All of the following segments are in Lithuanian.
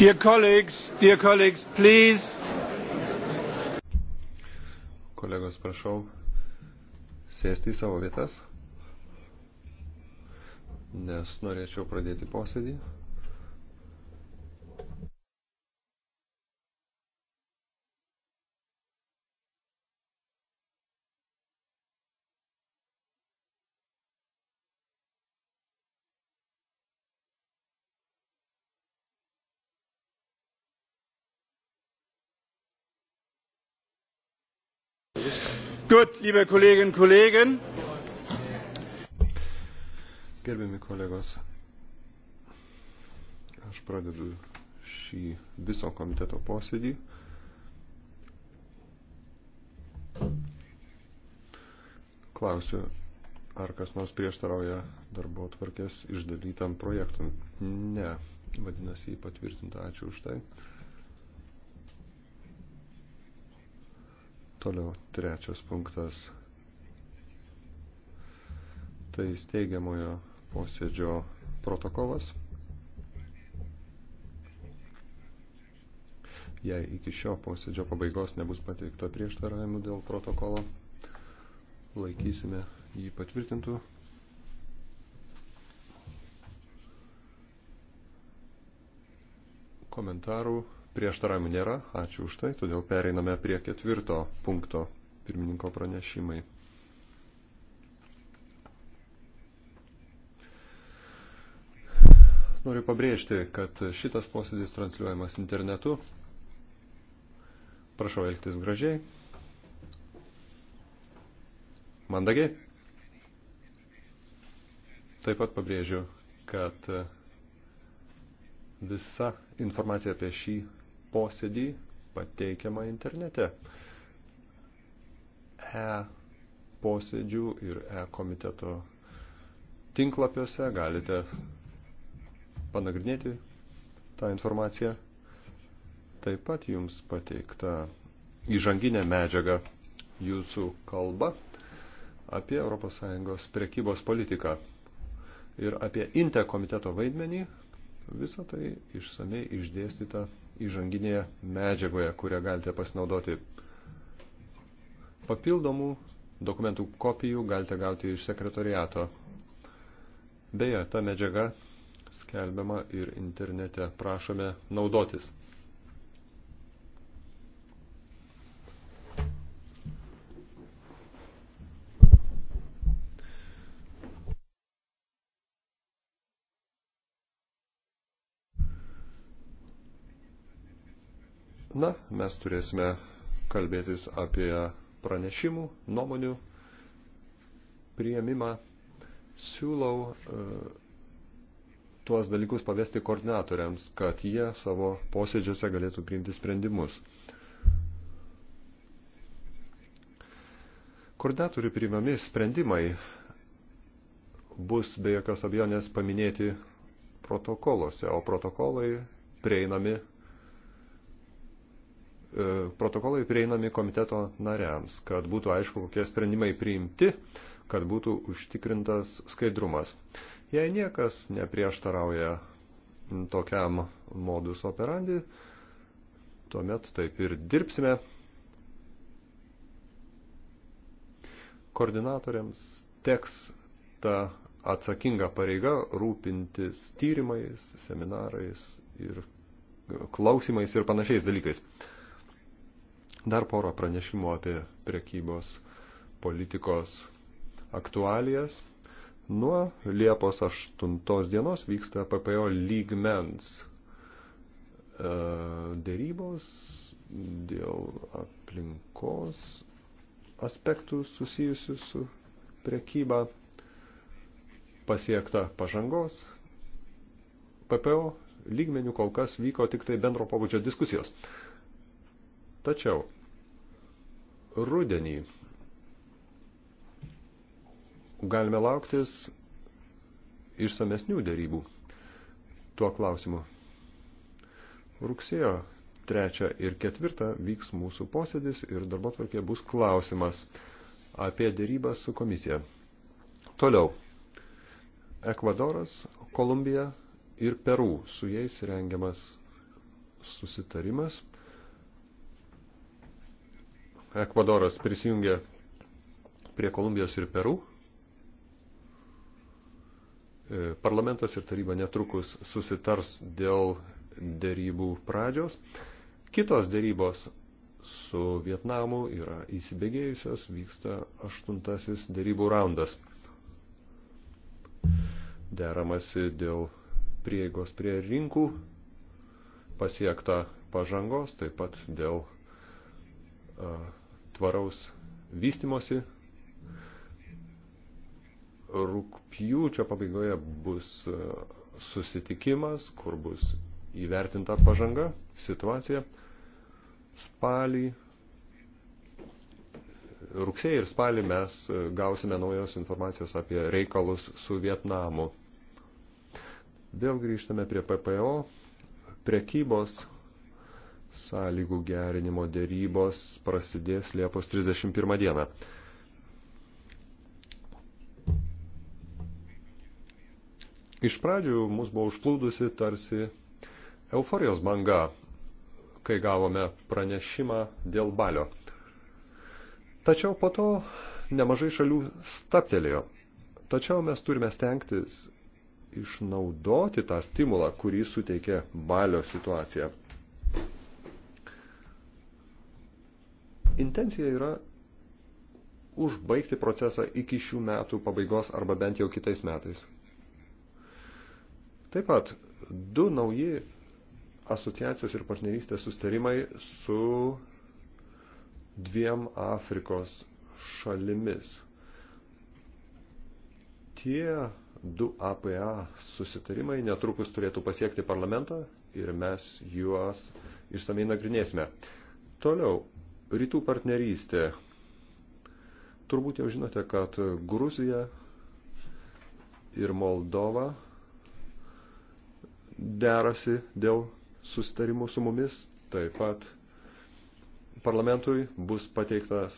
Dear colleagues, dear colleagues, please. Kolegos, prašau sėsti į savo vietas, nes norėčiau pradėti posėdį. Gut, liebe Kolleginnen und Kollegen. Gerbiami kolegos, aš pradedu šį viso komiteto posėdį. Klausiu, ar kas nors prieštarauja darbo tvarkės išdalytam projektui. Ne, vadinasi, jį patvirtinta. Ačiū už tai. Toliau trečias punktas. Tai steigiamojo posėdžio protokolas. Jei iki šio posėdžio pabaigos nebus pateikta prieštaravimų dėl protokolo, laikysime jį patvirtintų. Komentarų Prieštaravimų nėra, ačiū už tai, todėl pereiname prie ketvirto punkto pirmininko pranešimai. Noriu pabrėžti, kad šitas posėdis transliuojamas internetu. Prašau elgtis gražiai. Mandagiai. Taip pat pabrėžiu, kad visa informacija apie šį posėdį pateikiamą internete. E posėdžių ir e komiteto tinklapiuose galite panagrinėti tą informaciją. Taip pat jums pateikta įžanginė medžiaga jūsų kalba apie ES prekybos politiką ir apie INTE komiteto vaidmenį. Visą tai išsamei išdėstyta įžanginėje medžiagoje, kurią galite pasinaudoti. Papildomų dokumentų kopijų galite gauti iš sekretoriato. Beje, ta medžiaga skelbiama ir internete. Prašome naudotis. Na, mes turėsime kalbėtis apie pranešimų, nuomonių prieimimą. Siūlau e, tuos dalykus pavesti koordinatoriams, kad jie savo posėdžiuose galėtų priimti sprendimus. Koordinatorių priimami sprendimai bus be jokios abejonės paminėti protokoluose, o protokolai prieinami E, protokolai prieinami komiteto nariams, kad būtų aišku, kokie sprendimai priimti, kad būtų užtikrintas skaidrumas. Jei niekas neprieštarauja tokiam modus operandi, tuomet taip ir dirbsime. Koordinatoriams teks ta atsakinga pareiga rūpintis tyrimais, seminarais ir klausimais ir panašiais dalykais. Dar porą pranešimų apie prekybos politikos aktualijas. Nuo Liepos 8 dienos vyksta PPO lygmens e, dėrybos dėl aplinkos aspektų susijusių su prekyba pasiekta pažangos. PPO lygmenių kol kas vyko tik tai bendro pobūdžio diskusijos. Tačiau rudenį galime lauktis išsamesnių darybų tuo klausimu. Rugsėjo 3 ir 4 vyks mūsų posėdis ir darbotvarkė bus klausimas apie dėrybą su komisija. Toliau. Ekvadoras, Kolumbija ir Peru. Su jais rengiamas susitarimas Ekvadoras prisijungė prie Kolumbijos ir Peru. E, parlamentas ir taryba netrukus susitars dėl dėrybų pradžios. Kitos dėrybos su Vietnamu yra įsibėgėjusios, vyksta aštuntasis dėrybų raundas. Deramasi dėl prieigos prie rinkų, pasiekta pažangos, taip pat dėl uh, tvaraus vystimosi. Rūpjūčio pabaigoje bus e, susitikimas, kur bus įvertinta pažanga, situacija. Spalį, rugsėjai ir spalį mes e, gausime naujos informacijos apie reikalus su Vietnamu. Vėl grįžtame prie PPO, prekybos sąlygų gerinimo dėrybos prasidės Liepos 31 dieną. Iš pradžių mus buvo užplūdusi tarsi euforijos banga, kai gavome pranešimą dėl balio. Tačiau po to nemažai šalių staptelėjo. Tačiau mes turime stengtis išnaudoti tą stimulą, kurį suteikė balio situacija. Intencija yra užbaigti procesą iki šių metų pabaigos arba bent jau kitais metais. Taip pat du nauji asociacijos ir partnerystės sustarimai su dviem Afrikos šalimis. Tie du APA susitarimai netrukus turėtų pasiekti parlamentą ir mes juos išsamei nagrinėsime. Toliau, Rytų partnerystė. Turbūt jau žinote, kad Gruzija ir Moldova derasi dėl sustarimų su mumis. Taip pat parlamentui bus pateiktas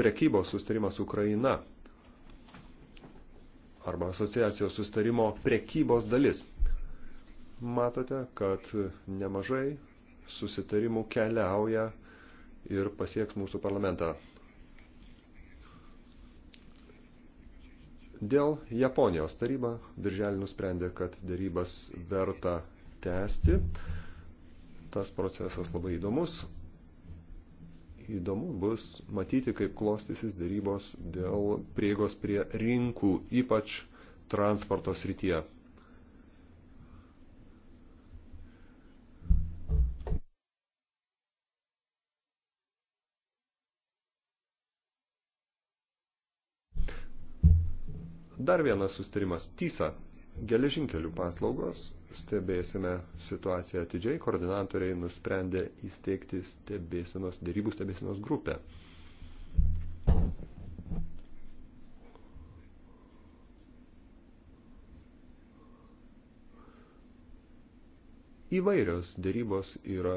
prekybos sustarimas su Ukraina arba asociacijos sustarimo prekybos dalis. Matote, kad nemažai susitarimų keliauja ir pasieks mūsų parlamentą. Dėl Japonijos taryba birželį nusprendė, kad darybas verta tęsti. Tas procesas labai įdomus. Įdomu bus matyti, kaip klostysis darybos dėl priegos prie rinkų, ypač transporto srityje. Dar vienas sustarimas - TISA. Geležinkelių paslaugos. Stebėsime situaciją atidžiai. Koordinatoriai nusprendė įsteigti stebėsinos, dėrybų stebėsinos grupę. Įvairios dėrybos yra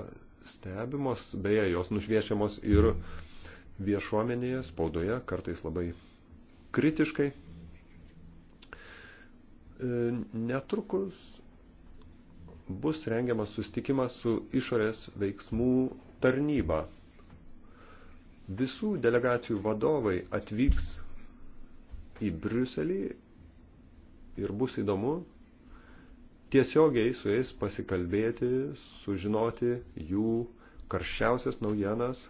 stebimos, beje, jos nušviečiamos ir viešuomenėje, spaudoje, kartais labai kritiškai. E, netrukus bus rengiamas sustikimas su išorės veiksmų tarnyba. Visų delegacijų vadovai atvyks į Briuselį ir bus įdomu tiesiogiai su jais pasikalbėti, sužinoti jų karščiausias naujienas,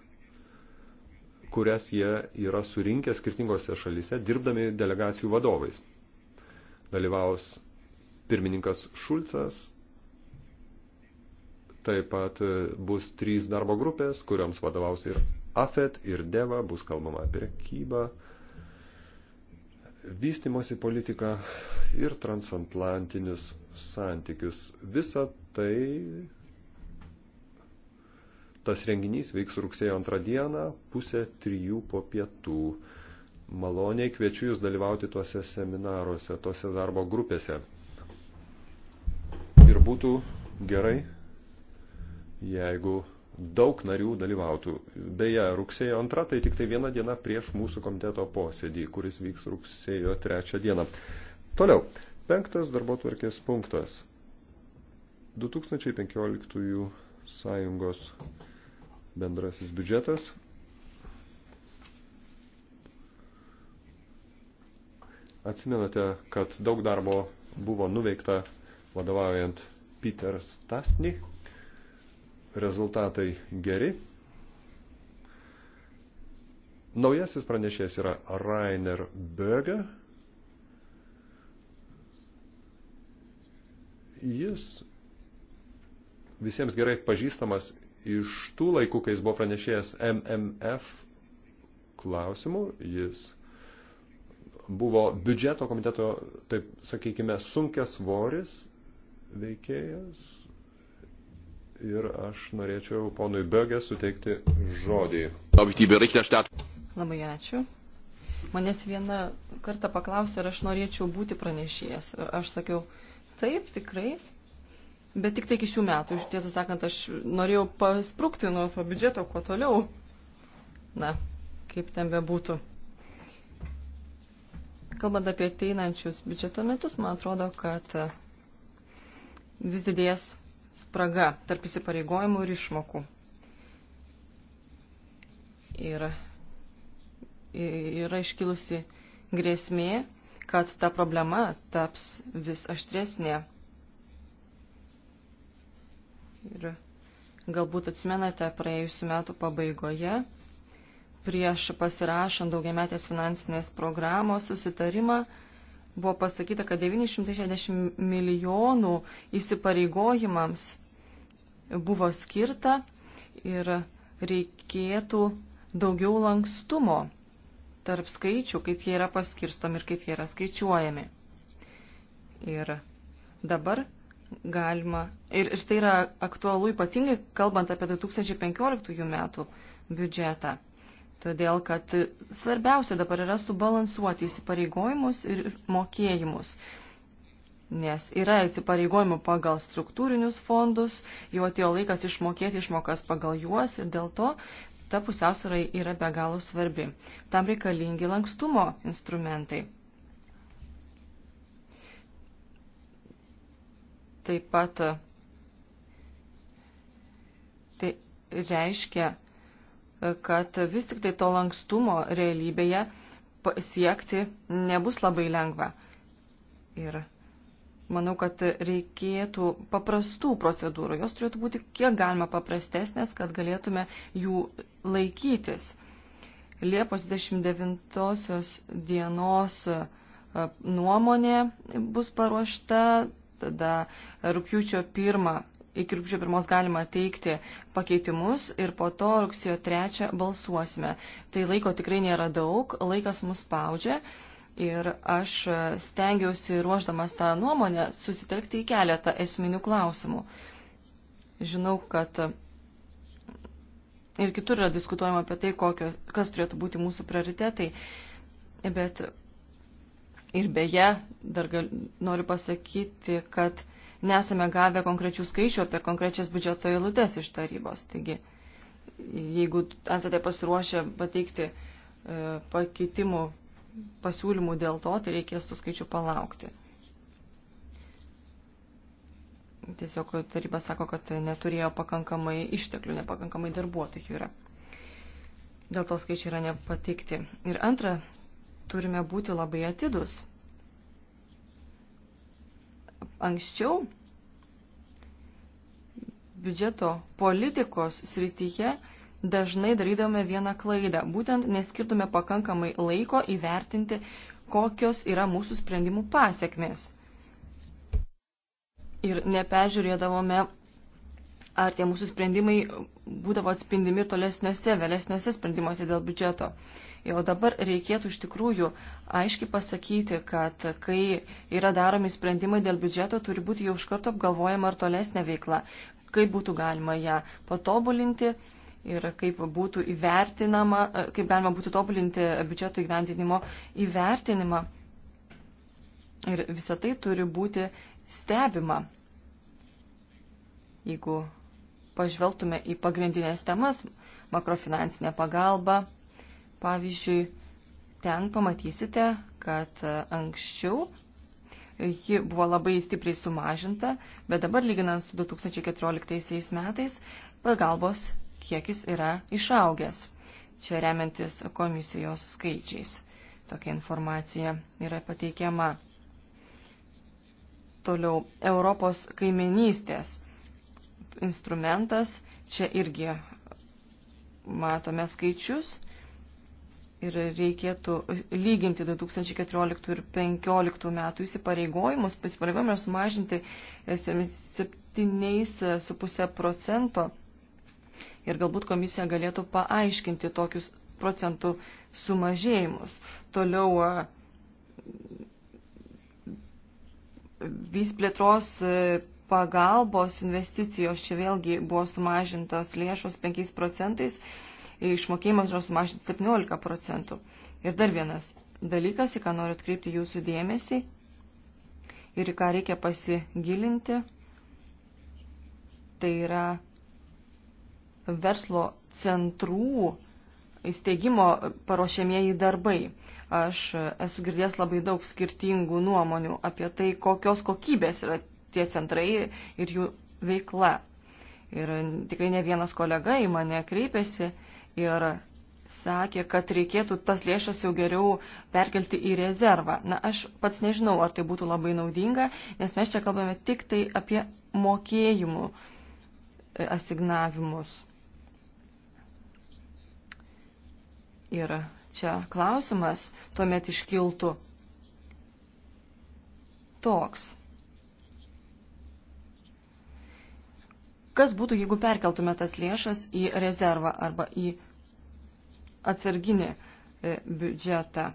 kurias jie yra surinkę skirtingose šalyse, dirbdami delegacijų vadovais dalyvaus pirmininkas Šulcas, taip pat e, bus trys darbo grupės, kuriams vadovaus ir AFET, ir DEVA, bus kalbama apie prekybą, vystimosi politiką ir transatlantinius santykius. Visa tai tas renginys vyks rugsėjo antrą dieną pusę trijų po pietų maloniai kviečiu Jūs dalyvauti tuose seminaruose, tuose darbo grupėse. Ir būtų gerai, jeigu daug narių dalyvautų. Beje, rugsėjo antra, tai tik tai viena diena prieš mūsų komiteto posėdį, kuris vyks rugsėjo trečią dieną. Toliau, penktas darbo tvarkės punktas. 2015 sąjungos bendrasis biudžetas Atsimenate, kad daug darbo buvo nuveikta vadovaujant Peter Stasny. Rezultatai geri. Naujasis pranešėjas yra Rainer Berger. Jis visiems gerai pažįstamas iš tų laikų, kai jis buvo pranešėjęs MMF klausimų. Jis buvo biudžeto komiteto, taip sakykime, sunkias svoris veikėjas. Ir aš norėčiau ponui Bögė suteikti žodį. Labai ačiū. Manęs vieną kartą paklausė, ar aš norėčiau būti pranešėjas. Aš sakiau, taip, tikrai. Bet tik tai iki šių metų. Tiesą sakant, aš norėjau pasprūkti nuo to biudžeto, kuo toliau. Na, kaip ten bebūtų. Kalbant apie ateinančius biudžeto metus, man atrodo, kad vis didės spraga tarp įsipareigojimų ir išmokų. Ir yra iškilusi grėsmė, kad ta problema taps vis aštresnė. Ir galbūt atsimenate, praėjusiu metu pabaigoje prieš pasirašant daugiametės finansinės programos susitarimą buvo pasakyta, kad 960 milijonų įsipareigojimams buvo skirta ir reikėtų daugiau lankstumo tarp skaičių, kaip jie yra paskirstomi ir kaip jie yra skaičiuojami. Ir dabar galima, ir, ir tai yra aktualu ypatingai kalbant apie 2015 metų biudžetą. Todėl, kad svarbiausia dabar yra subalansuoti įsipareigojimus ir mokėjimus. Nes yra įsipareigojimų pagal struktūrinius fondus, jau atėjo laikas išmokėti išmokas pagal juos ir dėl to ta pusiausvara yra be galo svarbi. Tam reikalingi lankstumo instrumentai. Taip pat tai reiškia, kad vis tik tai to lankstumo realybėje pasiekti nebus labai lengva. Ir manau, kad reikėtų paprastų procedūrų. Jos turėtų būti kiek galima paprastesnės, kad galėtume jų laikytis. Liepos 29 dienos nuomonė bus paruošta, tada rūpiučio 1 iki rūpščio pirmos galima teikti pakeitimus ir po to rugsėjo trečią balsuosime. Tai laiko tikrai nėra daug, laikas mus spaudžia ir aš stengiausi ruoždamas tą nuomonę susitelkti į keletą esminių klausimų. Žinau, kad ir kitur yra diskutuojama apie tai, kokio, kas turėtų būti mūsų prioritetai, bet ir beje, dar gal, noriu pasakyti, kad uh, nesame gavę konkrečių skaičių apie konkrečias biudžeto eilutes iš tarybos. Taigi, jeigu esate pasiruošę pateikti e, pakeitimų pasiūlymų dėl to, tai reikės tų skaičių palaukti. Tiesiog taryba sako, kad neturėjo pakankamai išteklių, nepakankamai darbuotojų yra. Dėl to skaičiai yra nepatikti. Ir antra, turime būti labai atidus anksčiau biudžeto politikos srityje dažnai darydavome vieną klaidą. Būtent neskirtume pakankamai laiko įvertinti, kokios yra mūsų sprendimų pasiekmės. Ir neperžiūrėdavome, ar tie mūsų sprendimai būdavo atspindimi ir tolesniuose, vėlesniuose sprendimuose dėl biudžeto. Uh, Jau dabar reikėtų iš tikrųjų aiškiai pasakyti, kad kai yra daromi sprendimai dėl biudžeto, turi būti jau iš karto apgalvojama ar tolesnė veikla, kaip būtų galima ją patobulinti ir kaip būtų įvertinama, kaip galima būtų tobulinti biudžeto įgyvendinimo įvertinimą. Ir visa tai turi būti stebima. Jeigu pažvelgtume į pagrindinės temas - makrofinansinė pagalba, Pavyzdžiui, ten pamatysite, kad e, anksčiau ji buvo labai stipriai sumažinta, bet dabar lyginant su 2014 metais pagalbos kiekis yra išaugęs. Čia remiantis komisijos skaičiais. Tokia informacija yra pateikiama. Toliau Europos kaiminystės instrumentas. Čia irgi matome skaičius ir reikėtų lyginti 2014 ir 2015 metų įsipareigojimus, įsipareigojimą sumažinti 7,5 procento. Ir galbūt komisija galėtų paaiškinti tokius procentų sumažėjimus. Toliau vis plėtros e, pagalbos investicijos čia vėlgi buvo sumažintos lėšos 5 procentais išmokėjimams yra sumažinti 17 procentų. Ir dar vienas dalykas, į ką noriu atkreipti jūsų dėmesį ir į ką reikia pasigilinti, tai yra verslo centrų įsteigimo paruošiamieji darbai. Aš esu girdėjęs labai daug skirtingų nuomonių apie tai, kokios kokybės yra tie centrai ir jų veikla. Ir tikrai ne vienas kolega į mane kreipėsi ir sakė, kad reikėtų tas lėšas jau geriau perkelti į rezervą. Na, aš pats nežinau, ar tai būtų labai naudinga, nes mes čia kalbame tik tai apie mokėjimų e, asignavimus. Ir čia klausimas tuomet iškiltų toks Kas būtų, jeigu perkeltume tas lėšas į rezervą arba į atsarginį e, biudžetą?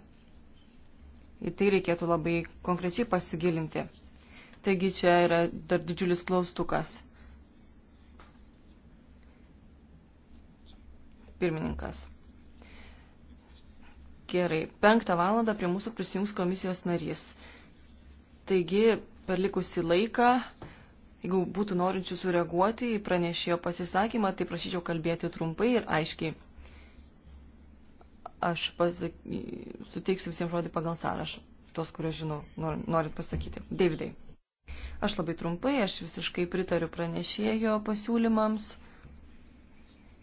Į tai reikėtų labai konkrečiai pasigilinti. Taigi čia yra dar didžiulis klaustukas. Pirmininkas. Gerai, penktą valandą prie mūsų prisijungs komisijos narys. Taigi, per likusį laiką Jeigu būtų norinčių sureaguoti į pranešėjo pasisakymą, tai prašyčiau kalbėti trumpai ir aiškiai. Aš pasak... suteiksiu visiems žodį pagal sąrašą, tuos, kuriuos žinau, nor... norit pasakyti. Davidai. Aš labai trumpai, aš visiškai pritariu pranešėjo pasiūlymams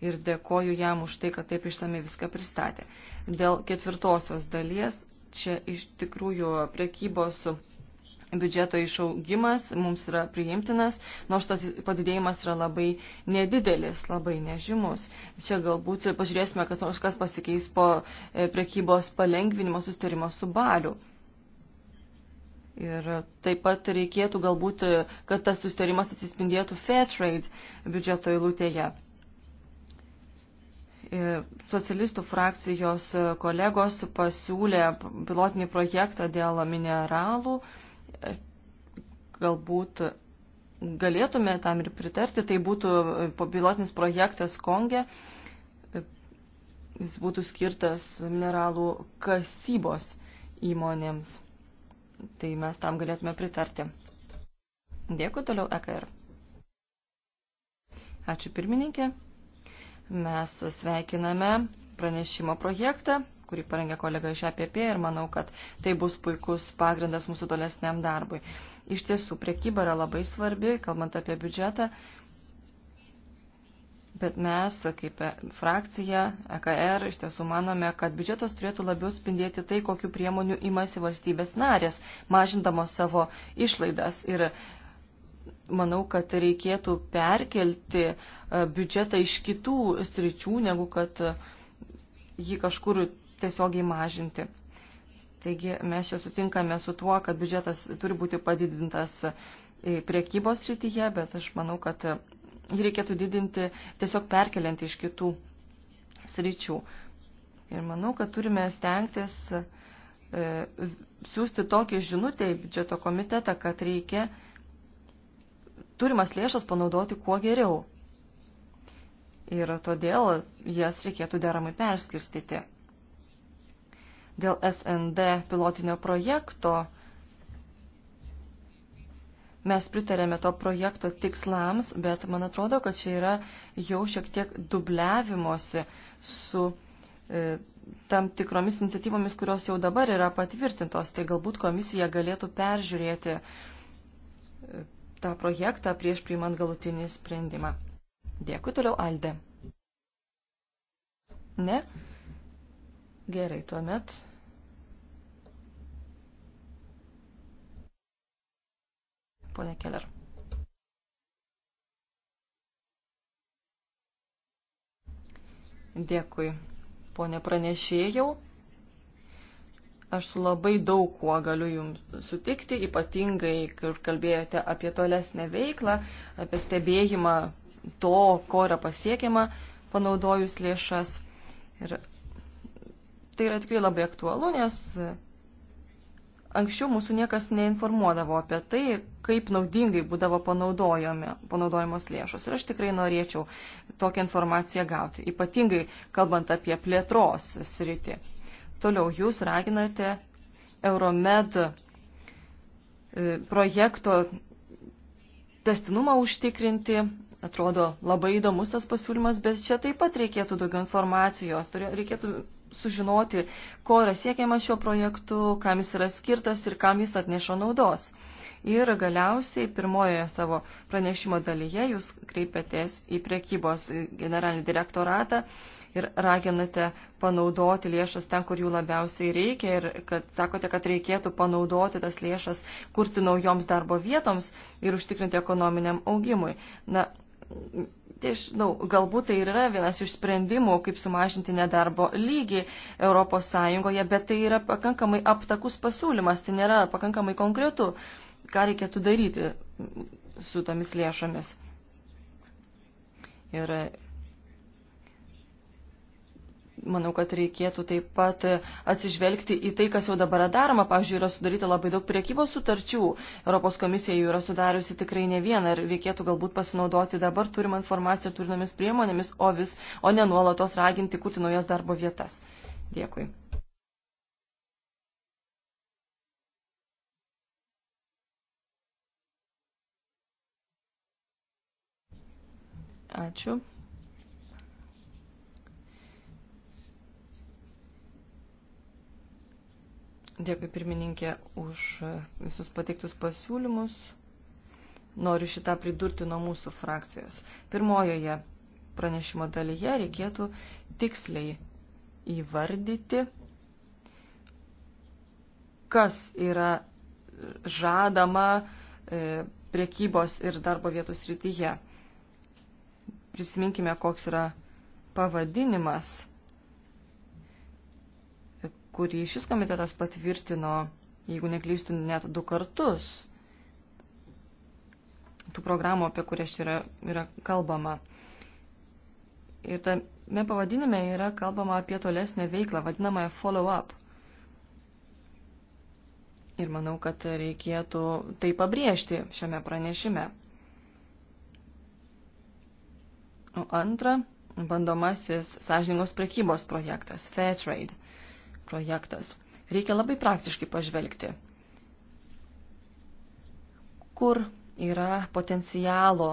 ir dėkoju jam už tai, kad taip išsamei viską pristatė. Dėl ketvirtosios dalies čia iš tikrųjų priekybos su biudžeto išaugimas mums yra priimtinas, nors tas padidėjimas yra labai nedidelis, labai nežymus. Čia galbūt pažiūrėsime, kas nors kas pasikeis po e, prekybos palengvinimo sustarimo su baliu. Ir taip pat reikėtų galbūt, e, kad tas sustarimas atsispindėtų fair trade biudžeto eilutėje. E, socialistų frakcijos kolegos pasiūlė pilotinį projektą dėl mineralų, galbūt galėtume tam ir pritarti, tai būtų pilotinis projektas Konge, jis būtų skirtas mineralų kasybos įmonėms. Tai mes tam galėtume pritarti. Dėkui toliau EKR. Ačiū pirmininkė. Mes sveikiname pranešimo projektą kurį parengė kolega iš APP e ir manau, kad tai bus puikus pagrindas mūsų tolesniam darbui. Iš tiesų, priekyba yra labai svarbi, kalbant apie biudžetą, bet mes, kaip e, frakcija, EKR, iš tiesų manome, kad biudžetas turėtų labiau spindėti tai, kokiu priemonių imasi valstybės narės, mažindamos savo išlaidas. Ir manau, kad reikėtų perkelti e, biudžetą iš kitų sričių, negu kad jį kažkur tiesiogiai mažinti. Taigi mes čia sutinkame su tuo, kad biudžetas turi būti padidintas priekybos srityje, bet aš manau, kad jį reikėtų didinti tiesiog perkeliant iš kitų sričių. Ir manau, kad turime stengtis e, siūsti tokį žinutę į biudžeto komitetą, kad reikia turimas lėšas panaudoti kuo geriau. Ir todėl jas reikėtų deramai perskirstyti dėl SND pilotinio projekto mes pritarėme to projekto tikslams, bet man atrodo, kad čia yra jau šiek tiek dubliavimosi su e, tam tikromis iniciatyvomis, kurios jau dabar yra patvirtintos. Tai galbūt komisija galėtų peržiūrėti e, tą projektą prieš priimant galutinį sprendimą. Dėkui toliau, Alde. Ne? Gerai, tuomet. Pone Keller. Dėkui, ponė pranešėjau. Aš su labai daug kuo galiu jums sutikti, ypatingai, kur kalbėjote apie tolesnę veiklą, apie stebėjimą to, ko yra pasiekiama panaudojus lėšas. Ir Tai yra tikrai labai aktualu, nes anksčiau mūsų niekas neinformuodavo apie tai, kaip naudingai būdavo panaudojamos lėšos. Ir aš tikrai norėčiau tokią informaciją gauti, ypatingai kalbant apie plėtros sritį. Toliau jūs raginate Euromed e, projekto testinumą užtikrinti. Atrodo labai įdomus tas pasiūlymas, bet čia taip pat reikėtų daugiau informacijos, reikėtų sužinoti, ko yra siekiama šiuo projektu, kam jis yra skirtas ir kam jis atneša naudos. Ir galiausiai pirmojoje savo pranešimo dalyje jūs kreipiatės į priekybos generalinį direktoratą ir raginate panaudoti lėšas ten, kur jų labiausiai reikia ir kad sakote, kad reikėtų panaudoti tas lėšas kurti naujoms darbo vietoms ir užtikrinti ekonominiam augimui. Na, Nežinau, galbūt tai yra vienas iš sprendimų, kaip sumažinti nedarbo lygį ES, bet tai yra pakankamai aptakus pasiūlymas, tai nėra pakankamai konkretu, ką reikėtų daryti su tomis lėšomis. Ir manau, kad reikėtų taip pat atsižvelgti į tai, kas jau dabar daroma. Pavyzdžiui, yra sudaryta labai daug priekybos sutarčių. Europos komisija jų yra sudariusi tikrai ne vieną ir reikėtų galbūt pasinaudoti dabar turimą informaciją, turinomis priemonėmis, o, vis, o ne nuolatos raginti kurti naujas darbo vietas. Dėkui. Ačiū. Dėkui pirmininkė už visus pateiktus pasiūlymus. Noriu šitą pridurti nuo mūsų frakcijos. Pirmojoje pranešimo dalyje reikėtų tiksliai įvardyti, kas yra žadama e, priekybos ir darbo vietų srityje. Prisiminkime, koks yra pavadinimas kurį šis komitetas patvirtino, jeigu neklystų, net du kartus tų programų, apie kurias yra, yra kalbama. Ir tame pavadinime yra kalbama apie tolesnę veiklą, vadinamąją follow-up. Ir manau, kad reikėtų tai pabrėžti šiame pranešime. O antra, bandomasis sąžiningos prekybos projektas Fairtrade. Trade projektas. Reikia labai praktiškai pažvelgti, kur yra potencialo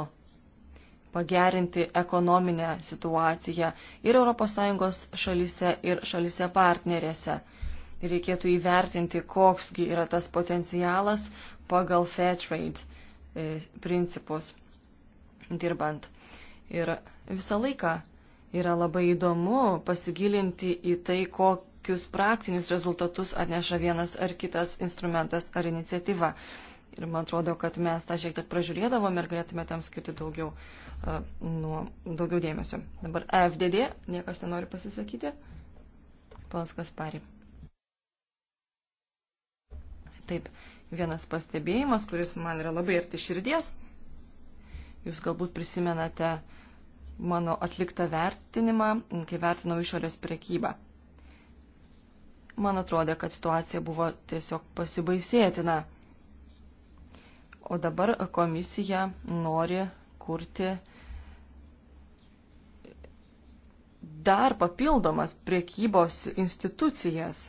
pagerinti ekonominę situaciją ir ES šalise, ir šalise partnerėse. Reikėtų įvertinti, koksgi yra tas potencialas pagal fair trade e, principus dirbant. Ir visą laiką yra labai įdomu pasigilinti į tai, ko, kokius praktinius rezultatus atneša vienas ar kitas instrumentas ar iniciatyva. Ir man atrodo, kad mes tą šiek tiek pražiūrėdavom ir galėtume tam skirti daugiau, uh, nuo, daugiau dėmesio. Dabar e FDD, niekas nenori pasisakyti. Palas Kaspari. Taip, vienas pastebėjimas, kuris man yra labai arti širdies. Jūs galbūt prisimenate mano atliktą vertinimą, kai vertinau išorės prekybą man atrodė, kad situacija buvo tiesiog pasibaisėtina. O dabar komisija nori kurti dar papildomas priekybos institucijas.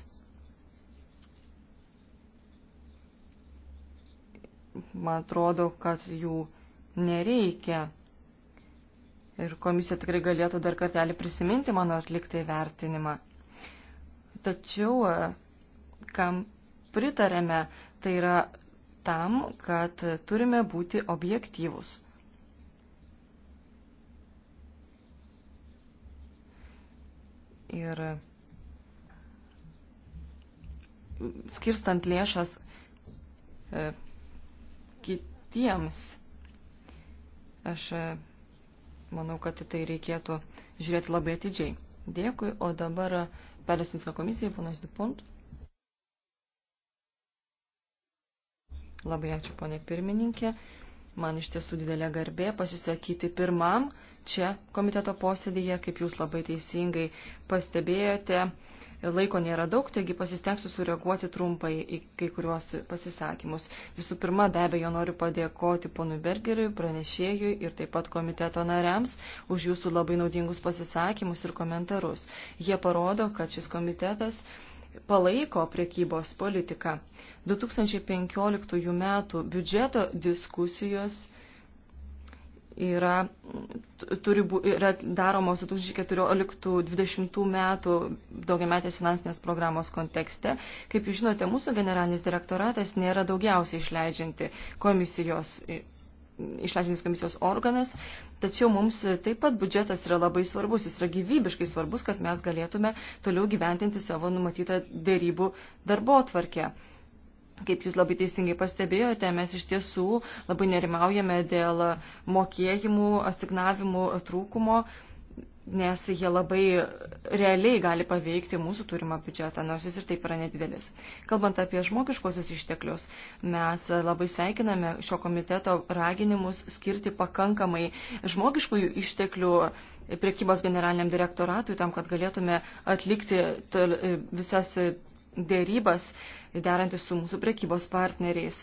Man atrodo, kad jų nereikia. Ir komisija tikrai galėtų dar kartelį prisiminti mano atliktą įvertinimą. Tačiau, e, kam pritarėme, tai yra tam, kad turime būti objektyvus. Ir skirstant lėšas e, kitiems, aš e, manau, kad tai reikėtų žiūrėti labai atidžiai. Dėkui, o dabar Perlesinska komisija, ponas Dupont. Labai ačiū, ponė pirmininkė. Man iš tiesų didelė garbė pasisakyti pirmam čia komiteto posėdėje, kaip jūs labai teisingai pastebėjote. Laiko nėra daug, taigi pasistengsiu sureaguoti trumpai į kai kuriuos pasisakymus. Visų pirma, be abejo, noriu padėkoti ponui Bergeriui, pranešėjui ir taip pat komiteto nariams už jūsų labai naudingus pasisakymus ir komentarus. Jie parodo, kad šis komitetas palaiko priekybos politiką. 2015 m. biudžeto diskusijos yra, turi bū, yra daromos 2014-2020 metų daugiametės finansinės programos kontekste. Kaip jūs žinote, mūsų generalinis direktoratas nėra daugiausiai išleidžianti komisijos išleidžiantis komisijos organas, tačiau mums taip pat biudžetas yra labai svarbus, jis yra gyvybiškai svarbus, kad mes galėtume toliau gyventinti savo numatytą dėrybų darbo tvarkę. Kaip jūs labai teisingai pastebėjote, mes iš tiesų labai nerimaujame dėl mokėjimų, asignavimų trūkumo, nes jie labai realiai gali paveikti mūsų turimą biudžetą, nors jis ir taip yra nedidelis. Kalbant apie žmogiškosius išteklius, mes labai sveikiname šio komiteto raginimus skirti pakankamai žmogiškųjų išteklių priekybos generaliniam direktoratui, tam, kad galėtume atlikti visas dėrybas derantis su mūsų prekybos partneriais.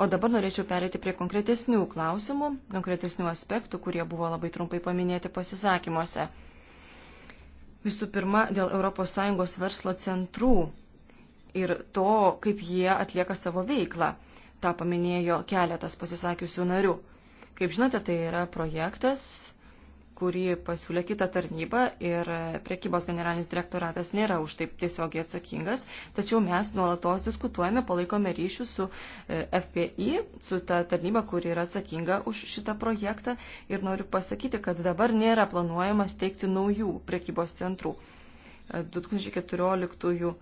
O dabar norėčiau perėti prie konkretesnių klausimų, konkretesnių aspektų, kurie buvo labai trumpai paminėti pasisakymuose. Visų pirma, dėl ES verslo centrų ir to, kaip jie atlieka savo veiklą. Ta paminėjo keletas pasisakiusių narių. Kaip žinote, tai yra projektas kurį pasiūlė kita tarnyba ir priekybos generalinis direktoratas nėra už taip tiesiogiai atsakingas, tačiau mes nuolatos diskutuojame, palaikome ryšių su e, FPI, su ta tarnyba, kuri yra atsakinga už šitą projektą ir noriu pasakyti, kad dabar nėra planuojama steigti naujų priekybos centrų. 2014 e,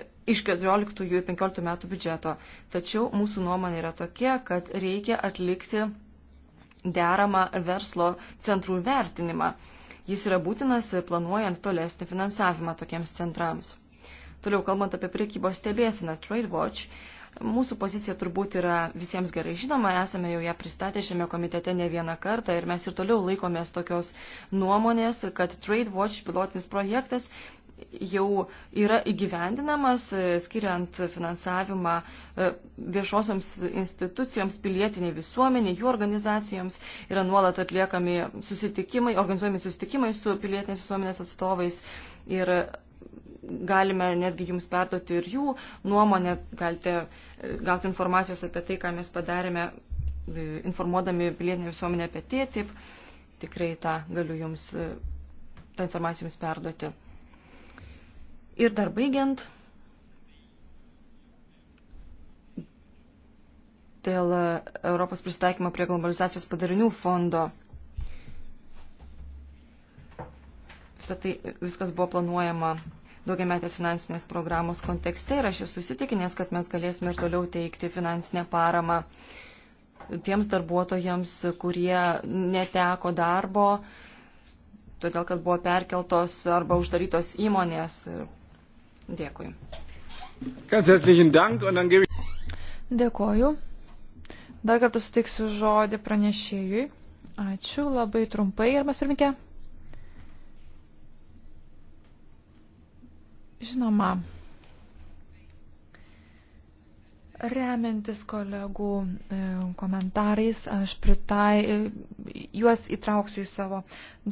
e, iš 14 ir 15 metų biudžeto. Tačiau mūsų nuomonė yra tokia, kad reikia atlikti deramą verslo centrų vertinimą. Jis yra būtinas e, planuojant tolesnį finansavimą tokiems centrams. Toliau kalbant apie priekybos stebėsiną TradeWatch, mūsų pozicija turbūt yra visiems gerai žinoma, esame jau ją pristatę šiame komitete ne vieną kartą ir mes ir toliau laikomės tokios nuomonės, kad TradeWatch pilotinis projektas jau yra įgyvendinamas, e, skiriant finansavimą e, viešosioms institucijoms, pilietiniai visuomeniai, jų organizacijoms, yra nuolat atliekami susitikimai, organizuojami susitikimai su pilietinės visuomenės atstovais ir galime netgi jums perduoti ir jų nuomonę, galite e, gauti informacijos apie tai, ką mes padarėme, informuodami pilietinę visuomenę apie tėtį. Tikrai tą galiu jums, tą informaciją jums perduoti. Ir dar baigiant, dėl Europos pristaikymo prie globalizacijos padarinių fondo. Visą tai viskas buvo planuojama daugiametės finansinės programos kontekste ir aš esu įsitikinęs, kad mes galėsime ir toliau teikti finansinę paramą tiems darbuotojams, kurie neteko darbo, todėl kad buvo perkeltos arba uždarytos įmonės. Dėkui. Dėkoju. Dar kartą suteiksiu žodį pranešėjui. Ačiū labai trumpai, armas pirmikė. Žinoma, remiantis kolegų e, komentarais, aš pritai, e, juos įtrauksiu į savo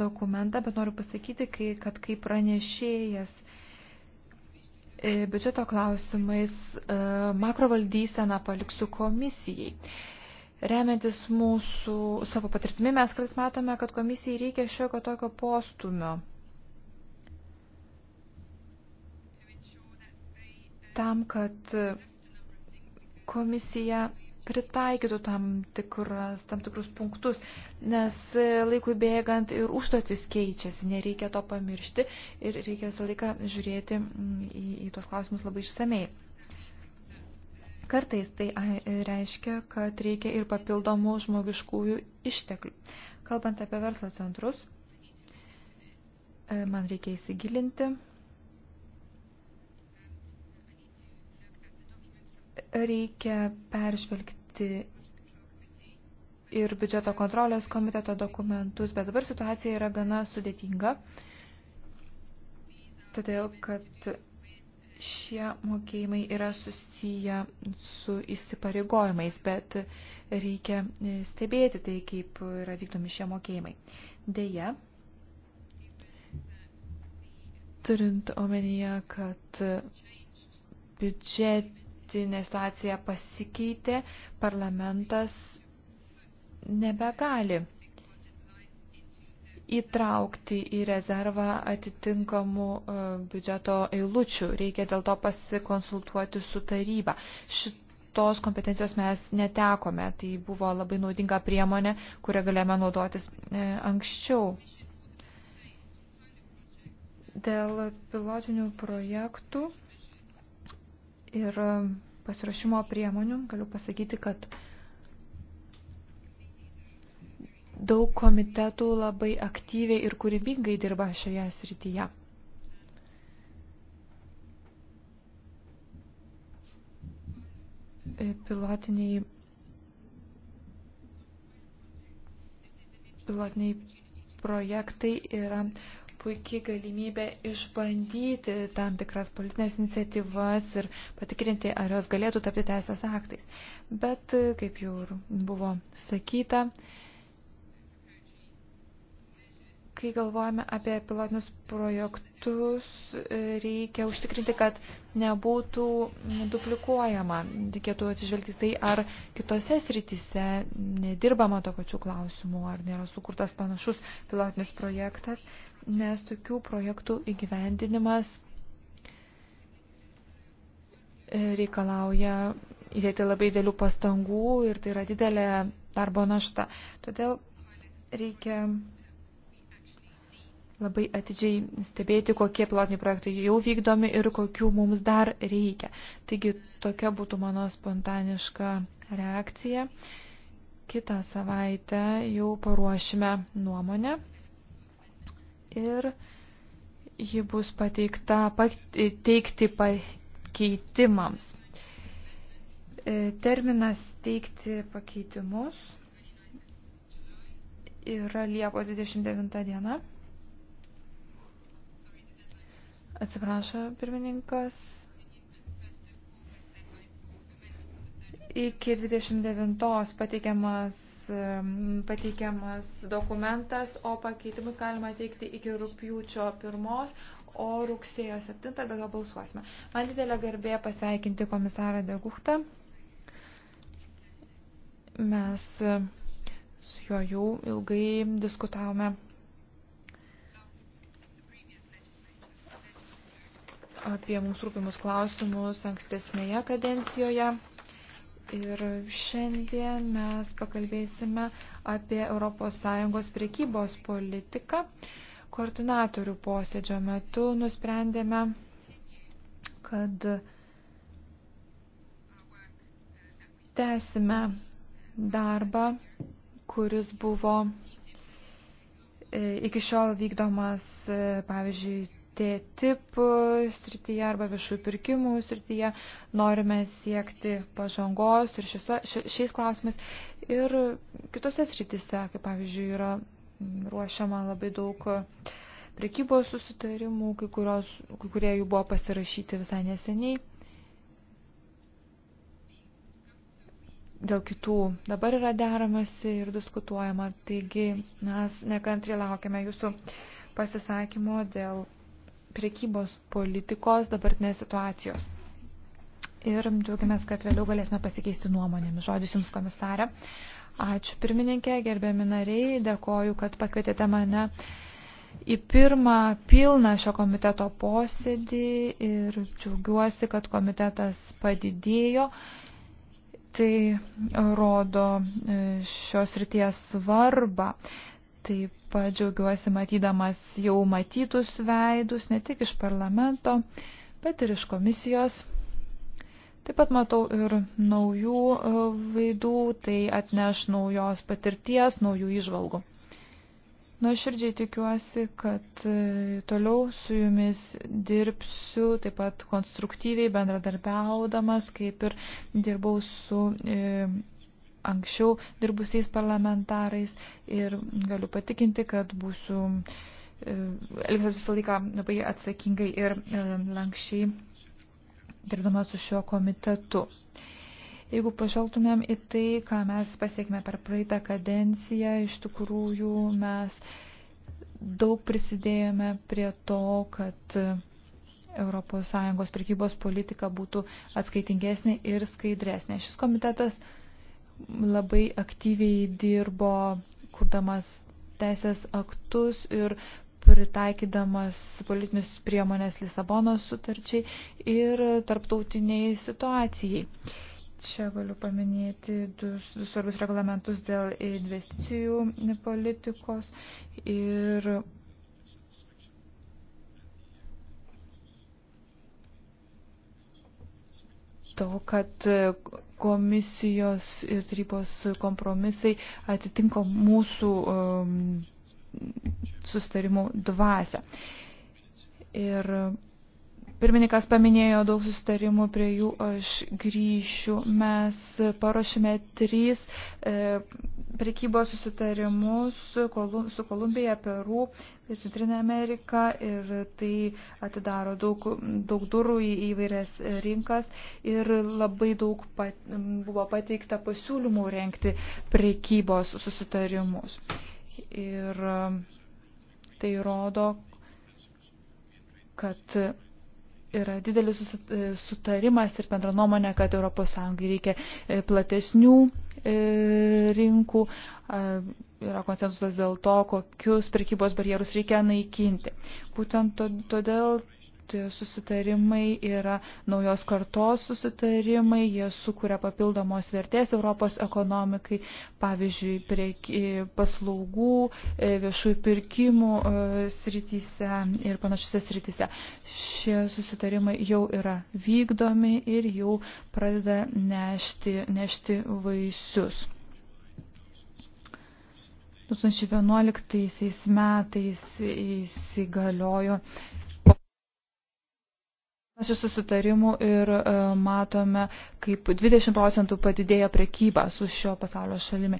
dokumentą, bet noriu pasakyti, kad kaip pranešėjas E, biudžeto klausimais e, makrovaldysena paliksiu komisijai. Remiantis mūsų savo patirtimi, mes kartais matome, kad komisijai reikia šiokio tokio postumio. Tam, kad komisija pritaikytų tam, tikras, tam tikrus punktus, nes e, laikui bėgant ir užduotis keičiasi, nereikia to pamiršti ir reikia visą laiką žiūrėti mm, į, į tuos klausimus labai išsamei. Kartais tai reiškia, kad reikia ir papildomų žmogiškųjų išteklių. Kalbant apie verslo centrus, e, man reikia įsigilinti reikia peržvelgti ir biudžeto kontrolės komiteto dokumentus, bet dabar situacija yra gana sudėtinga, todėl kad šie mokėjimai yra susiję su įsipareigojimais, bet reikia stebėti tai, kaip yra vykdomi šie mokėjimai. Deja, turint omenyje, kad biudžet dabartinė situacija pasikeitė, parlamentas nebegali įtraukti į rezervą atitinkamų e, biudžeto eilučių. Reikia dėl to pasikonsultuoti su taryba. Šitos kompetencijos mes netekome. Tai buvo labai naudinga priemonė, kurią galėjome naudotis e, anksčiau. Dėl pilotinių projektų ir um, pasirašymo priemonių galiu pasakyti, kad daug komitetų labai aktyviai ir kūrybingai dirba šioje srityje. E, pilotiniai, pilotiniai projektai yra puikiai galimybė išbandyti tam tikras politinės iniciatyvas ir patikrinti, ar jos galėtų tapti teisės aktais. Bet, kaip jau ir buvo sakyta, kai galvojame apie pilotinius projektus, e, reikia užtikrinti, kad nebūtų duplikuojama. Reikėtų atsižvelgti tai, ar kitose srityse nedirbama to pačiu klausimu, ar nėra sukurtas panašus pilotinis projektas, nes tokių projektų įgyvendinimas e, reikalauja įdėti labai dėlių pastangų ir tai yra didelė darbo našta. Todėl reikia labai atidžiai stebėti, kokie pilotiniai projektai jau vykdomi ir kokių mums dar reikia. Taigi tokia būtų mano spontaniška reakcija. Kitą savaitę jau paruošime nuomonę ir ji bus pateikta teikti pakeitimams. E, terminas teikti pakeitimus yra Liepos 29 diena. Atsiprašo pirmininkas. Iki 29 pateikiamas, pateikiamas dokumentas, o pakeitimus galima teikti iki rūpjūčio 1, o rugsėjo 7 tada balsuosime. Man didelė garbė pasveikinti komisarą Deguchtą. Mes su juo jau ilgai diskutavome apie mums rūpimus klausimus ankstesnėje kadencijoje. Ir šiandien mes pakalbėsime apie ES priekybos politiką. Koordinatorių posėdžio metu nusprendėme, kad tęsime darbą, kuris buvo e, iki šiol vykdomas, e, pavyzdžiui, TTIP srityje arba viešųjų pirkimų srityje. Norime siekti pažangos ir šiuose, šiais klausimais ir kitose srityse, kaip pavyzdžiui, yra ruošiama labai daug prekybos susitarimų, kai, kurios, kai kurie jų buvo pasirašyti visai neseniai. Dėl kitų dabar yra deramasi ir diskutuojama, taigi mes nekantriai laukiame jūsų pasisakymo dėl prekybos politikos dabartinės situacijos. Ir džiaugiamės, kad vėliau galėsime pasikeisti nuomonėmis. Žodis Jums, komisarė. Ačiū pirmininkė, gerbėmi nariai, dėkoju, kad pakvietėte mane į pirmą pilną šio komiteto posėdį ir džiaugiuosi, kad komitetas padidėjo. Tai rodo e, šios ryties svarbą. Taip pat džiaugiuosi matydamas jau matytus veidus, ne tik iš parlamento, bet ir iš komisijos. Taip pat matau ir naujų e, veidų, tai atneš naujos patirties, naujų įžvalgų. Nuoširdžiai tikiuosi, kad e, toliau su jumis dirbsiu, taip pat konstruktyviai bendradarbiaudamas, kaip ir dirbau su e, anksčiau dirbusiais parlamentarais ir galiu patikinti, kad būsiu e, elgsiuosi visą laiką labai atsakingai ir e, lankščiai dirbdama su šio komitetu. Jeigu pažvelgtumėm į tai, ką mes pasiekme per praeitą kadenciją, iš tikrųjų mes daug prisidėjome prie to, kad ES prekybos politika būtų atskaitingesnė ir skaidresnė. Šis komitetas labai aktyviai dirbo, kurdamas teisės aktus ir pritaikydamas politinius priemonės Lisabonos sutarčiai ir tarptautiniai situacijai. Čia galiu paminėti du, du svarbius reglamentus dėl investicijų politikos ir to, kad komisijos ir tarybos kompromisai atitinko mūsų um, sustarimų dvasę. Ir Pirmininkas paminėjo daug susitarimų, prie jų aš grįšiu. Mes paruošėme trys e, prekybos susitarimus kolum, su Kolumbija, Peru ir Centrinė Amerika ir tai atidaro daug, daug durų į įvairias rinkas ir labai daug pat, buvo pateikta pasiūlymų renkti prekybos susitarimus. Ir e, tai rodo, kad yra didelis e, sutarimas ir bendra nuomonė, kad ES reikia e, platesnių e, rinkų, yra konsensusas dėl to, kokius prekybos barjerus reikia naikinti. Būtent todėl susitarimai yra naujos kartos susitarimai, jie sukuria papildomos vertės Europos ekonomikai, pavyzdžiui, prie paslaugų, e, viešųjų pirkimų e, srityse ir panašiose srityse. Šie susitarimai jau yra vykdomi ir jau pradeda nešti, nešti vaisius. 2011 metais įsigaliojo Mes iš susitarimų ir e, matome, kaip 20 procentų padidėja prekyba su šio pasaulio šalimi.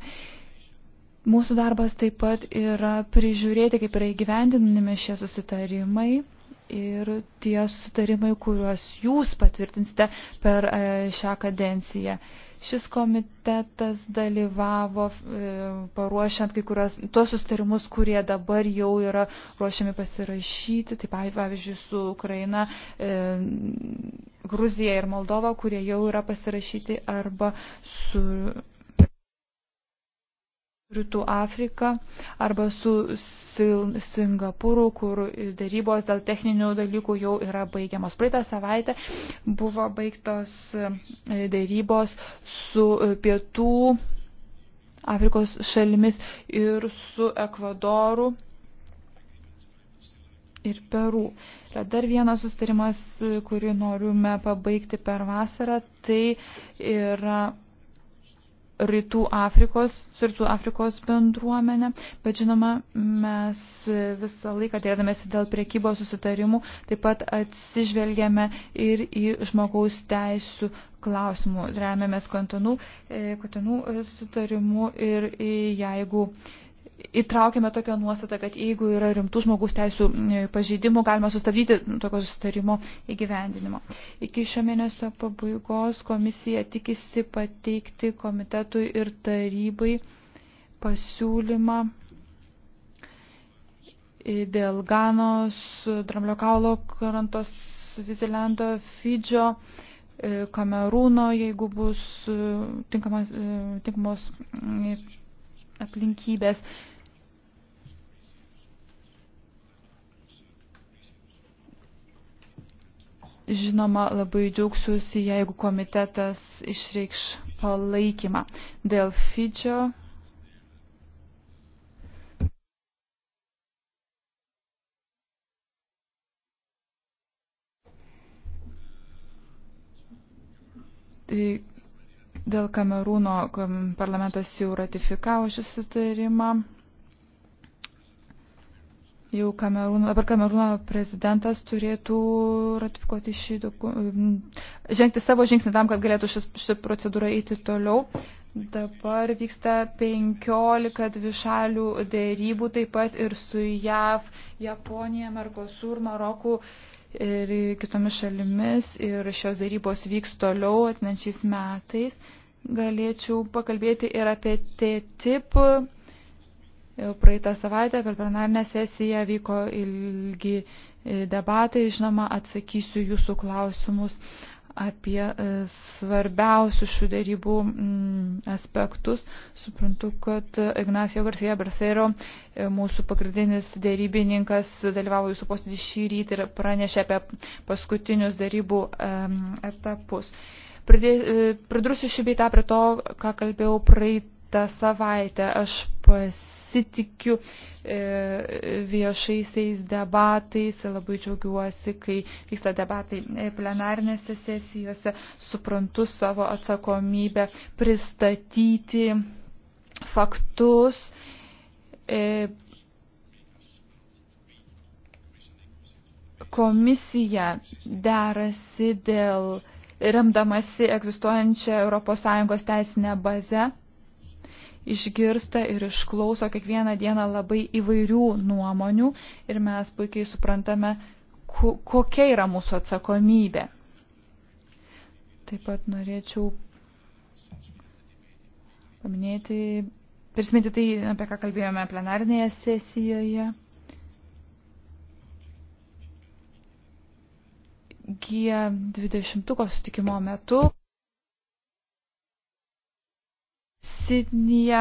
Mūsų darbas taip pat yra prižiūrėti, kaip yra įgyvendinami šie susitarimai ir tie susitarimai, kuriuos jūs patvirtinsite per e, šią kadenciją. E, Šis komitetas dalyvavo e, paruošiant kai kurios tuos sustarimus, kurie dabar jau yra ruošiami pasirašyti, taip pavyzdžiui, su Ukraina, e, Gruzija ir Moldova, kurie jau yra pasirašyti arba su Rytų Afrika arba su Singapūru, kur darybos dėl techninių dalykų jau yra baigiamos. Praeitą savaitę buvo baigtos e, darybos su e, Pietų Afrikos šalimis ir su Ekvadoru ir Peru. Yra dar vienas sustarimas, e, kurį norime pabaigti per vasarą, tai yra rytų Afrikos, rytų Afrikos bendruomenę, bet žinoma, mes visą laiką dėdamėsi dėl priekybos susitarimų, taip pat atsižvelgiame ir į žmogaus teisų klausimų, remiamės kontinų, e, kontinų susitarimu ir jeigu įtraukėme tokią nuostatą, kad jeigu yra rimtų žmogus teisų pažeidimų, galima sustabdyti tokio sustarimo įgyvendinimo. Iki šio mėnesio pabaigos komisija tikisi pateikti komitetui ir tarybai pasiūlymą dėl Ganos, Dramblio kaulo, Karantos, Vizilendo, Fidžio, e, Kamerūno, jeigu bus e, tinkamas, e, tinkamos aplinkybės. Žinoma, labai džiaugsiuosi, jeigu komitetas išreikš palaikymą dėl Fidžio. Tai Dėl Kamerūno parlamentas jau ratifikavo šį sutarimą. Jau Kamerūno, dabar Kamerūno prezidentas turėtų ratifikuoti šį dokumentą, žengti savo žingsnį tam, kad galėtų šis, šį procedūrą eiti toliau. Dabar vyksta 15 dvišalių dėrybų, taip pat ir su JAV, Japonija, Merkosur, Maroku, ir kitomis šalimis ir šios darybos vyks toliau atnešiais metais. Galėčiau pakalbėti ir apie TTIP. Praeitą savaitę per plenarinę sesiją vyko ilgi debatai, žinoma, atsakysiu jūsų klausimus apie e, svarbiausius šių darybų mm, aspektus. Suprantu, kad Ignacio Garcia Bracero, e, mūsų pagrindinis darybininkas, dalyvavo jūsų posėdį šį rytį ir pranešė apie paskutinius darybų e, etapus. Pridursiu šį beitą prie to, ką kalbėjau praeitą savaitę. Aš pas pasitikiu e, viešaisiais debatais, labai džiaugiuosi, kai vyksta debatai e, plenarinėse sesijose, suprantu savo atsakomybę pristatyti faktus. E, komisija derasi dėl remdamasi egzistuojančią ES teisinę bazę išgirsta ir išklauso kiekvieną dieną labai įvairių nuomonių ir mes puikiai suprantame, kokia yra mūsų atsakomybė. Taip pat norėčiau paminėti, prisiminti tai, apie ką kalbėjome plenarinėje sesijoje. G20 sutikimo metu. Sidnyje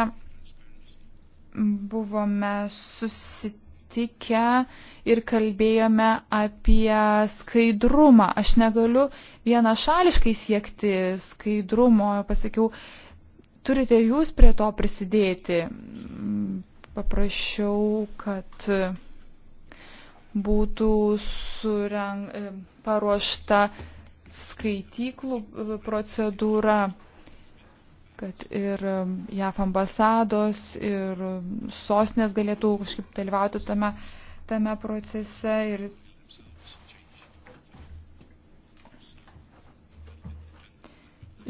buvome susitikę ir kalbėjome apie skaidrumą. Aš negaliu vienašališkai siekti skaidrumo, pasakiau, turite jūs prie to prisidėti. Paprašiau, kad būtų sureng, paruošta skaityklų procedūra kad ir um, JAF ambasados, ir um, sostinės galėtų kažkaip dalyvauti tame, tame procese. Ir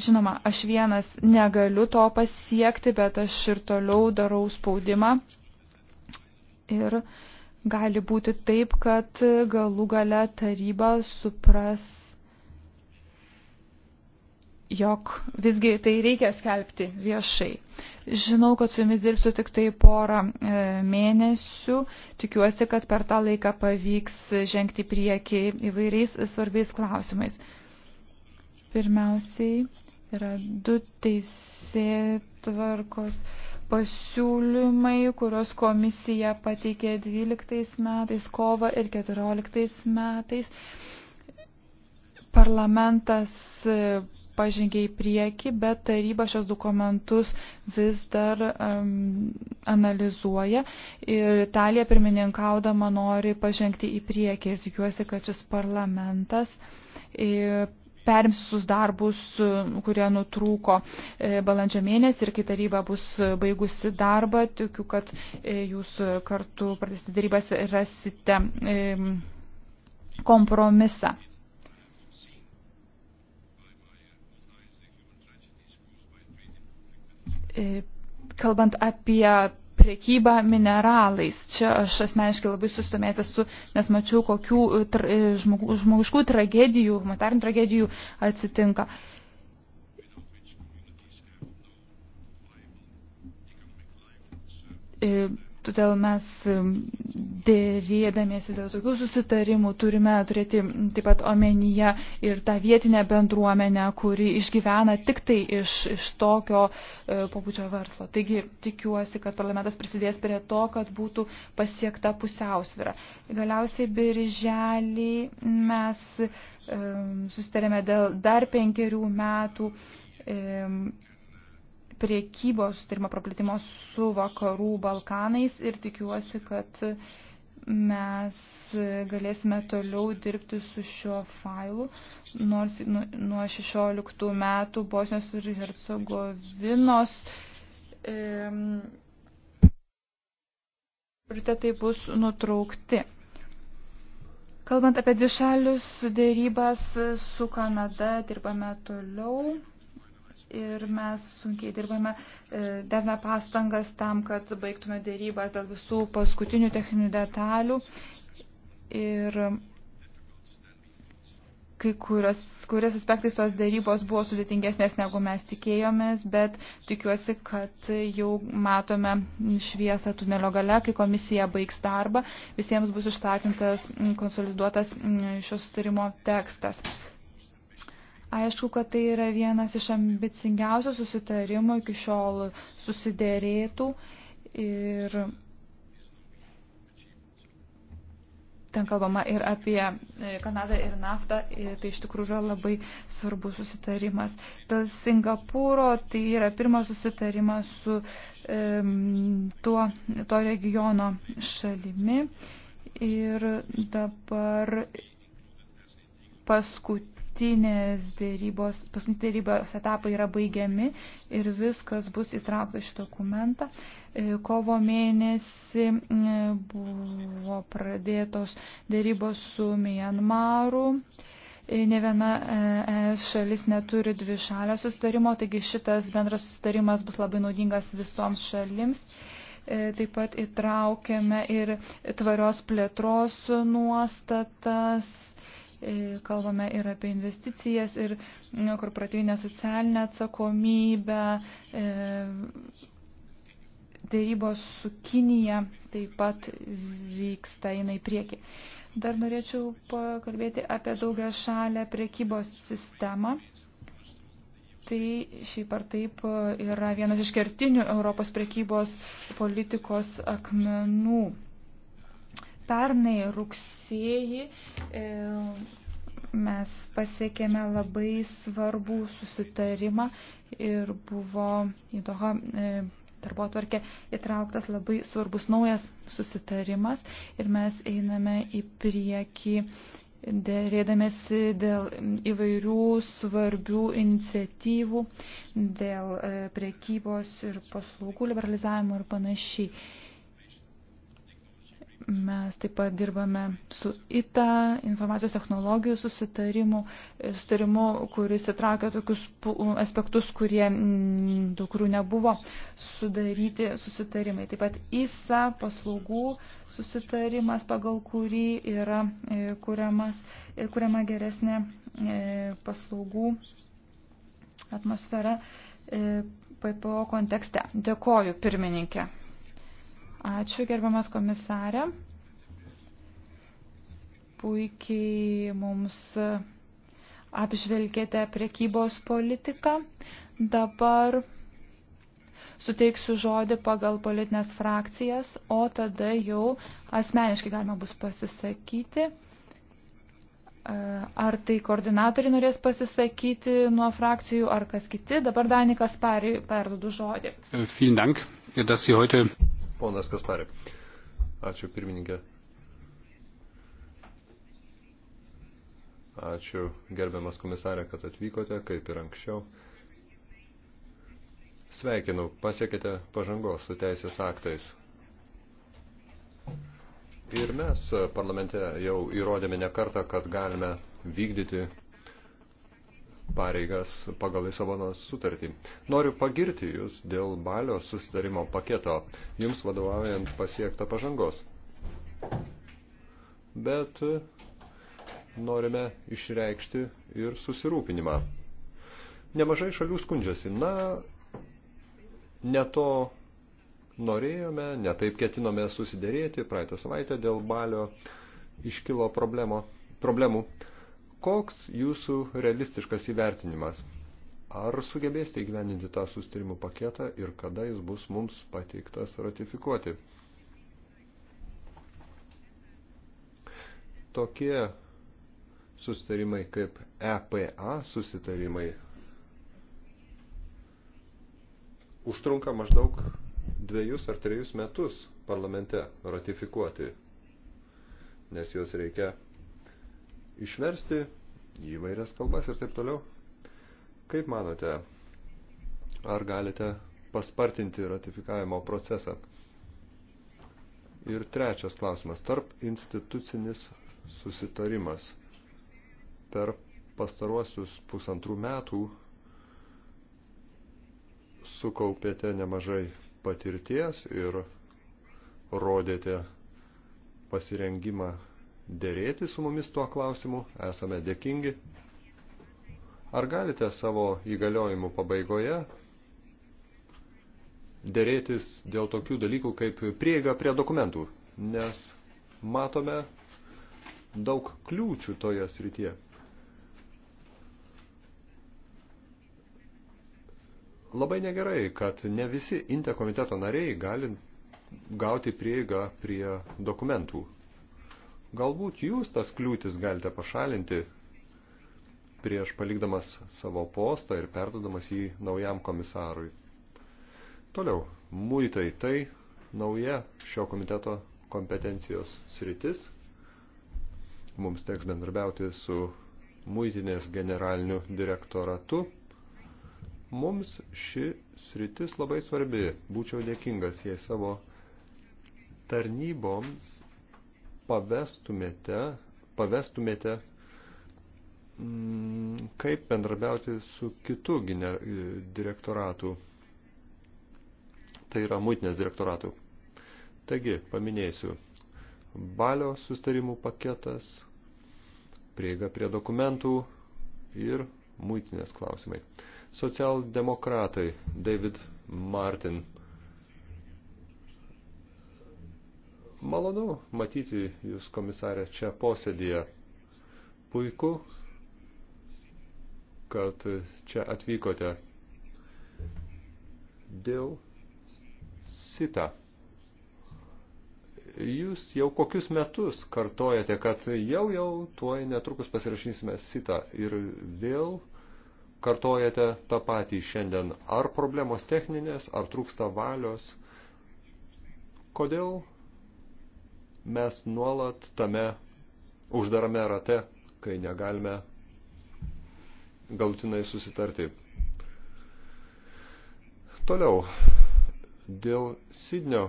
Žinoma, aš vienas negaliu to pasiekti, bet aš ir toliau darau spaudimą. Ir gali būti taip, kad galų gale taryba supras jog visgi tai reikia skelbti viešai. Žinau, kad su jumis dirbsiu tik tai porą e, mėnesių. Tikiuosi, kad per tą laiką pavyks žengti priekį įvairiais svarbiais klausimais. Pirmiausiai yra du teisėtvarkos pasiūlymai, kuriuos komisija pateikė 12 metais, kovo ir 14 metais. Parlamentas pažengė į priekį, bet taryba šios dokumentus vis dar um, analizuoja ir Italija pirmininkaudama nori pažengti į priekį ir tikiuosi, kad šis parlamentas e, perims visus darbus, kurie nutrūko e, balandžio mėnesį ir kai taryba bus baigusi darbą, tikiu, kad e, jūs kartu pradėsite darybas rasite kompromisą. E, kalbant apie priekybą mineralais. Čia aš asmeniškai labai sustumėjęs esu, nes mačiau, kokių e, tra, e, žmogu, žmogiškų tragedijų, humanitarinių tragedijų atsitinka. Todėl mes dėrėdamiesi dėl tokių susitarimų turime turėti taip pat omenyje ir tą vietinę bendruomenę, kuri išgyvena tik tai iš, iš tokio e, pobūdžio verslo. Taigi tikiuosi, kad parlamentas prisidės prie to, kad būtų pasiekta pusiausvyrą. Galiausiai birželį mes e, susitarėme dėl dar penkerių metų. E, priekybos sutarimo praplėtimo su vakarų Balkanais ir tikiuosi, kad mes galėsime toliau dirbti su šiuo failu, nors nu, nuo 16 metų Bosnios ir Hercegovinos e, prioritetai bus nutraukti. Kalbant apie dvišalius dėrybas su Kanada, dirbame toliau ir mes sunkiai dirbame, e, dedame pastangas tam, kad baigtume dėrybas dėl visų paskutinių techninių detalių. Ir kai kurios, kurias aspektais tos dėrybos buvo sudėtingesnės negu mes tikėjomės, bet tikiuosi, kad jau matome šviesą tunelio gale, kai komisija baigs darbą, visiems bus išplatintas konsoliduotas šios sutarimo tekstas. Aišku, kad tai yra vienas iš ambicingiausių susitarimų iki šiol susidėrėtų ir ten kalbama ir apie e, Kanadą ir naftą, ir e, tai iš tikrųjų yra labai svarbus susitarimas. Tas Singapūro tai yra pirmas susitarimas su um, tuo, to regiono šalimi ir dabar paskutinė paskutinės dėrybos, paskutinės dėrybos etapai yra baigiami ir viskas bus įtraukta šį dokumentą. E, kovo mėnesį buvo pradėtos dėrybos su Mianmaru. E, ne viena e, šalis neturi dvi šalio susitarimo, taigi šitas bendras susitarimas bus labai naudingas visoms šalims taip pat įtraukėme ir tvarios plėtros nuostatas, E, kalbame ir apie investicijas, ir nu, korporatyvinę socialinę atsakomybę, e, dėrybos su Kinija taip pat vyksta jinai prieki. Dar norėčiau pakalbėti apie daugia šalę prekybos sistemą. Tai šiaip ar taip yra vienas iš kertinių Europos prekybos politikos akmenų. Pernai rugsėjį e, mes pasiekėme labai svarbų susitarimą ir buvo į Doha e, darbo atvarkė įtrauktas labai svarbus naujas susitarimas ir mes einame į priekį dėrėdamėsi dėl įvairių svarbių iniciatyvų, dėl e, priekybos ir paslaugų liberalizavimo ir panašiai. Mes taip pat dirbame su ITA informacijos technologijų susitarimu, susitarimu kuris įtraukia tokius aspektus, kurie, dėl kurių nebuvo sudaryti susitarimai. Taip pat ISA paslaugų susitarimas, pagal kurį yra e, kuriamas, e, kuriama geresnė e, paslaugų atmosfera PPO kontekste. Dėkoju, pirmininkė. Ačiū, gerbiamas komisarė. Puikiai mums apžvelgėte prekybos politiką. Dabar suteiksiu žodį pagal politinės frakcijas, o tada jau asmeniškai galima bus pasisakyti. Ar tai koordinatoriai norės pasisakyti nuo frakcijų, ar kas kiti. Dabar Danikas perduodu žodį. Vielen Dank, dass Sie heute Ponas Kasparė. Ačiū pirmininkė. Ačiū gerbiamas komisarė, kad atvykote, kaip ir anksčiau. Sveikinu, pasiekite pažangos su teisės aktais. Ir mes parlamente jau įrodėme ne kartą, kad galime vykdyti pareigas pagal Lisabonos sutartį. Noriu pagirti Jūs dėl Balio susitarimo paketo, Jums vadovaujant pasiektą pažangos. Bet e, norime išreikšti ir susirūpinimą. Nemažai šalių skundžiasi, na, ne to norėjome, ne taip ketinome susidėrėti, praeitą savaitę dėl Balio iškilo problemo, problemų. problemų Koks jūsų realistiškas įvertinimas? Ar sugebėsite įgyveninti tą sustarimų paketą ir kada jis bus mums pateiktas ratifikuoti? Tokie sustarimai kaip EPA susitarimai užtrunka maždaug dviejus ar trejus metus parlamente ratifikuoti, nes juos reikia išversti į vairias kalbas ir taip toliau. Kaip manote, ar galite paspartinti ratifikavimo procesą? Ir trečias klausimas - tarp institucinis susitarimas. Per pastaruosius pusantrų metų sukaupėte nemažai patirties ir rodėte pasirengimą dėrėti su mumis tuo klausimu, esame dėkingi. Ar galite savo įgaliojimų pabaigoje dėrėtis dėl tokių dalykų kaip prieiga prie dokumentų, nes matome daug kliūčių toje srityje. Labai negerai, kad ne visi Inte komiteto nariai gali gauti prieigą prie dokumentų. Galbūt jūs tas kliūtis galite pašalinti prieš palikdamas savo postą ir perdodamas jį naujam komisarui. Toliau, muitai tai nauja šio komiteto kompetencijos sritis. Mums teks bendrabiauti su muitinės generaliniu direktoratu. Mums ši sritis labai svarbi. Būčiau dėkingas, jei savo tarnyboms pavestumėte, pavestumėte mm, kaip bendrabiauti su kitu direktoratu, tai yra muitinės direktoratu. Taigi, paminėsiu, balio sustarimų paketas, prieiga prie dokumentų ir muitinės klausimai. Socialdemokratai David Martin Malonu matyti Jūs, komisarė, čia posėdėje. Puiku, kad čia atvykote dėl sita. Jūs jau kokius metus kartojate, kad jau jau tuoj netrukus pasirašysime sitą ir vėl kartojate tą patį šiandien. Ar problemos techninės, ar trūksta valios? Kodėl mes nuolat tame uždarame rate, kai negalime galutinai susitarti. Toliau, dėl Sidnio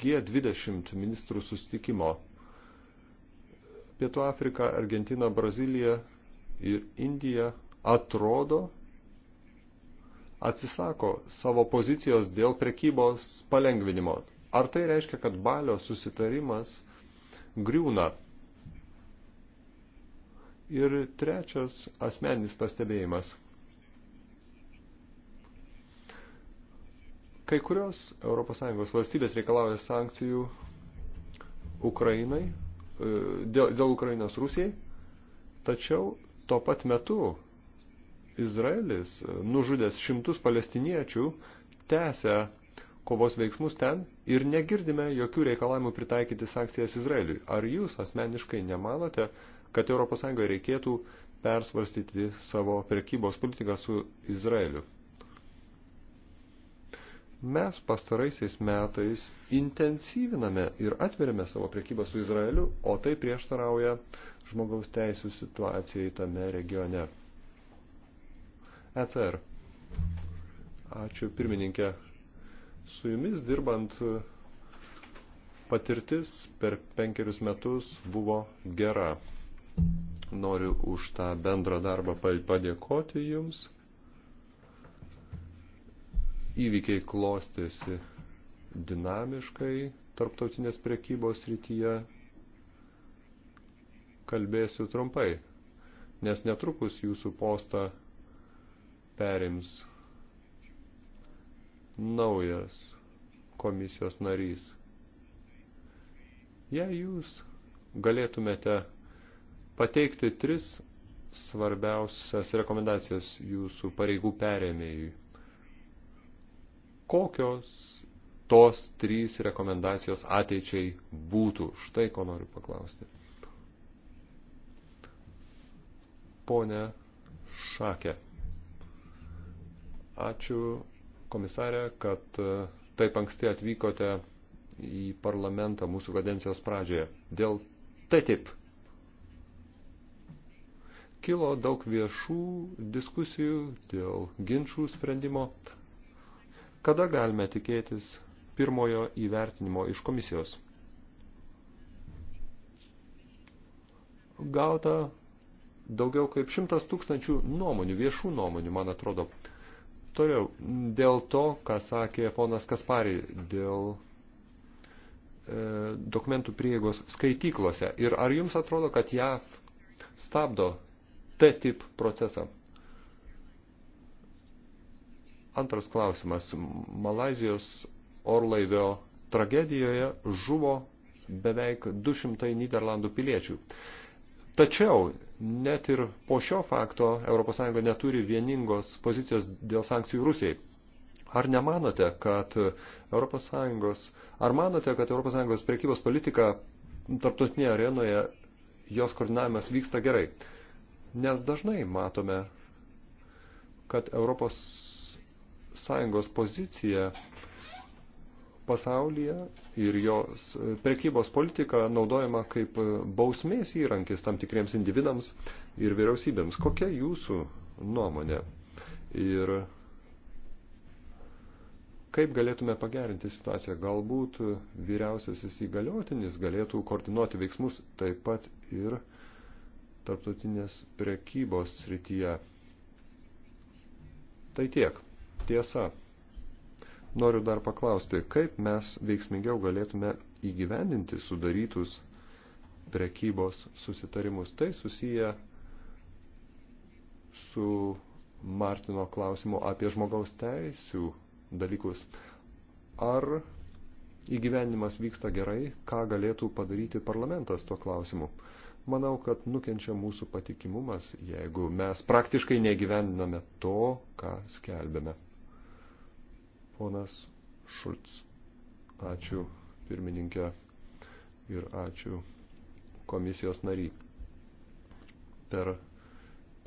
G20 ministrų sustikimo Pietų Afrika, Argentina, Brazilija ir Indija atrodo atsisako savo pozicijos dėl prekybos palengvinimo. Ar tai reiškia, kad balio susitarimas griūna. Ir trečias asmeninis pastebėjimas. Kai kurios ES valstybės reikalauja sankcijų Ukrainai, e, dėl, dėl Ukrainos Rusijai, tačiau tuo pat metu Izraelis, e, nužudęs šimtus palestiniečių, tęsia kovos veiksmus ten ir negirdime jokių reikalavimų pritaikyti sankcijas Izraeliui. Ar jūs asmeniškai nemanote, kad ES reikėtų persvarstyti savo prekybos politiką su Izraeliu? Mes pastaraisiais metais intensyviname ir atveriame savo prekybą su Izraeliu, o tai prieštarauja žmogaus teisų situacijai tame regione. ECR. Ačiū pirmininkė Su jumis dirbant patirtis per penkerius metus buvo gera. Noriu už tą bendrą darbą padėkoti jums. Įvykiai klostėsi dinamiškai tarptautinės prekybos rytyje. Kalbėsiu trumpai, nes netrukus jūsų postą perims naujas komisijos narys. Jei jūs galėtumėte pateikti tris svarbiausias rekomendacijas jūsų pareigų perėmėjui, kokios tos trys rekomendacijos ateičiai būtų? Štai ko noriu paklausti. Pone Šakė. Ačiū komisarė, kad e, taip anksti atvykote į parlamentą mūsų kadencijos pradžioje. Dėl TTIP kilo daug viešų diskusijų dėl ginčių sprendimo. Kada galime tikėtis pirmojo įvertinimo iš komisijos? Gauta daugiau kaip šimtas tūkstančių nuomonių, viešų nuomonių, man atrodo. Toliau, dėl to, ką sakė ponas Kasparį, dėl e, dokumentų prieigos skaityklose. Ir ar jums atrodo, kad JAV stabdo T-tip procesą? Antras klausimas. Malazijos orlaivio tragedijoje žuvo beveik 200 Niderlandų piliečių. Tačiau net ir po šio fakto ES neturi vieningos pozicijos dėl sankcijų Rusijai. Ar nemanote, kad ES, ar manote, kad ES priekybos politika tarptautinėje arenoje jos koordinavimas vyksta gerai? Nes dažnai matome, kad ES pozicija pasaulyje ir jos e, prekybos politika naudojama kaip e, bausmės įrankis tam tikriems individams ir vyriausybėms. Kokia jūsų nuomonė ir kaip galėtume pagerinti situaciją? Galbūt vyriausiasis įgaliotinis galėtų koordinuoti veiksmus taip pat ir tarptautinės prekybos srityje. Tai tiek. Tiesa noriu dar paklausti, kaip mes veiksmingiau galėtume įgyvendinti sudarytus prekybos susitarimus. Tai susiję su Martino klausimu apie žmogaus teisių dalykus. Ar įgyvenimas vyksta gerai, ką galėtų padaryti parlamentas tuo klausimu? Manau, kad nukenčia mūsų patikimumas, jeigu mes praktiškai negyvendiname to, ką skelbėme. Ponas Šulc. Ačiū pirmininkė ir ačiū komisijos nary. Per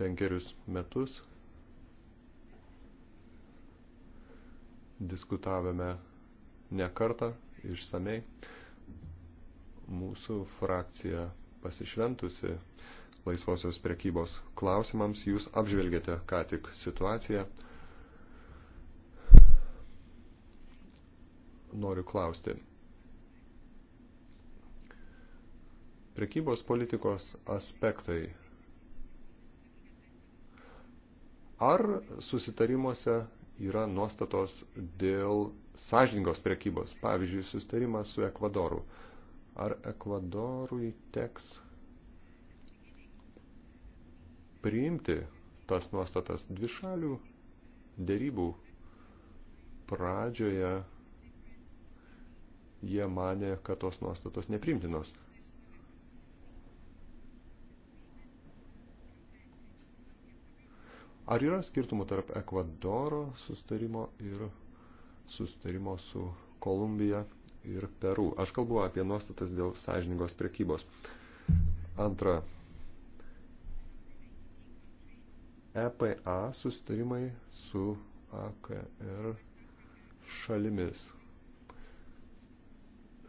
penkerius metus diskutavome ne kartą išsamei. Mūsų frakcija pasišventusi laisvosios prekybos klausimams, jūs apžvelgėte ką tik situaciją. noriu klausti. Prekybos politikos aspektai. Ar susitarimuose yra nuostatos dėl sąžiningos prekybos, pavyzdžiui, susitarimas su Ekvadoru? Ar Ekvadorui teks priimti tas nuostatas dvišalių dėrybų pradžioje jie mane, kad tos nuostatos neprimtinos. Ar yra skirtumų tarp Ekvadoro sustarimo ir sustarimo su Kolumbija ir Peru? Aš kalbu apie nuostatas dėl sąžiningos prekybos. Antra. EPA sustarimai su AKR šalimis.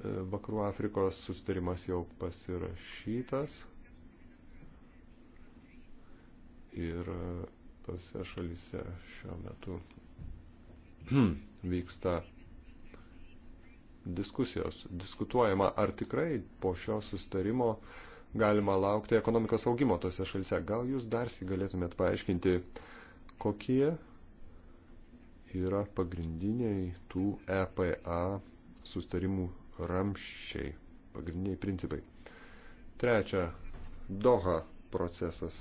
Vakarų Afrikos sustarimas jau pasirašytas ir tose šalise šiuo metu vyksta diskusijos. Diskutuojama, ar tikrai po šio sustarimo galima laukti ekonomikos augimo tose šalise. Gal jūs dar si galėtumėt paaiškinti, kokie yra pagrindiniai tų EPA sustarimų ramščiai, pagrindiniai principai. Trečia, Doha procesas.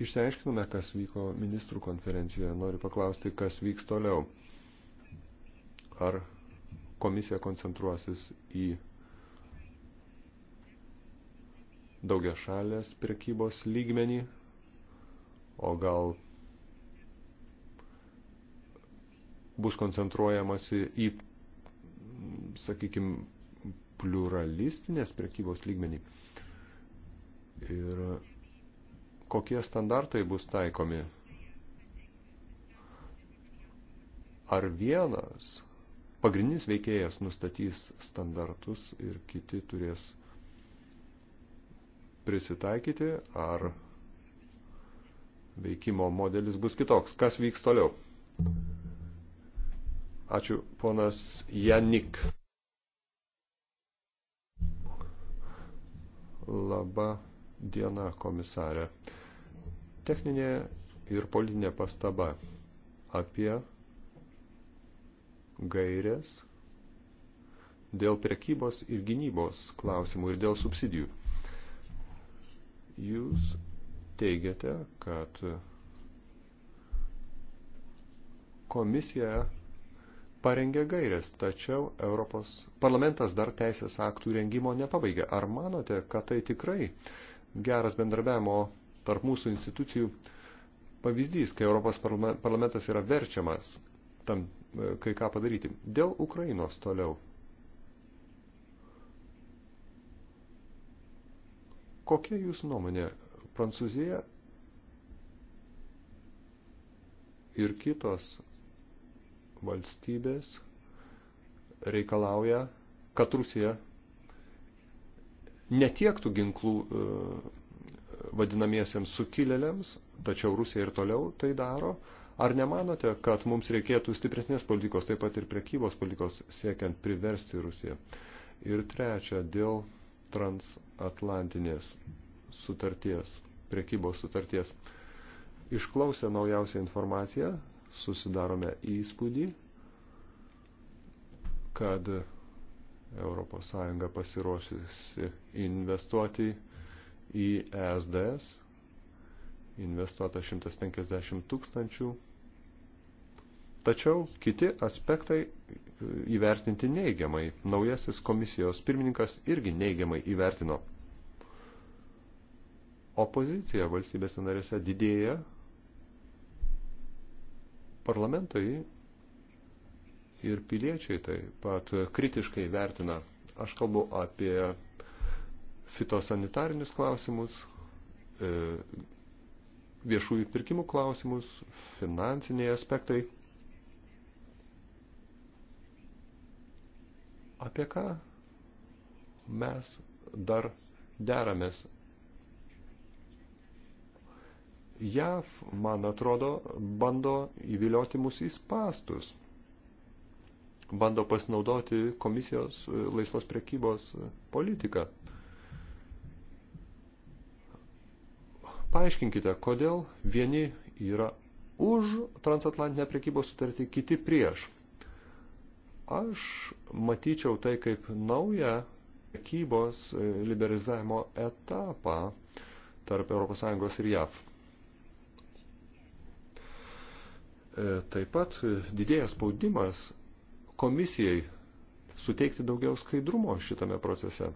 Išsiaiškinome, kas vyko ministrų konferencijoje. Noriu paklausti, kas vyks toliau. Ar komisija koncentruosis į daugia šalės prekybos lygmenį, o gal bus koncentruojamasi į, sakykime, pluralistinės prekybos lygmenį. Ir kokie standartai bus taikomi? Ar vienas pagrindinis veikėjas nustatys standartus ir kiti turės prisitaikyti, ar veikimo modelis bus kitoks? Kas vyks toliau? Thank you. Ačiū, ponas Janik. Labą dieną, komisarė. Techninė ir politinė pastaba apie gairės dėl prekybos ir gynybos klausimų ir dėl subsidijų. Jūs teigiate, kad komisija parengė gairės, tačiau Europos parlamentas dar teisės aktų rengimo nepabaigė. Ar manote, kad tai tikrai geras bendrabiamo tarp mūsų institucijų pavyzdys, kai Europos parlamentas yra verčiamas tam e, kai ką padaryti? Dėl Ukrainos toliau. Kokia jūsų nuomonė? Prancūzija ir kitos valstybės reikalauja, kad Rusija netiektų ginklų e, vadinamiesiems sukilėliams, tačiau Rusija ir toliau tai daro. Ar nemanote, kad mums reikėtų stipresnės politikos, taip pat ir prekybos politikos, siekiant priversti Rusiją? Ir trečia, dėl transatlantinės sutarties, prekybos sutarties. Išklausę naujausią informaciją, susidarome įspūdį, kad ES pasiruošusi investuoti į ESDS, investuota 150 tūkstančių, tačiau kiti aspektai įvertinti neigiamai. Naujasis komisijos pirmininkas irgi neigiamai įvertino. Opozicija valstybės narėse didėja parlamentai ir piliečiai taip pat kritiškai vertina. Aš kalbu apie fitosanitarinius klausimus, e, viešųjų pirkimų klausimus, finansiniai aspektai. Apie ką mes dar deramės JAV, man atrodo, bando įvilioti mus į spastus. Bando pasinaudoti komisijos e, laisvos prekybos e, politiką. Paaiškinkite, kodėl vieni yra už transatlantinę prekybos sutartį, kiti prieš. Aš matyčiau tai kaip naują prekybos e, liberalizavimo etapą tarp ES ir JAV. E, taip pat e, didėja spaudimas komisijai suteikti daugiau skaidrumo šitame procese.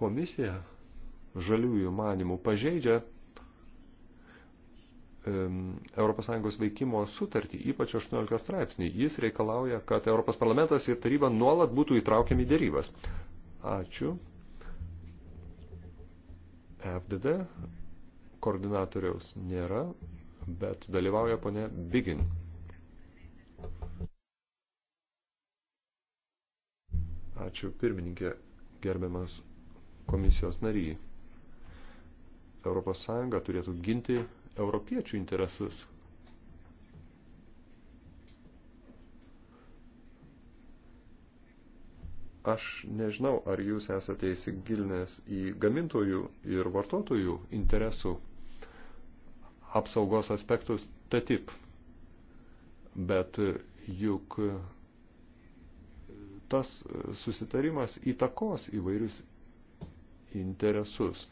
Komisija žaliųjų manimų pažeidžia ES veikimo sutartį, ypač 18 straipsnį. Jis reikalauja, kad Europos parlamentas ir taryba nuolat būtų įtraukiami dėrybas. Ačiū. FDD koordinatoriaus nėra, bet dalyvauja ponė Bigin. Ačiū pirmininkė, gerbiamas komisijos nary. ES turėtų ginti europiečių interesus Aš nežinau, ar jūs esate įsigilinęs į gamintojų ir vartotojų interesų apsaugos aspektus, tai taip. Bet juk tas susitarimas įtakos įvairius interesus.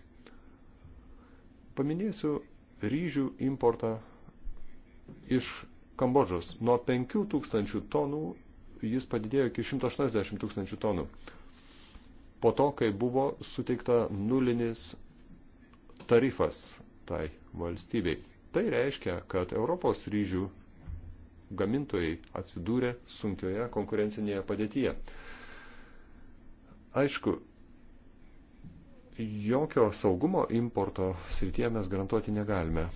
Paminėsiu ryžių importą iš Kambodžos. Nuo 5000 tonų jis padidėjo iki 180 tūkstančių tonų. Po to, kai buvo suteikta nulinis tarifas tai valstybei. Tai reiškia, kad Europos ryžių gamintojai atsidūrė sunkioje konkurencinėje padėtyje. Aišku, jokio saugumo importo srityje mes garantuoti negalime.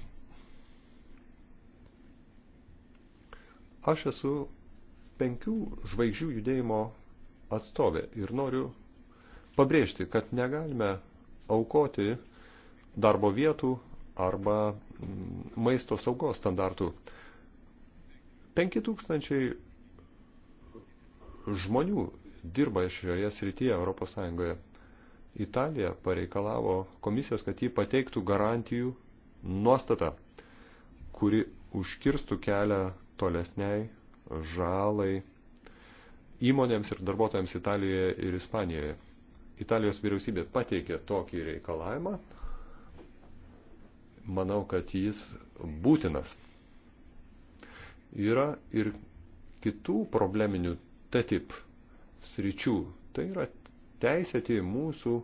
Aš esu penkių žvaigždžių judėjimo atstovė ir noriu pabrėžti, kad negalime aukoti darbo vietų arba mm, maisto saugos standartų. 5000 žmonių dirba šioje srityje Europos Sąjungoje. Italija pareikalavo komisijos, kad jį pateiktų garantijų nuostatą, kuri užkirstų kelią tolesniai žalai įmonėms ir darbuotojams Italijoje ir Ispanijoje. Italijos vyriausybė pateikė tokį reikalavimą. Manau, kad jis būtinas. Yra ir kitų probleminių TTIP sričių. Tai yra teisėti mūsų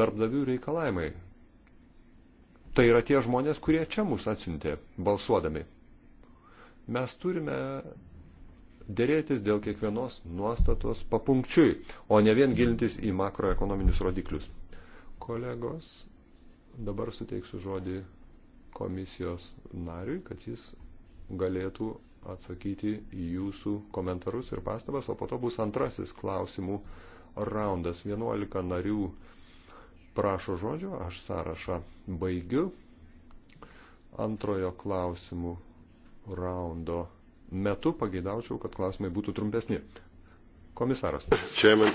darbdavių reikalavimai. Tai yra tie žmonės, kurie čia mus atsiuntė balsuodami. Mes turime dėrėtis dėl kiekvienos nuostatos papunkčiui, o ne vien gilintis į makroekonominius rodiklius. Kolegos, dabar suteiksiu žodį komisijos nariui, kad jis galėtų atsakyti į jūsų komentarus ir pastabas, o po to bus antrasis klausimų raundas. 11 narių prašo žodžio, aš sąrašą baigiu. Antrojo klausimų raundo metu pageidaučiau, kad klausimai būtų trumpesni. Komisaras. Chairman.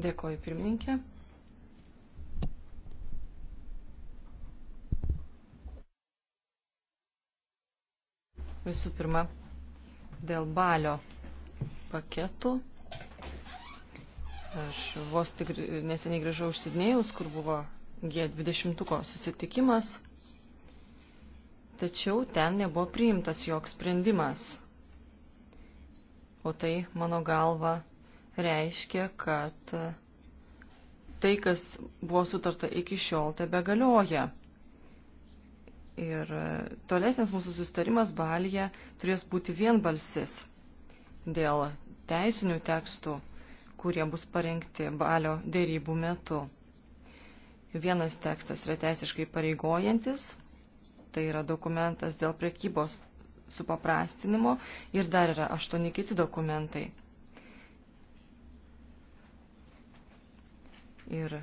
Dėkoju, pirmininkė. Visų pirma, dėl balio paketų. Aš vos tik neseniai grįžau iš Sidnėjaus, kur buvo G20 susitikimas tačiau ten nebuvo priimtas joks sprendimas. O tai, mano galva, reiškia, kad tai, kas buvo sutarta iki šiol, tebe galioja. Ir tolesnis mūsų sustarimas Balyje turės būti vienbalsis dėl teisinių tekstų, kurie bus parengti Balio dėrybų metu. Vienas tekstas yra teisiškai pareigojantis, tai yra dokumentas dėl priekybos supaprastinimo ir dar yra aštuoni kiti dokumentai. Ir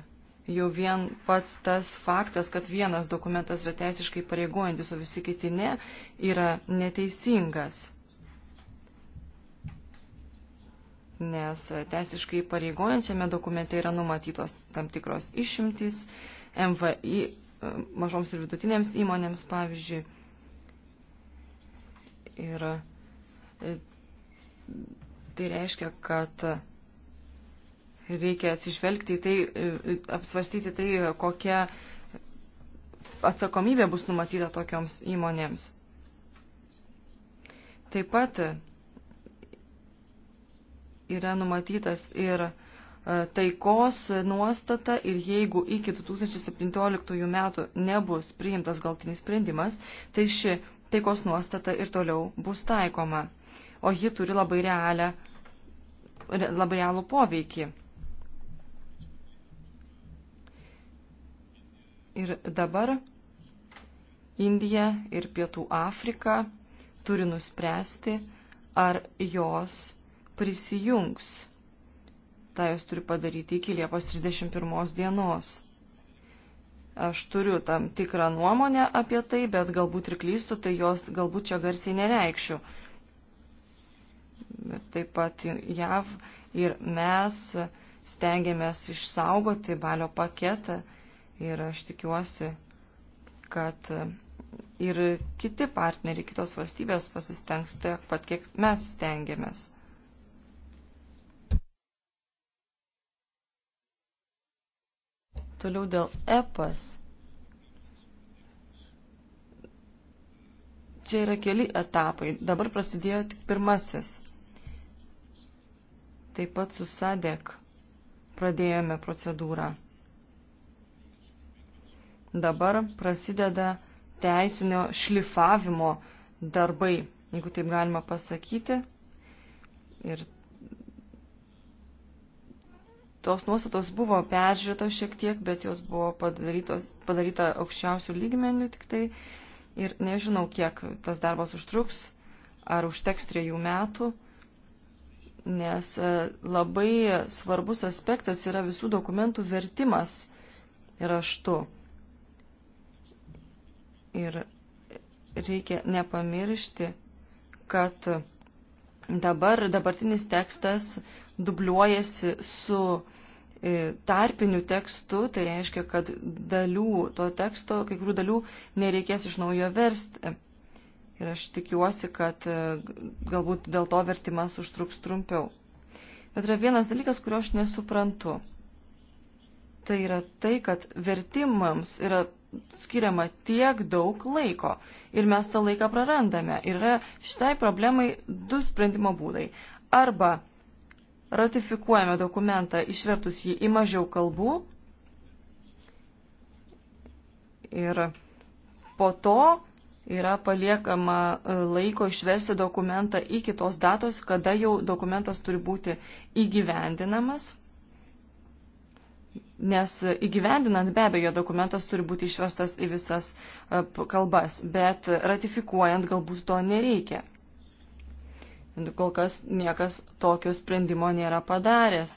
jau vien pats tas faktas, kad vienas dokumentas yra teisiškai pareigojantis, o visi kiti ne, yra neteisingas. Nes teisiškai pareigojančiame dokumente yra numatytos tam tikros išimtys, MVI mažoms ir vidutinėms įmonėms, pavyzdžiui. Ir e, tai reiškia, kad reikia atsižvelgti į tai, e, apsvarstyti tai, kokia atsakomybė bus numatyta tokioms įmonėms. Taip pat yra numatytas ir E, taikos nuostata ir jeigu iki 2017 metų nebus priimtas galtinis sprendimas, tai ši taikos nuostata ir toliau bus taikoma, o ji turi labai, realią, labai realų poveikį. Ir dabar Indija ir Pietų Afrika turi nuspręsti, ar jos prisijungs tą jūs turi padaryti iki Liepos 31 dienos. Aš turiu tam tikrą nuomonę apie tai, bet galbūt ir klystu, tai jos galbūt čia garsiai nereikšiu. Bet taip pat JAV ir mes stengiamės išsaugoti balio paketą ir aš tikiuosi, kad ir kiti partneriai, kitos valstybės pasistengs tiek pat, kiek mes stengiamės. Toliau dėl EPAS. Čia yra keli etapai. Dabar prasidėjo tik pirmasis. Taip pat su SADEK pradėjome procedūrą. Dabar prasideda teisinio šlifavimo darbai, jeigu taip galima pasakyti. Ir Tos nuostatos buvo peržiūrėtos šiek tiek, bet jos buvo padaryta aukščiausių lygmenių tik tai. Ir nežinau, kiek tas darbas užtruks, ar užteks trejų metų, nes e, labai svarbus aspektas yra visų dokumentų vertimas raštu. Ir reikia nepamiršti, kad dabar dabartinis tekstas dubliuojasi su e, tarpiniu tekstu, tai reiškia, kad dalių to teksto, kai kurių dalių nereikės iš naujo versti. Ir aš tikiuosi, kad e, galbūt dėl to vertimas užtruks trumpiau. Bet yra vienas dalykas, kurio aš nesuprantu. Tai yra tai, kad vertimams yra skiriama tiek daug laiko ir mes tą laiką prarandame. Ir yra šitai problemai du sprendimo būdai. Arba ratifikuojame dokumentą išvertus jį į mažiau kalbų ir po to yra paliekama e, laiko išversti dokumentą iki tos datos, kada jau dokumentas turi būti įgyvendinamas. Nes įgyvendinant be abejo dokumentas turi būti išverstas į visas e, kalbas, bet ratifikuojant galbūt to nereikia. Kol kas niekas tokio sprendimo nėra padaręs.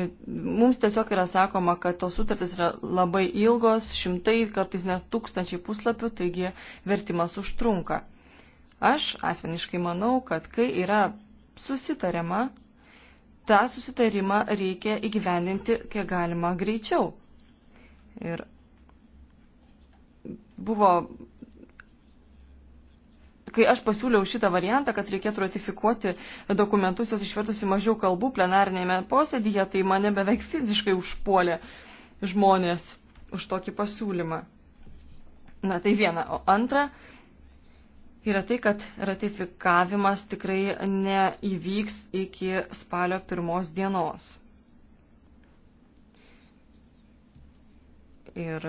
Mums tiesiog yra sakoma, kad tos sutartys yra labai ilgos, šimtai, kartais net tūkstančiai puslapių, taigi vertimas užtrunka. Aš asmeniškai manau, kad kai yra susitariama, tą susitarimą reikia įgyvendinti kiek galima greičiau. Ir buvo kai aš pasiūliau šitą variantą, kad reikėtų ratifikuoti dokumentus, jos išvertusi mažiau kalbų plenarinėme posėdyje, tai mane beveik fiziškai užpuolė žmonės už tokį pasiūlymą. Na tai viena. O antra yra tai, kad ratifikavimas tikrai neįvyks iki spalio pirmos dienos. Ir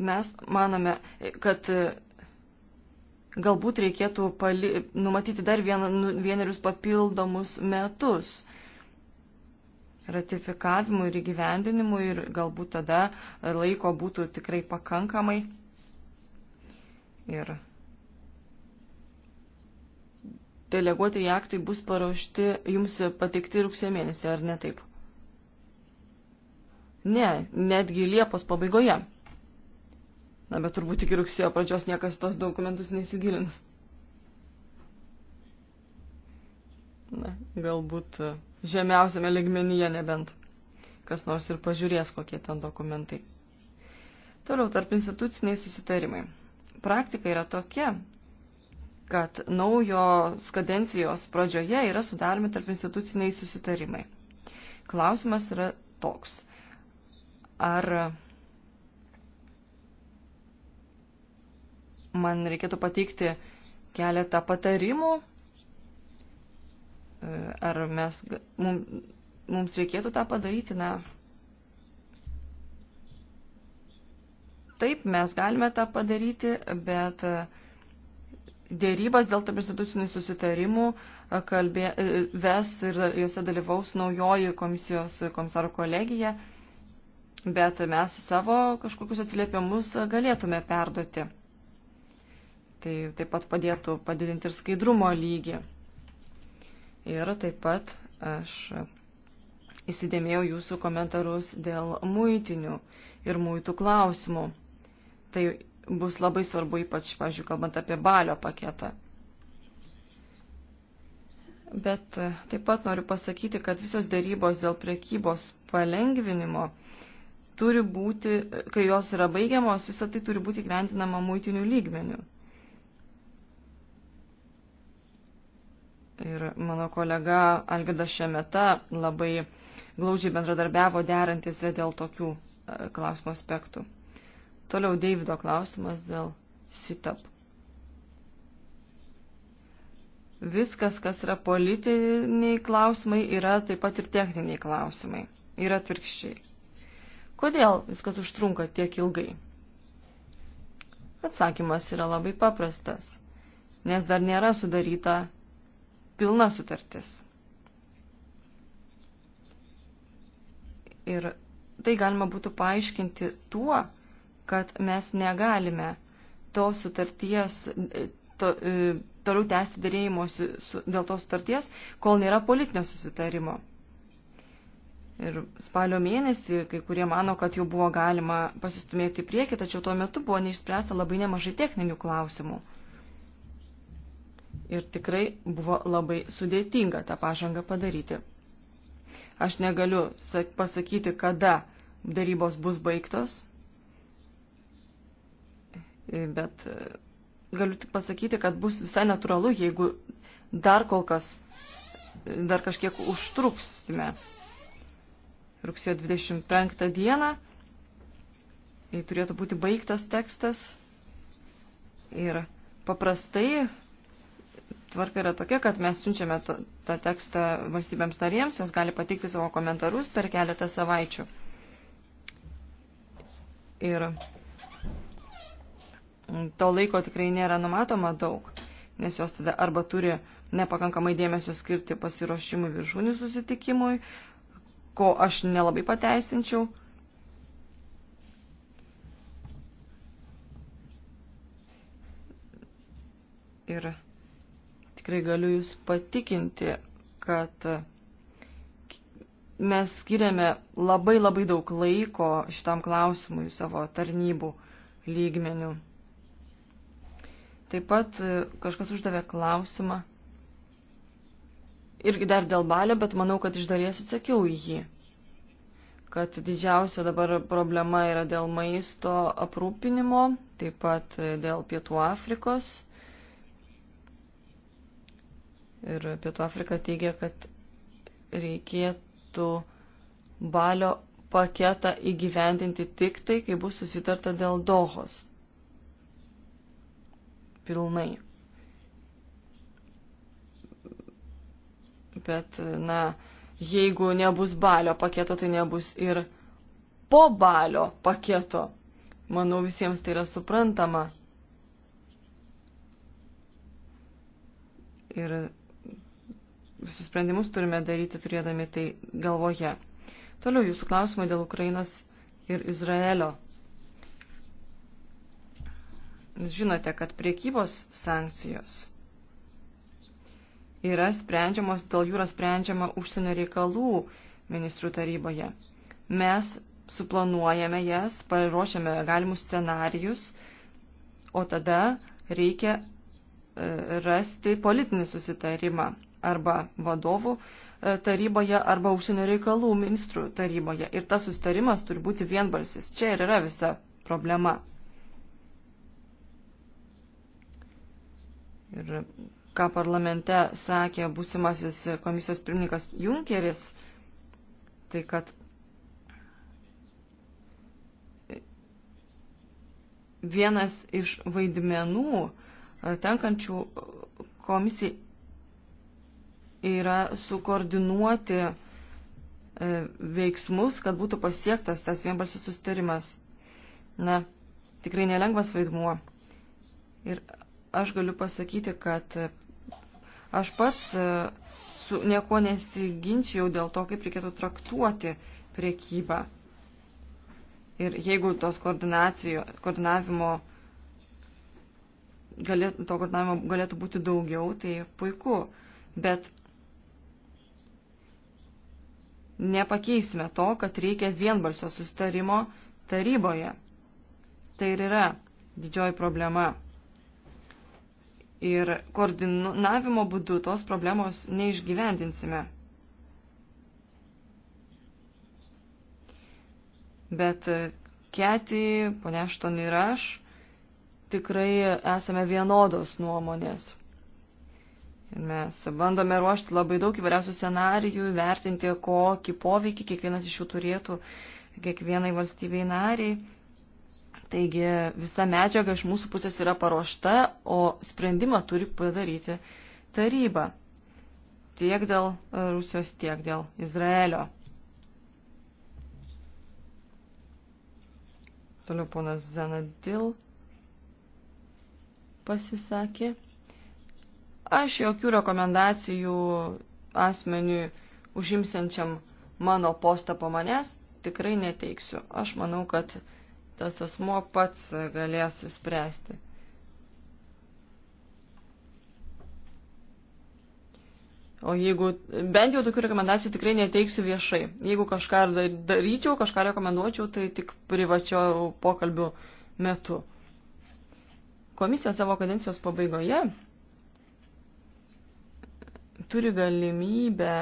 mes manome, kad galbūt reikėtų pali, numatyti dar vien, nu, vienerius papildomus metus ratifikavimui ir įgyvendinimui ir galbūt tada laiko būtų tikrai pakankamai. Ir deleguoti į aktai bus paruošti, jums pateikti rugsėjo mėnesį, ar ne taip? Ne, netgi Liepos pabaigoje. Na, bet turbūt iki rugsėjo pradžios niekas tos dokumentus neįsigilins. Na, galbūt e, žemiausiame ligmenyje nebent kas nors ir pažiūrės, kokie ten dokumentai. Toliau tarp instituciniai susitarimai. Praktika yra tokia, kad naujos kadencijos pradžioje yra sudaromi tarp instituciniai susitarimai. Klausimas yra toks. Ar man reikėtų pateikti keletą patarimų, e, ar mes, mums, mums reikėtų tą padaryti, na. Taip, mes galime tą padaryti, bet e, dėrybas dėl tarp institucinių susitarimų e, kalbė, ves ir juose dalyvaus naujoji komisijos komisarų kolegija, bet mes savo kažkokius atsiliepimus galėtume perduoti. Tai taip pat padėtų padidinti ir skaidrumo lygį. Ir taip pat aš įsidėmėjau jūsų komentarus dėl muitinių ir muitų klausimų. Tai bus labai svarbu, ypač, pažiūrėjau, kalbant apie balio paketą. Bet taip pat noriu pasakyti, kad visos dėrybos dėl priekybos palengvinimo turi būti, kai jos yra baigiamos, visą tai turi būti gyventinama muitinių lygmenių. ir mano kolega Algirdas Šemeta labai glaudžiai bendradarbiavo derantis dėl tokių e, klausimo aspektų. Toliau Deivido klausimas dėl SITAP. Viskas, kas yra politiniai klausimai, yra taip pat ir techniniai klausimai. Ir atvirkščiai. Kodėl viskas užtrunka tiek ilgai? Atsakymas yra labai paprastas, nes dar nėra sudaryta pilna sutartis. Ir tai galima būtų paaiškinti tuo, kad mes negalime tos sutarties to, e, toliau tęsti dėrėjimuosi dėl tos sutarties, kol nėra politinio susitarimo. Ir spalio mėnesį kai kurie mano, kad jau buvo galima pasistumėti į priekį, tačiau tuo metu buvo neišspręsta labai nemažai techninių klausimų ir tikrai buvo labai sudėtinga tą pažangą padaryti. Aš negaliu pasakyti, kada darybos bus baigtos, bet e, galiu tik pasakyti, kad bus visai natūralu, jeigu dar kol kas, e, dar kažkiek užtruksime. Rugsėjo 25 dieną turėtų būti baigtas tekstas ir paprastai tvarka yra tokia, kad mes siunčiame tą tekstą valstybėms narėms, jos gali pateikti savo komentarus per keletą savaičių. Ir to laiko tikrai nėra numatoma daug, nes jos tada arba turi nepakankamai dėmesio skirti pasiruošimui viršūnių susitikimui, ko aš nelabai pateisinčiau. Ir tikrai galiu Jūs patikinti, kad mes skiriame labai labai daug laiko šitam klausimui savo tarnybų lygmenių. Taip pat e, kažkas uždavė klausimą. Irgi dar dėl balio, bet manau, kad iš dalies atsakiau į jį. Kad didžiausia dabar problema yra dėl maisto aprūpinimo, taip pat e, dėl Pietų Afrikos ir Pietų Afrika teigia, kad reikėtų balio paketą įgyvendinti tik tai, kai bus susitarta dėl Dohos. Pilnai. Bet, na, jeigu nebus balio paketo, tai nebus ir po balio paketo. Manau, visiems tai yra suprantama. Ir visus sprendimus turime daryti turėdami tai galvoje. Toliau jūsų klausimai dėl Ukrainos ir Izraelio. Žinote, kad priekybos sankcijos yra sprendžiamos, dėl jų yra sprendžiama užsienio reikalų ministrų taryboje. Mes suplanuojame jas, paruošiame galimus scenarius, o tada reikia e, rasti politinį susitarimą arba vadovų e, taryboje arba užsienio reikalų ministrų taryboje. Ir tas sustarimas turi būti vienbalsis. Čia ir yra visa problema. Ir ką parlamente sakė būsimasis komisijos pirmininkas Junkeris, tai kad vienas iš vaidmenų e, tenkančių komisijai yra sukoordinuoti e, veiksmus, kad būtų pasiektas tas vienbalsis sustarimas. Na, tikrai nelengvas vaidmuo. Ir aš galiu pasakyti, kad aš pats e, su nieko nesiginčiau dėl to, kaip reikėtų traktuoti priekybą. Ir jeigu tos koordinavimo galėtų, to koordinavimo galėtų būti daugiau, tai puiku. Bet nepakeisime to, kad reikia vienbalsio sustarimo taryboje. Tai ir yra didžioji problema. Ir koordinavimo būdu tos problemos neišgyvendinsime. Bet Keti, ponešton ir aš tikrai esame vienodos nuomonės. Ir mes bandome ruošti labai daug įvairiausių scenarijų, vertinti, kokį poveikį kiekvienas iš jų turėtų kiekvienai valstybei nariai. Taigi visa medžiaga iš mūsų pusės yra paruošta, o sprendimą turi padaryti taryba. Tiek dėl e, Rusijos, tiek dėl Izraelio. Toliau ponas Zanadil pasisakė. Aš jokių rekomendacijų asmeniui užimsiančiam mano postą po manęs tikrai neteiksiu. Aš manau, kad tas asmo pats galės įspręsti. O jeigu, bent jau tokių rekomendacijų tikrai neteiksiu viešai. Jeigu kažką daryčiau, kažką rekomenduočiau, tai tik privačio pokalbių metu. Komisija savo kadencijos pabaigoje turi galimybę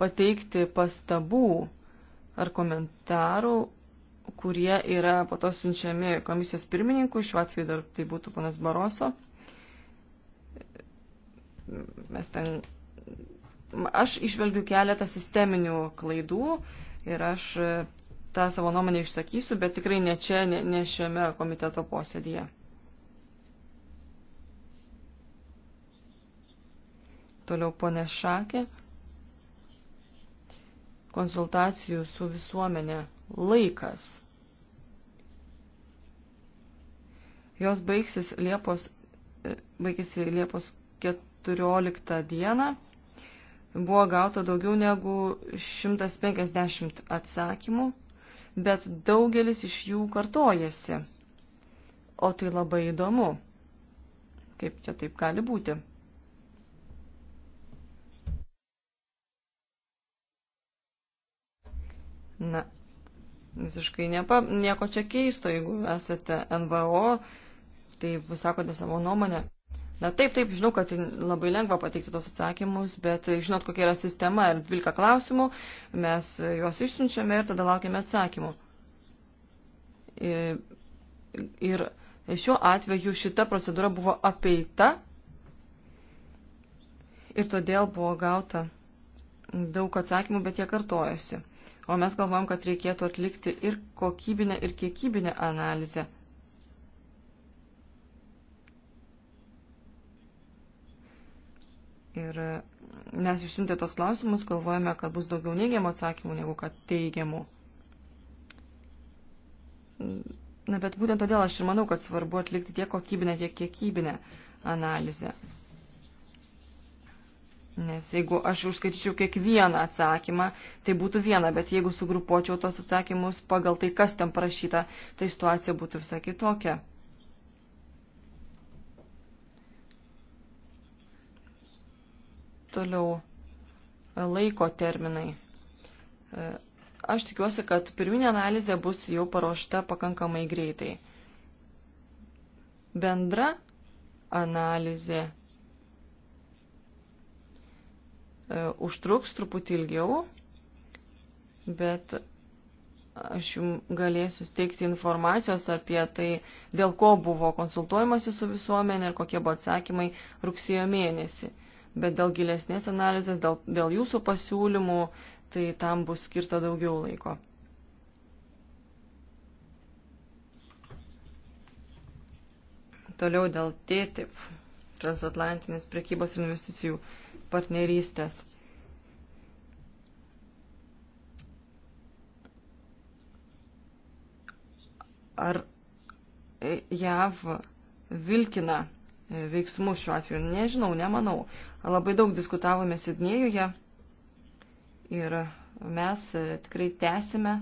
pateikti pastabų ar komentarų, kurie yra po to siunčiami komisijos pirmininkui, šiuo atveju dar tai būtų panas Baroso. Mes ten, aš išvelgiu keletą sisteminių klaidų ir aš e, tą savo nuomonę išsakysiu, bet tikrai ne čia, ne, ne šiame komiteto posėdėje. Toliau ponė Šakė. Konsultacijų su visuomenė laikas. Jos baigsis Liepos, e, baigėsi Liepos 14 dieną. Buvo gauta daugiau negu 150 atsakymų, bet daugelis iš jų kartojasi. O tai labai įdomu. Kaip čia taip gali būti? Na, visiškai nepa, nieko čia keisto, jeigu esate NVO, tai jūs sakote savo nuomonę. Na taip, taip, žinau, kad labai lengva pateikti tos atsakymus, bet žinot, kokia yra sistema ir 12 klausimų, mes juos išsiunčiame ir tada laukiame atsakymų. Ir šiuo atveju šita procedūra buvo apeita ir todėl buvo gauta daug atsakymų, bet jie kartojosi o mes galvojam, kad reikėtų atlikti ir kokybinę, ir kiekybinę analizę. Ir mes išsiuntę tos klausimus, galvojame, kad bus daugiau neigiamų atsakymų negu kad teigiamų. Na, bet būtent todėl aš ir manau, kad svarbu atlikti tiek kokybinę, tiek kiekybinę analizę. Nes jeigu aš užskaityčiau kiekvieną atsakymą, tai būtų viena, bet jeigu sugrupuočiau tos atsakymus pagal tai, kas ten parašyta, tai situacija būtų visai kitokia. Toliau e, laiko terminai. E, aš tikiuosi, kad pirminė analizė bus jau paruošta pakankamai greitai. Bendra analizė E, užtruks truputį ilgiau, bet aš jums galėsiu steigti informacijos apie tai, dėl ko buvo konsultuojamasi su visuomenė ir kokie buvo atsakymai rugsėjo mėnesį. Bet dėl gilesnės analizės, dėl, dėl jūsų pasiūlymų, tai tam bus skirta daugiau laiko. Toliau dėl TTIP transatlantinės prekybos ir investicijų partnerystės. Ar JAV vilkina veiksmus šiuo atveju? Nežinau, nemanau. Labai daug diskutavome Sidnėjuje ir mes tikrai tęsime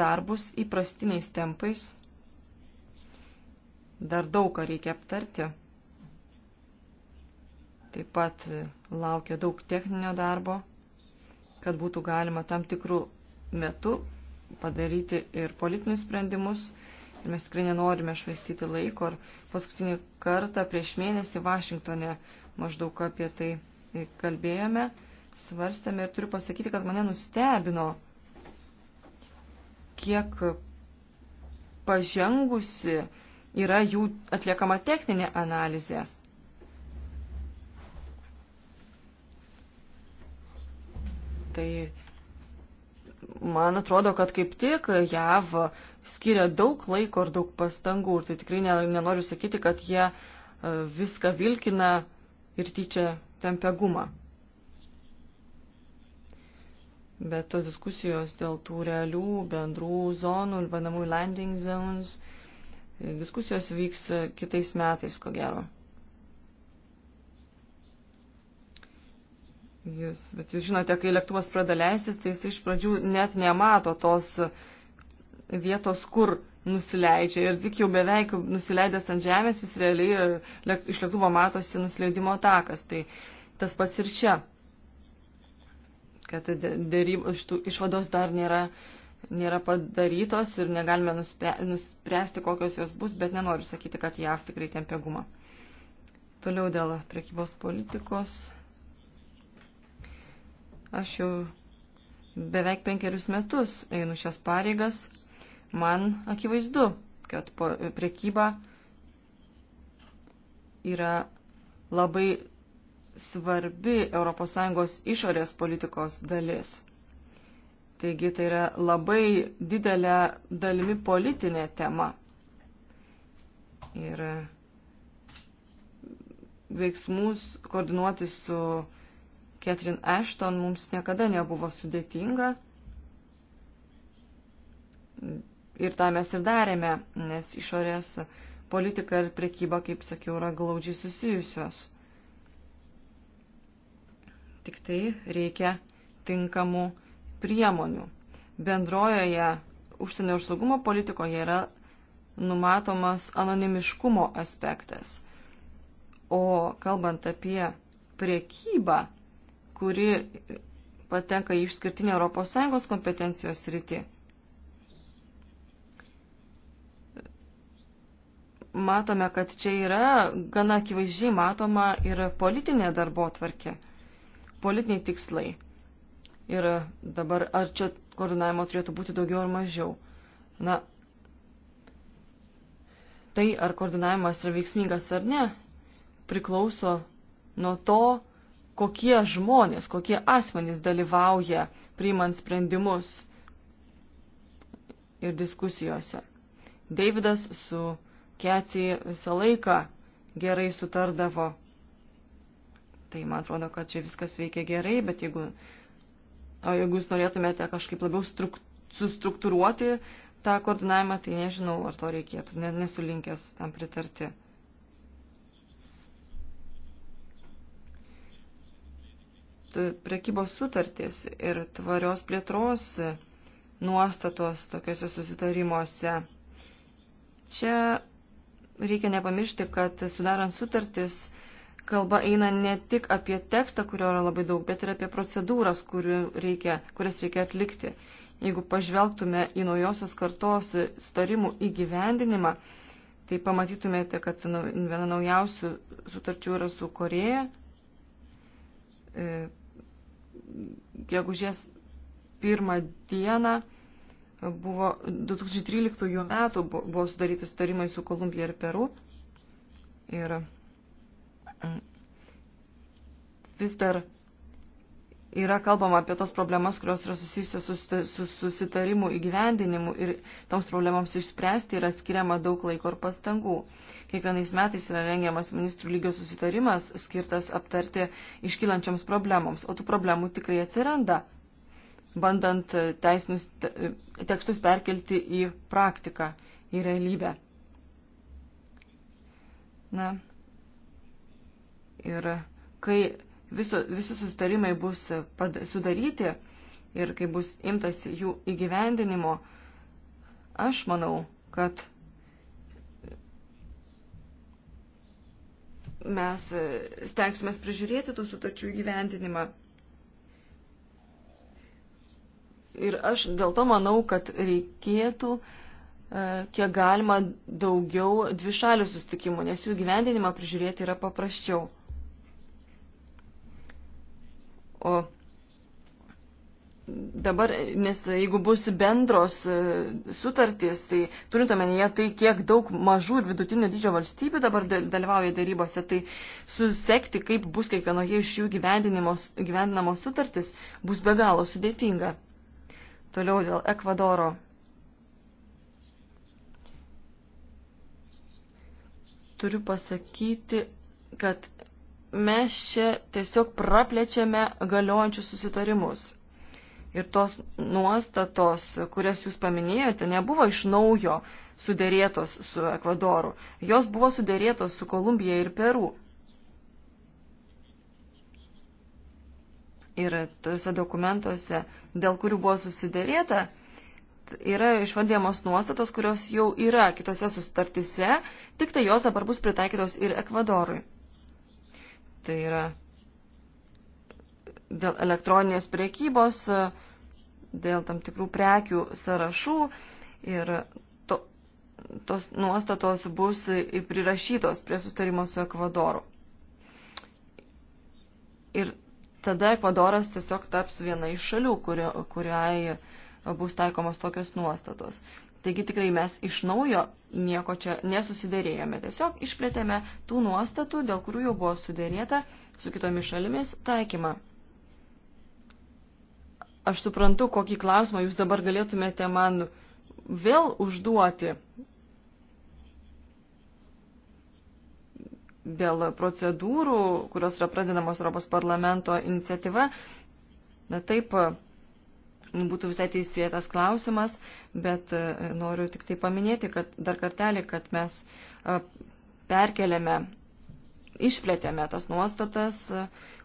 darbus įprastiniais tempais. Dar daug ką reikia aptarti. Taip pat laukia daug techninio darbo, kad būtų galima tam tikrų metų padaryti ir politinius sprendimus. Ir mes tikrai nenorime švaistyti laiko. Ir paskutinį kartą prieš mėnesį Vašingtone maždaug apie tai kalbėjome, svarstėme ir turiu pasakyti, kad mane nustebino, kiek pažengusi yra jų atliekama techninė analizė. Tai man atrodo, kad kaip tik JAV skiria daug laiko ir daug pastangų. Ir tai tikrai nenoriu sakyti, kad jie e, viską vilkina ir tyčia tempia gumą. Bet tos diskusijos dėl tų realių bendrų zonų, vadinamų landing zones, diskusijos vyks kitais metais, ko gero. Jūs, bet jūs žinote, kai lėktuvas pradeda leistis, tai jis iš pradžių net nemato tos vietos, kur nusileidžia. Ir tik jau beveik nusileidęs ant žemės, jis realiai e, lėkt, iš lėktuvo matosi nusileidimo takas. Tai tas pats ir čia, kad dėrybų, šitų išvados dar nėra, nėra padarytos ir negalime nuspręsti, kokios jos bus, bet nenoriu sakyti, kad JAV tikrai tempia gumą. Toliau dėl prekybos politikos. Aš jau beveik penkerius metus einu šias pareigas. Man akivaizdu, kad priekyba yra labai svarbi ES išorės politikos dalis. Taigi tai yra labai didelė dalimi politinė tema. Ir veiksmus koordinuoti su Ketrin Ashton mums niekada nebuvo sudėtinga. Ir tą mes ir darėme, nes išorės politika ir prekyba, kaip sakiau, yra glaudžiai susijusios. Tik tai reikia tinkamų priemonių. Bendrojoje užsienio ir saugumo politikoje yra numatomas anonimiškumo aspektas. O kalbant apie priekybą, kuri patenka į išskirtinę ES kompetencijos rytį. Matome, kad čia yra gana akivaizdžiai matoma ir politinė darbo tvarkė, politiniai tikslai. Ir dabar ar čia koordinavimo turėtų būti daugiau ar mažiau? Na, tai ar koordinavimas yra veiksmingas ar ne, priklauso nuo to, kokie žmonės, kokie asmenys dalyvauja priimant sprendimus ir diskusijose. Davidas su Keti visą laiką gerai sutardavo. Tai man atrodo, kad čia viskas veikia gerai, bet jeigu, o jeigu jūs norėtumėte kažkaip labiau struk, sustruktūruoti tą koordinavimą, tai nežinau, ar to reikėtų, nesulinkęs tam pritarti. prekybos sutartys ir tvarios plėtros nuostatos tokiuose susitarimuose. Čia reikia nepamiršti, kad sudarant sutartis kalba eina ne tik apie tekstą, kurio yra labai daug, bet ir apie procedūras, reikia, kurias reikia atlikti. Jeigu pažvelgtume į naujosios kartos sutarimų įgyvendinimą, tai pamatytumėte, kad viena naujausių sutarčių yra su Koreja, e, gegužės pirmą dieną buvo 2013 metų buvo sudaryti sutarimai su Kolumbija ir Peru. Ir mm, vis dar yra kalbama apie tos problemas, kurios yra susijusios su susitarimu įgyvendinimu ir toms problemams išspręsti yra skiriama daug laiko ir pastangų. Kiekvienais metais yra rengiamas ministrų lygio susitarimas skirtas aptarti iškylančioms problemoms, o tų problemų tikrai atsiranda, bandant teisinius tekstus perkelti į praktiką, į realybę. Na, ir kai viso, visi sustarimai bus sudaryti ir kai bus imtas jų įgyvendinimo, aš manau, kad mes stengsime prižiūrėti tų sutarčių įgyvendinimą. Ir aš dėl to manau, kad reikėtų e, kiek galima daugiau dvišalių sustikimų, nes jų gyvendinimą prižiūrėti yra paprasčiau. O dabar, nes jeigu bus bendros e, sutartys, tai turint omenyje tai, kiek daug mažų ir vidutinio dydžio valstybių dabar dalyvauja darybose, tai susekti, kaip bus kiekvienoje iš jų gyvendinamos sutartys, bus be galo sudėtinga. Toliau dėl Ekvadoro. Turiu pasakyti, kad mes čia tiesiog praplečiame galiojančius susitarimus. Ir tos nuostatos, kurias jūs paminėjote, nebuvo iš naujo sudėrėtos su Ekvadoru. Jos buvo sudėrėtos su Kolumbija ir Peru. Ir tose dokumentuose, dėl kurių buvo susidėrėta, yra išvadėmos nuostatos, kurios jau yra kitose sustartise, tik tai jos dabar bus pritaikytos ir Ekvadorui. Tai yra dėl elektroninės priekybos, dėl tam tikrų prekių sąrašų ir to, tos nuostatos bus prirašytos prie sustarimo su Ekvadoru. Ir tada Ekvadoras tiesiog taps viena iš šalių, kurio, kuriai bus taikomos tokios nuostatos. Taigi tikrai mes iš naujo nieko čia nesusidarėjome, tiesiog išplėtėme tų nuostatų, dėl kurių jau buvo sudėrėta su kitomis šalimis taikymą. Aš suprantu, kokį klausimą jūs dabar galėtumėte man vėl užduoti dėl procedūrų, kurios yra pradedamos Europos parlamento iniciatyva. Na taip, būtų visai teisėtas klausimas, bet e, noriu tik tai paminėti, kad dar kartelį, kad mes e, perkeliame, išplėtėme tas nuostatas, e,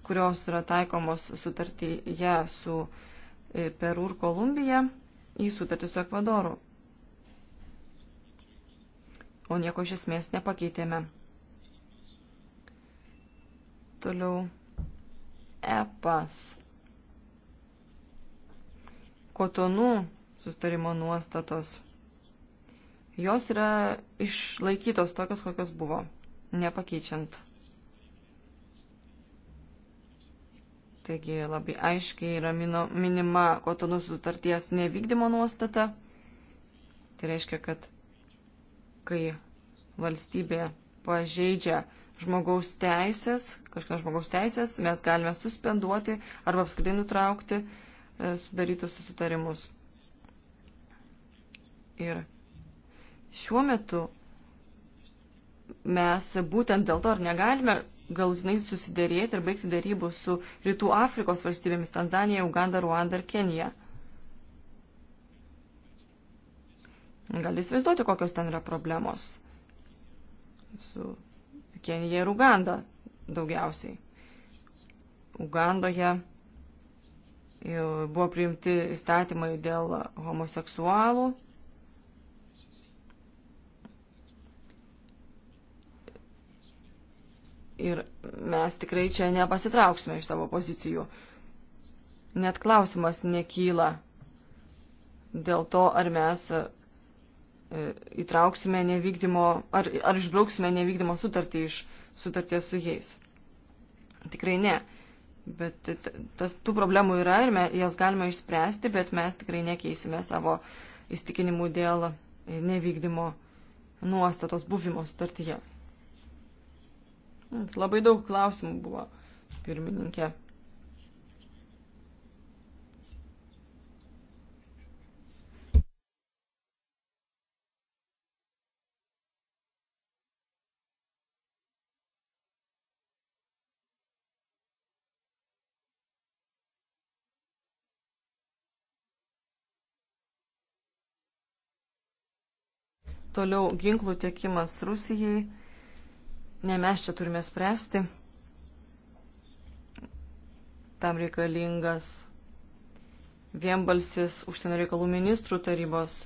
kurios yra taikomos sutartyje su Peru ir Kolumbija į sutartį su Ekvadoru. O nieko iš esmės nepakeitėme. Toliau EPAS kotonų sustarimo nuostatos. Jos yra išlaikytos tokios, kokios buvo, nepakeičiant. Taigi labai aiškiai yra minima kotonų sutarties nevykdymo nuostata. Tai reiškia, kad kai valstybė pažeidžia žmogaus teisės, kažkas žmogaus teisės, mes galime suspenduoti arba apskritai nutraukti uh, E, sudarytus susitarimus. Ir šiuo metu mes būtent dėl to ar negalime galutinai susidėrėti ir baigti darybų su Rytų Afrikos valstybėmis Tanzanija, Uganda, Ruanda ir Kenija. Gali įsivaizduoti, kokios ten yra problemos su Kenija ir Uganda daugiausiai. Ugandoje buvo priimti įstatymai dėl homoseksualų. Ir mes tikrai čia nepasitrauksime iš savo pozicijų. Net klausimas nekyla dėl to, ar mes e, įtrauksime nevykdymo, ar, ar išbrauksime nevykdymo sutartį iš sutarties su jais. Tikrai ne. Bet tas, tų problemų yra ir me, jas galima išspręsti, bet mes tikrai nekeisime savo įstikinimų dėl nevykdymo nuostatos buvimo sutartyje. Labai daug klausimų buvo, pirmininkė. Toliau ginklų tiekimas Rusijai. Ne mes čia turime spręsti. Tam reikalingas vienbalsis užsienio reikalų ministrų tarybos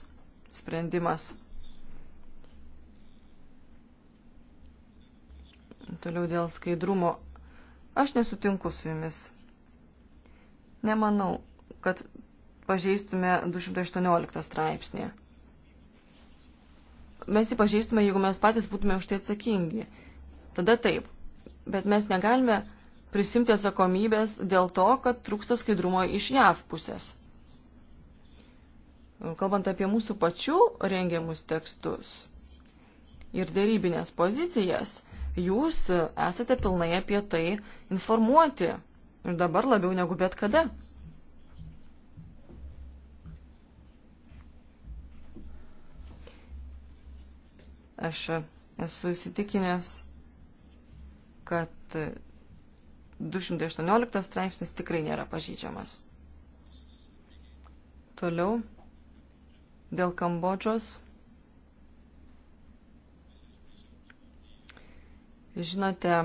sprendimas. Toliau dėl skaidrumo. Aš nesutinku su jumis. Nemanau, kad pažeistume 218 straipsnį mes jį pažeistume, jeigu mes patys būtume už tai atsakingi. Tada taip. Bet mes negalime prisimti atsakomybės dėl to, kad trūksta skaidrumo iš JAV pusės. Kalbant apie mūsų pačių rengiamus tekstus ir dėrybinės pozicijas, jūs esate pilnai apie tai informuoti ir dabar labiau negu bet kada. Aš esu įsitikinęs, kad 218 straipsnis tikrai nėra pažydžiamas. Toliau, dėl Kambodžos. Žinote,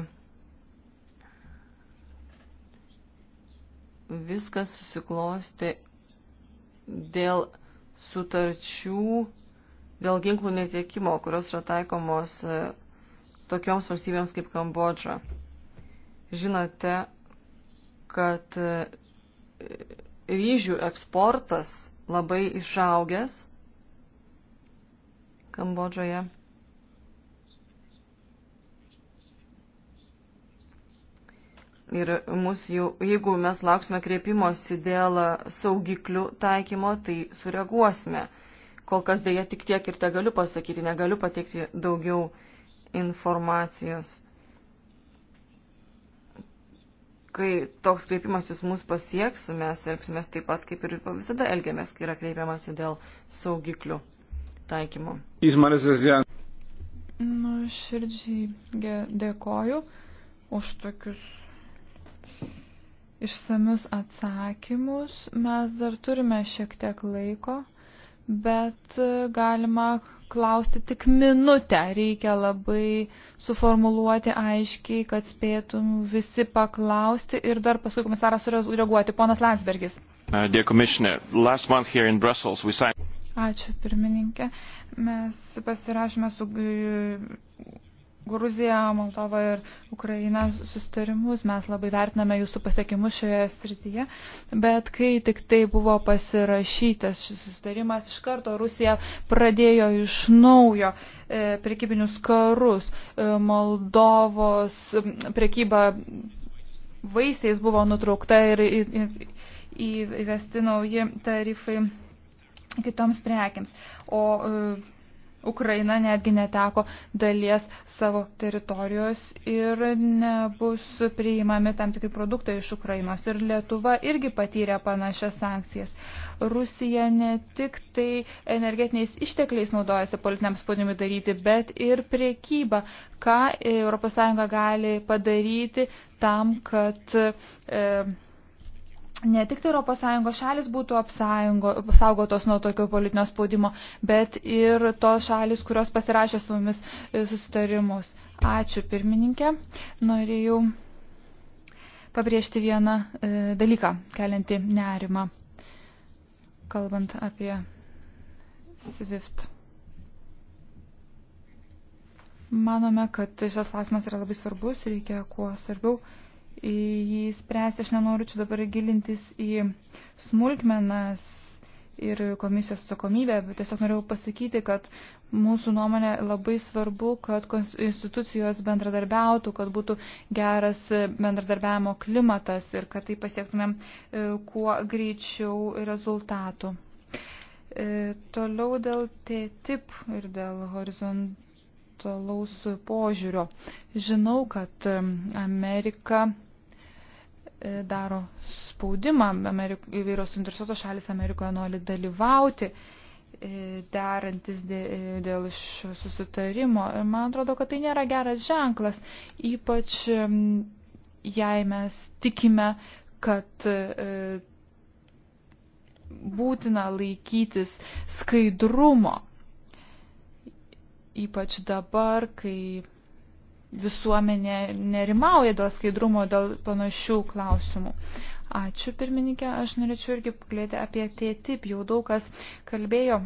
viskas susiklosti dėl sutarčių dėl ginklų netiekimo, kurios yra taikomos e, tokioms valstybėms kaip Kambodža. Žinote, kad e, ryžių eksportas labai išaugęs Kambodžoje. Ir mus jau, jeigu mes lauksime kreipimosi dėl saugiklių taikymo, tai sureaguosime. Kol kas dėja tik tiek ir te galiu pasakyti, negaliu pateikti daugiau informacijos. Kai toks kreipimasis mus pasieks, mes elgsimės taip pat, kaip ir visada elgiamės, kai yra kreipiamasi dėl saugiklių taikymo. Nu, širdžiai dėkoju už tokius išsamius atsakymus. Mes dar turime šiek tiek laiko bet e, galima klausti tik minutę. Reikia labai suformuluoti aiškiai, kad spėtum visi paklausti ir dar paskui komisaras sureaguoti. Ponas Landsbergis. Uh, Ačiū, pirmininkė. Mes pasirašėme su Gruzija, Moldova ir Ukraina sustarimus. Mes labai vertiname jūsų pasiekimus šioje srityje, bet kai tik tai buvo pasirašytas šis sustarimas, iš karto Rusija pradėjo iš naujo e, prekybinius karus. E, Moldovos prekyba vaisiais buvo nutraukta ir įvesti nauji tarifai kitoms prekiams. O e, Ukraina netgi neteko dalies savo teritorijos ir nebus priimami tam tikri produktai iš Ukrainos. Ir Lietuva irgi patyrė panašias sankcijas. Rusija ne tik tai energetiniais ištekliais naudojasi politiniam spaudimui daryti, bet ir priekyba, ką ES gali padaryti tam, kad. E, ne tik tai ES šalis būtų apsaugotos nuo tokio politinio spaudimo, bet ir tos šalis, kurios pasirašė su mumis e, susitarimus. Ačiū pirmininkė. Norėjau pabrėžti vieną e, dalyką, keliantį nerimą, kalbant apie SWIFT. Manome, kad šis klausimas yra labai svarbus, reikia kuo svarbiau jį spręsti. Aš nenoriu čia dabar gilintis į smulkmenas ir komisijos atsakomybę, bet tiesiog norėjau pasakyti, kad mūsų nuomonė labai svarbu, kad institucijos bendradarbiautų, kad būtų geras bendradarbiavimo klimatas ir kad tai pasiektumėm e, kuo greičiau rezultatų. E, toliau dėl TTIP ir dėl horizontalaus požiūrio. Žinau, kad e, Amerika E, daro spaudimą, Amerik, įvairios suinteresuotos šalis Amerikoje nori dalyvauti, e, derantis e, dėl susitarimo. Ir man atrodo, kad tai nėra geras ženklas, ypač jei mes tikime, kad būtina laikytis skaidrumo. Ypač dabar, kai visuomenė nerimauja dėl skaidrumo, dėl panašių klausimų. Ačiū pirmininkė, aš norėčiau irgi pakalbėti apie TTIP, jau daug kas kalbėjo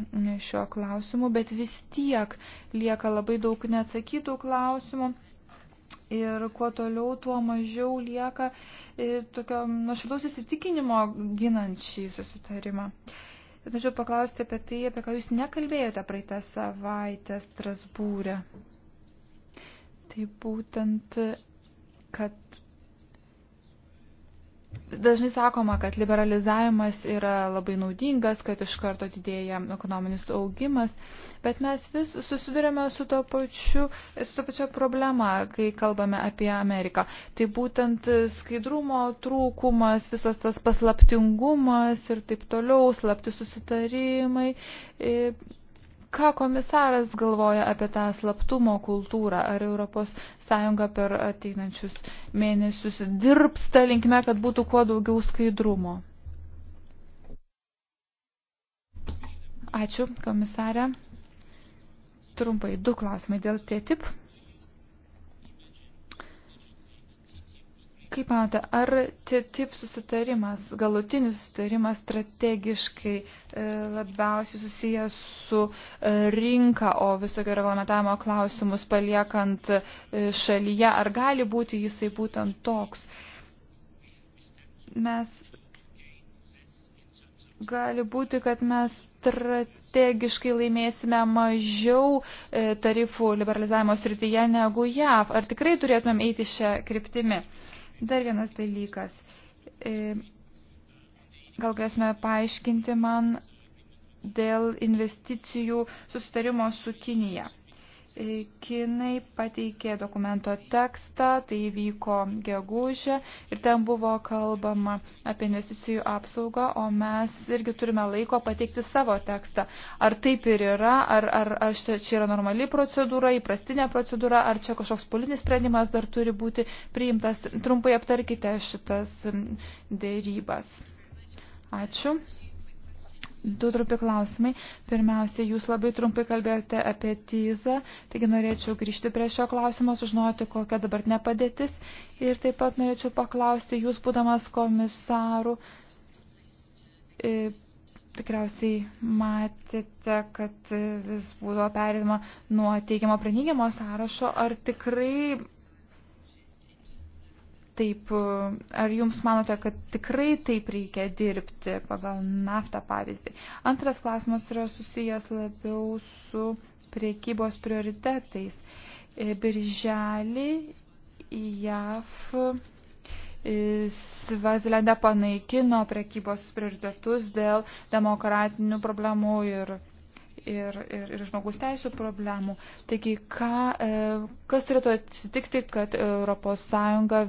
šiuo klausimu, bet vis tiek lieka labai daug neatsakytų klausimų. Ir kuo toliau, tuo mažiau lieka e, tokio nuoširdus įsitikinimo ginant šį susitarimą. Norėčiau paklausti apie tai, apie ką jūs nekalbėjote praeitą savaitę Strasbūrę. E. Tai būtent, kad dažnai sakoma, kad liberalizavimas yra labai naudingas, kad iš karto didėja ekonominis augimas, bet mes vis susidurėme su to pačiu, su to pačia problema, kai kalbame apie Ameriką. Tai būtent skaidrumo trūkumas, visas tas paslaptingumas ir taip toliau, slapti susitarimai. Ir e, Ką komisaras galvoja apie tą slaptumo kultūrą? Ar ES per ateinančius mėnesius dirbs tą linkme, kad būtų kuo daugiau skaidrumo? Ačiū, komisarė. Trumpai du klausimai dėl TTIP. Kaip manote, ar TTIP susitarimas, galutinis susitarimas strategiškai e, labiausiai susijęs su e, rinka, o visokio reglamentavimo klausimus paliekant e, šalyje, ar gali būti jisai būtent toks? Mes gali būti, kad mes strategiškai laimėsime mažiau tarifų liberalizavimo srityje negu JAV. Ar tikrai turėtumėm eiti šią kryptimį? Dar vienas dalykas. E, gal galėsime paaiškinti man dėl investicijų susitarimo su Kinija. E, kinai pateikė dokumento tekstą, tai vyko gegužė ir ten buvo kalbama apie investicijų apsaugą, o mes irgi turime laiko pateikti savo tekstą. Ar taip ir yra, ar, ar, ar čia yra normali procedūra, įprastinė procedūra, ar čia kažkoks politinis sprendimas dar turi būti priimtas. Trumpai aptarkite šitas dėrybas. Ačiū. Du trumpi klausimai. Pirmiausia, jūs labai trumpai kalbėjote apie tyzą, taigi norėčiau grįžti prie šio klausimo, sužinoti, kokia dabar nepadėtis. Ir taip pat norėčiau paklausti, jūs būdamas komisaru, e, tikriausiai matėte, kad vis buvo perėdama nuo teigiamo praneigiamo sąrašo, ar tikrai Taip, e, ar jums manote, kad tikrai taip reikia dirbti pagal naftą pavyzdį? Antras klausimas yra susijęs labiau su priekybos prioritetais. E, birželį JAV e, Svazilende panaikino priekybos prioritetus dėl demokratinių problemų ir ir, ir, ir žmogus teisų problemų. Taigi, ką, e, kas turėtų atsitikti, kad ES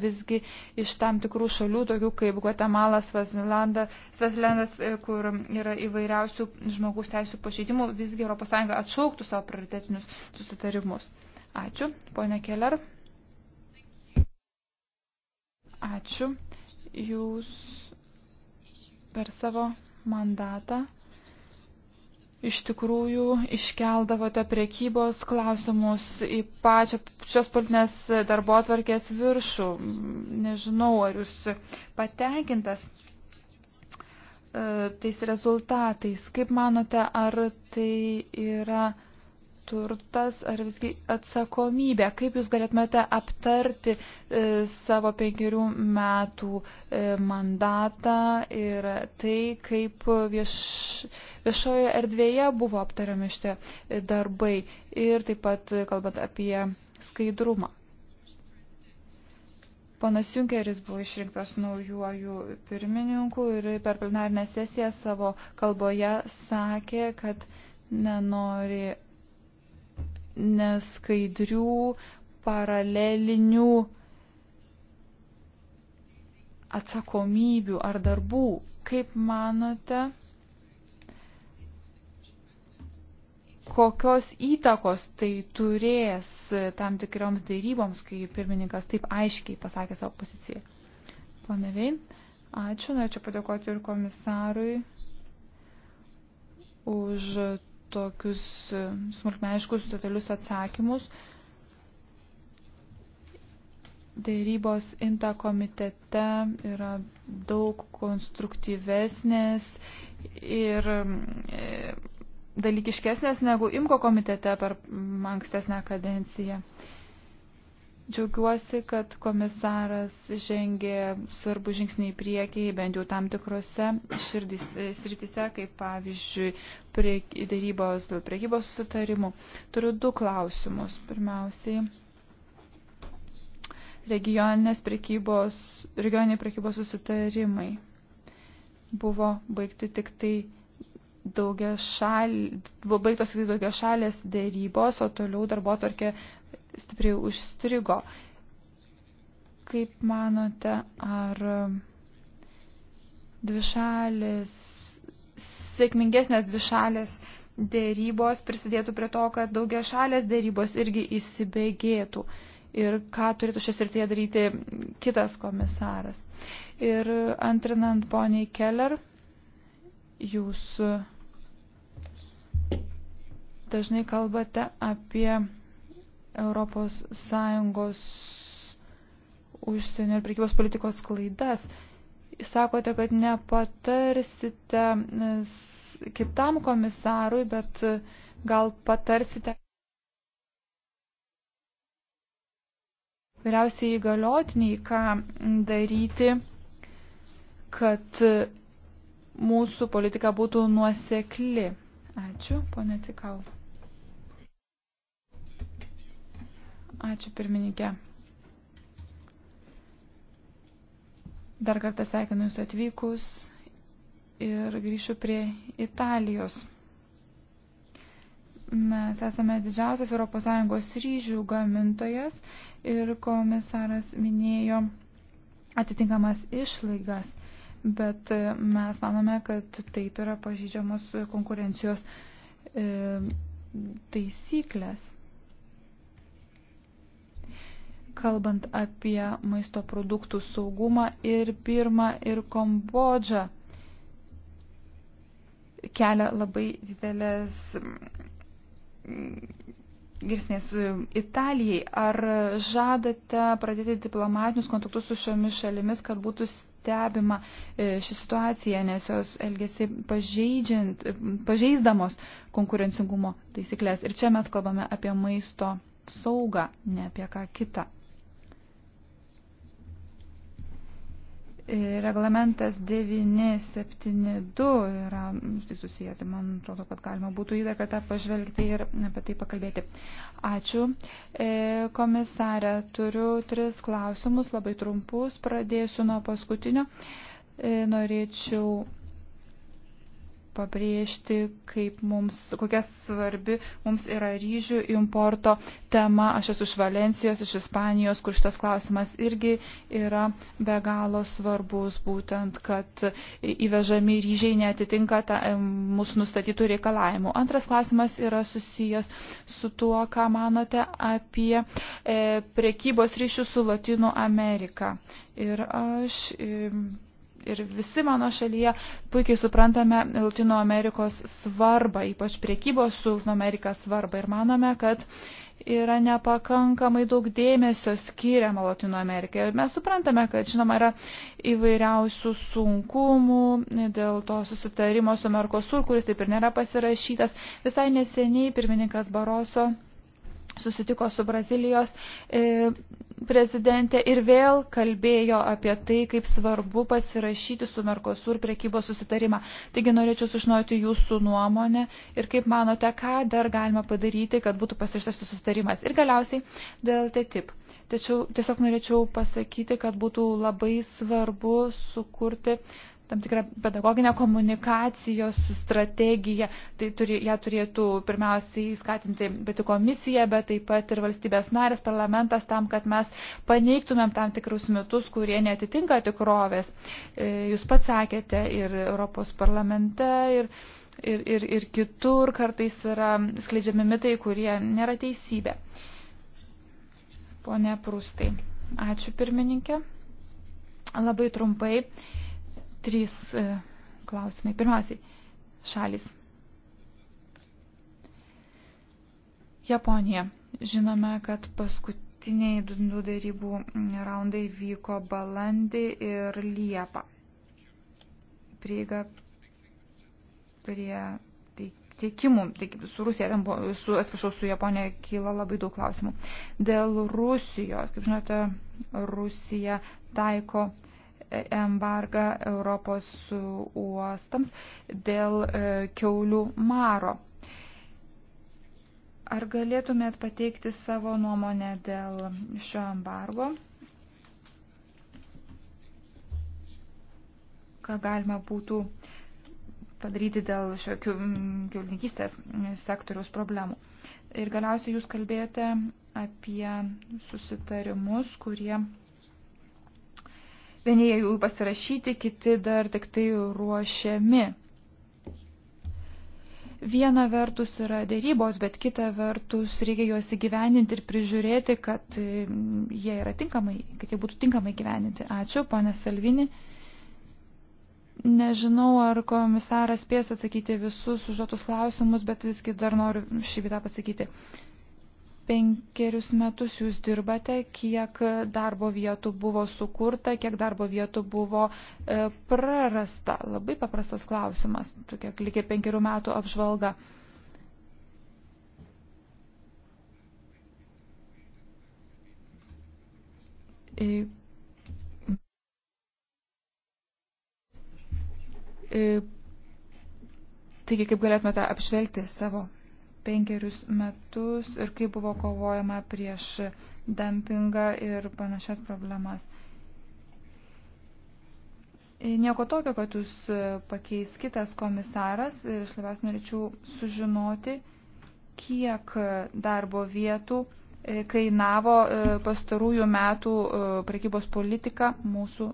visgi iš tam tikrų šalių, tokių kaip Guatemala, Svazlandas, e, kur yra įvairiausių žmogus teisų pažeidimų, visgi ES atšauktų savo prioritetinius susitarimus. Ačiū, ponia Keller. Ačiū. Jūs per savo mandatą iš tikrųjų iškeldavote prekybos klausimus į pačią šios politinės darbo atvarkės viršų. Nežinau, ar jūs patenkintas e, tais rezultatais. Kaip manote, ar tai yra turtas ar visgi atsakomybė. Kaip Jūs galėtumėte aptarti e, savo penkerių metų e, mandatą ir tai, kaip vieš, viešojo erdvėje buvo aptariami šitie e, darbai ir taip pat e, kalbant apie skaidrumą. Ponas Junkeris buvo išrinktas naujuoju pirmininku ir per plenarinę sesiją savo kalboje sakė, kad nenori neskaidrių, paralelinių atsakomybių ar darbų. Kaip manote, kokios įtakos tai turės tam tikroms dėryboms, kai pirmininkas taip aiškiai pasakė savo poziciją? Pone Vein, ačiū, norėčiau padėkoti ir komisarui už tokius e, smulkmeiškus detalius atsakymus. Dėrybos inta komitete yra daug konstruktyvesnės ir e, dalykiškesnės negu imko komitete per ankstesnę kadenciją. Džiaugiuosi, kad komisaras žengė svarbu žingsnį į priekį, bent jau tam tikrose širdys, sritise, kaip pavyzdžiui, prie, darybos dėl priekybos susitarimų. Turiu du klausimus. Pirmiausiai, regioninės priekybos, regioniniai priekybos susitarimai buvo baigti tik tai daugia šal, buvo baigtos tik tai daugia šalės dėrybos, o toliau darbo tarkė stipriai užstrigo. Kaip manote, ar dvišalės, sėkmingesnės dvišalės dėrybos prisidėtų prie to, kad daugia šalės dėrybos irgi įsibėgėtų ir ką turėtų šią srityje daryti kitas komisaras. Ir antrinant poniai Keller, jūs dažnai kalbate apie ES užsienio ir prekybos politikos klaidas. Sakote, kad nepatarsite kitam komisarui, bet gal patarsite vyriausiai įgaliotiniai, ką daryti, kad mūsų politika būtų nuosekli. Ačiū, ponė Tikau. Ačiū pirmininkė. Dar kartą sveikinu Jūs atvykus ir grįšiu prie Italijos. Mes esame didžiausias ES ryžių gamintojas ir komisaras minėjo atitinkamas išlaigas, bet mes manome, kad taip yra pažydžiamos konkurencijos e, taisyklės kalbant apie maisto produktų saugumą ir Birma ir Kambodža kelia labai didelės mm, grėsmės Italijai. Ar žadate pradėti diplomatinius kontaktus su šiomis šalimis, kad būtų stebima e, ši situacija, nes jos elgesi pažeisdamos konkurencingumo taisyklės. Ir čia mes kalbame apie maisto saugą, ne apie ką kitą. reglamentas 972 yra tai susijęs, man atrodo, kad galima būtų jį dar kartą pažvelgti ir apie tai pakalbėti. Ačiū. E, komisarė, turiu tris klausimus, labai trumpus, pradėsiu nuo paskutinio. E, norėčiau pabrėžti, kaip mums, kokia svarbi mums yra ryžių importo tema. Aš esu iš Valencijos, iš Ispanijos, kur šitas klausimas irgi yra be galo svarbus, būtent, kad įvežami ryžiai netitinka ta, mūsų nustatytų reikalavimų. Antras klausimas yra susijęs su tuo, ką manote apie e, prekybos ryšių su Latino Amerika. Ir aš. E, ir visi mano šalyje puikiai suprantame Latino Amerikos svarbą, ypač priekybos su Latino Amerika svarbą ir manome, kad yra nepakankamai daug dėmesio skiriama Latino Amerikai. Mes suprantame, kad žinoma yra įvairiausių sunkumų dėl to susitarimo su Merkosur, kuris taip ir nėra pasirašytas. Visai neseniai pirmininkas Baroso susitiko su Brazilijos e, prezidentė ir vėl kalbėjo apie tai, kaip svarbu pasirašyti su Merkosur priekybos susitarimą. Taigi norėčiau sužinoti jūsų nuomonę ir kaip manote, ką dar galima padaryti, kad būtų pasirašytas susitarimas. Ir galiausiai dėl TTIP. Tačiau tiesiog norėčiau pasakyti, kad būtų labai svarbu sukurti tam tikrą pedagoginę komunikacijos strategiją. Tai turi, ją turėtų pirmiausiai skatinti pati komisija, bet taip pat ir valstybės narės parlamentas tam, kad mes paneigtumėm tam tikrus mitus, kurie netitinka tikrovės. E, jūs pats sakėte ir Europos parlamente. Ir Ir, ir, ir kitur kartais yra skleidžiami mitai, kurie nėra teisybė. Pone Prūstai, ačiū pirmininkė. Labai trumpai. E, Trys e, klausimai. Pirmiausiai, šalis. Japonija. Žinome, kad paskutiniai du darybų raundai vyko balandį ir liepą. Prieiga prie tai, tiekimų, tai su Rusija, ten buvo, su, atsiprašau, su Japonija kyla labai daug klausimų. Dėl Rusijos, kaip žinote, Rusija taiko embargą Europos uostams dėl e, keulių maro. Ar galėtumėt pateikti savo nuomonę dėl šio embargo? Ką galima būtų padaryti dėl šio kiaulininkystės sektoriaus problemų? Ir galiausiai jūs kalbėjote apie susitarimus, kurie Vieni jau pasirašyti, kiti dar tik tai ruošiami. Viena vertus yra dėrybos, bet kita vertus reikia juos įgyveninti ir prižiūrėti, kad e, jie, yra tinkamai, kad jie būtų tinkamai gyveninti. Ačiū, ponė Salvini. Nežinau, ar komisaras spės atsakyti visus užduotus klausimus, bet visgi dar noriu šį bitą pasakyti. Uh, penkerius metus jūs dirbate, kiek darbo vietų buvo sukurta, kiek darbo vietų buvo e, prarasta. Labai paprastas klausimas, tokia lygiai penkerių metų apžvalga. E, e, taigi, kaip galėtumėte apžvelgti savo penkerius metus ir kaip buvo kovojama prieš dumpingą ir panašias problemas. E, nieko tokio, kad jūs pakeis kitas komisaras e, ir aš labiausiai norėčiau sužinoti, kiek darbo vietų e, kainavo pastarųjų metų prekybos politika mūsų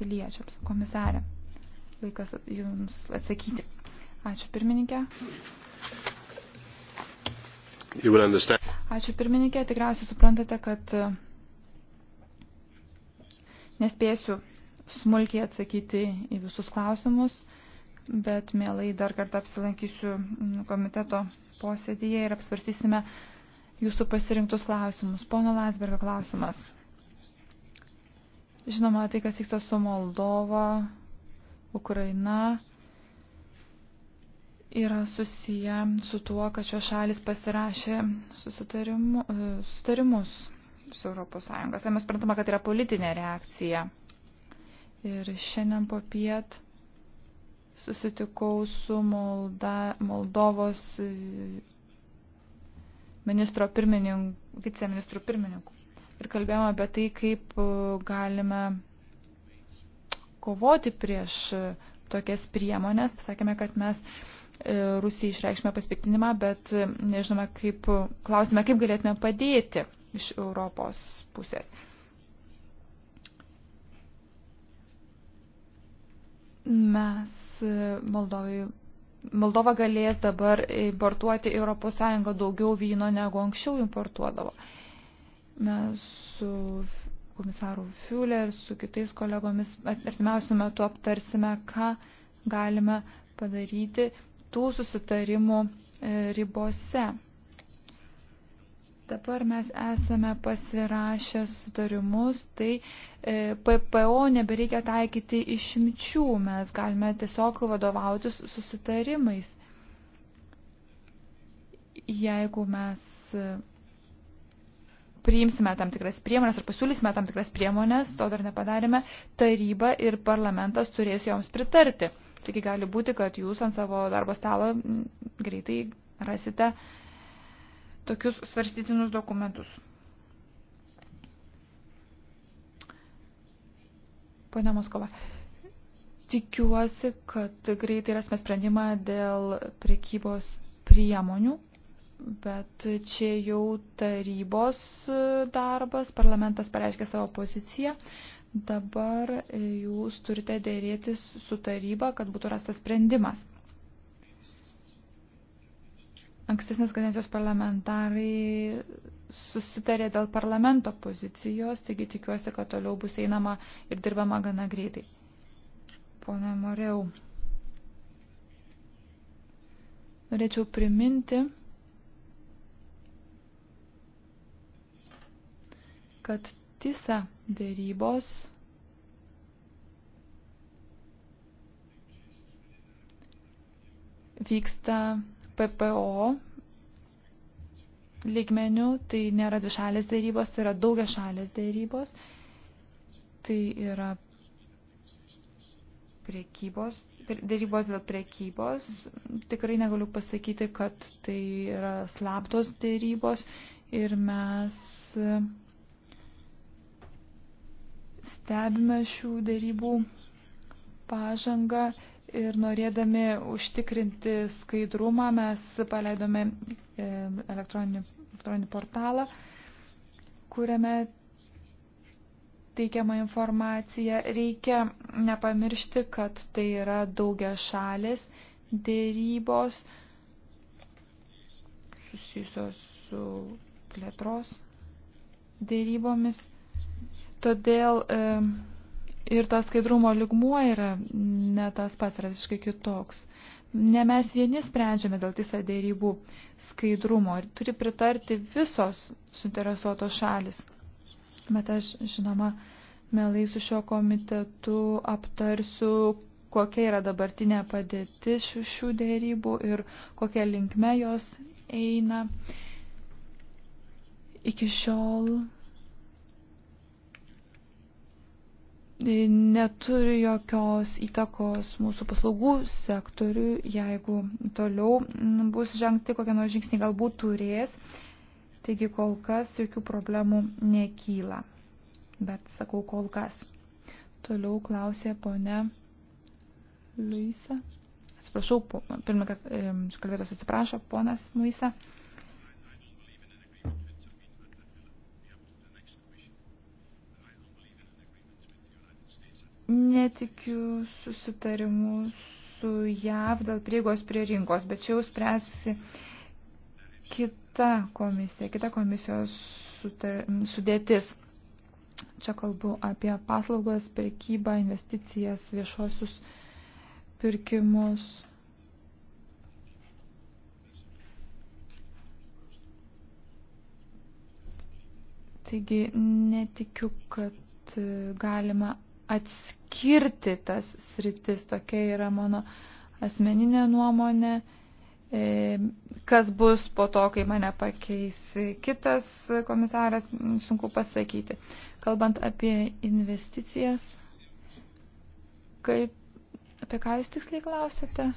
piliečiams. Komisarė, laikas jums atsakyti. Ačiū pirmininkė. Ačiū pirmininkė, tikriausiai suprantate, kad e, nespėsiu smulkiai atsakyti į visus klausimus, bet mielai dar kartą apsilankysiu komiteto posėdėje ir apsvarstysime jūsų pasirinktus klausimus. Pono Landsbergo klausimas. Žinoma, tai, kas vyksta su Moldova, Ukraina, yra susiję su tuo, kad šios šalis pasirašė susitarimu, e, susitarimus su Europos Sąjungos. Mes suprantame, kad tai yra politinė reakcija. Ir šiandien po piet susitikau su Molda, Moldovos e, ministro pirmininku, viceministru pirmininku. Ir kalbėjome apie tai, kaip e, galime kovoti prieš tokias priemonės. Sakėme, kad mes E, Rusijai išreikšime paspiktinimą, bet e, nežinome, kaip, klausime, kaip galėtume padėti iš Europos pusės. Mes e, Moldovai, Moldova galės dabar importuoti ES daugiau vyno negu anksčiau importuodavo. Mes su komisaru Fiulė ir su kitais kolegomis artimiausiu metu aptarsime, ką galime padaryti tų susitarimų e, ribose. Dabar mes esame pasirašę susitarimus, tai e, PPO nebereikia taikyti išimčių, mes galime tiesiog vadovautis susitarimais. Jeigu mes e, priimsime tam tikras priemonės ar pasiūlysime tam tikras priemonės, to dar nepadarėme, taryba ir parlamentas turės joms pritarti. Taigi gali būti, kad jūs ant savo darbo stalo greitai rasite tokius svarstytinus dokumentus. Pone Moskova, tikiuosi, kad greitai rasime sprendimą dėl prekybos priemonių, bet čia jau tarybos darbas, parlamentas pareiškia savo poziciją, Dabar e, jūs turite dėrėtis su taryba, kad būtų rastas sprendimas. Ankstesnės kadencijos parlamentarai susitarė dėl parlamento pozicijos, taigi tikiuosi, kad toliau bus einama ir dirbama gana greitai. Pone Moreu, norėčiau priminti, kad tisa dėrybos vyksta PPO lygmenių, tai nėra dvišalės dėrybos, tai yra daugia šalės dėrybos, tai yra priekybos, dėrybos dėl priekybos. Tikrai negaliu pasakyti, kad tai yra slaptos dėrybos ir mes Stebime šių dėrybų pažangą ir norėdami užtikrinti skaidrumą mes paleidome e, elektroninį, elektroninį portalą, kuriame teikiama informacija. Reikia nepamiršti, kad tai yra daugia šalis dėrybos susijusios su plėtros dėrybomis Todėl e, ir tas skaidrumo ligmuo yra ne tas pats, yra visiškai kitoks. Ne mes vieni sprendžiame dėl tisa dėrybų skaidrumo ir turi pritarti visos suinteresuotos šalis. Bet aš, žinoma, melai su šio komitetu aptarsiu, kokia yra dabartinė padėtis šių, šių dėrybų ir kokia linkme jos eina. Iki šiol neturi jokios įtakos mūsų paslaugų sektoriui, jeigu toliau bus žengti kokie nors žingsniai galbūt turės. Taigi kol kas jokių problemų nekyla. Bet sakau kol kas. Toliau klausė ponia Luisa. Atsiprašau, pirmininkas kalbėtas atsiprašo, ponas Luisa. netikiu susitarimu su JAV dėl prieigos prie rinkos, bet čia jau spręsi kita komisija, kita komisijos sutar, sudėtis. Čia kalbu apie paslaugas, prekybą, investicijas, viešuosius pirkimus. Taigi netikiu, kad galima atskirti tas sritis. Tokia yra mano asmeninė nuomonė. E, kas bus po to, kai mane pakeis kitas komisaras, sunku pasakyti. Kalbant apie investicijas, kaip, apie ką jūs tiksliai klausėte?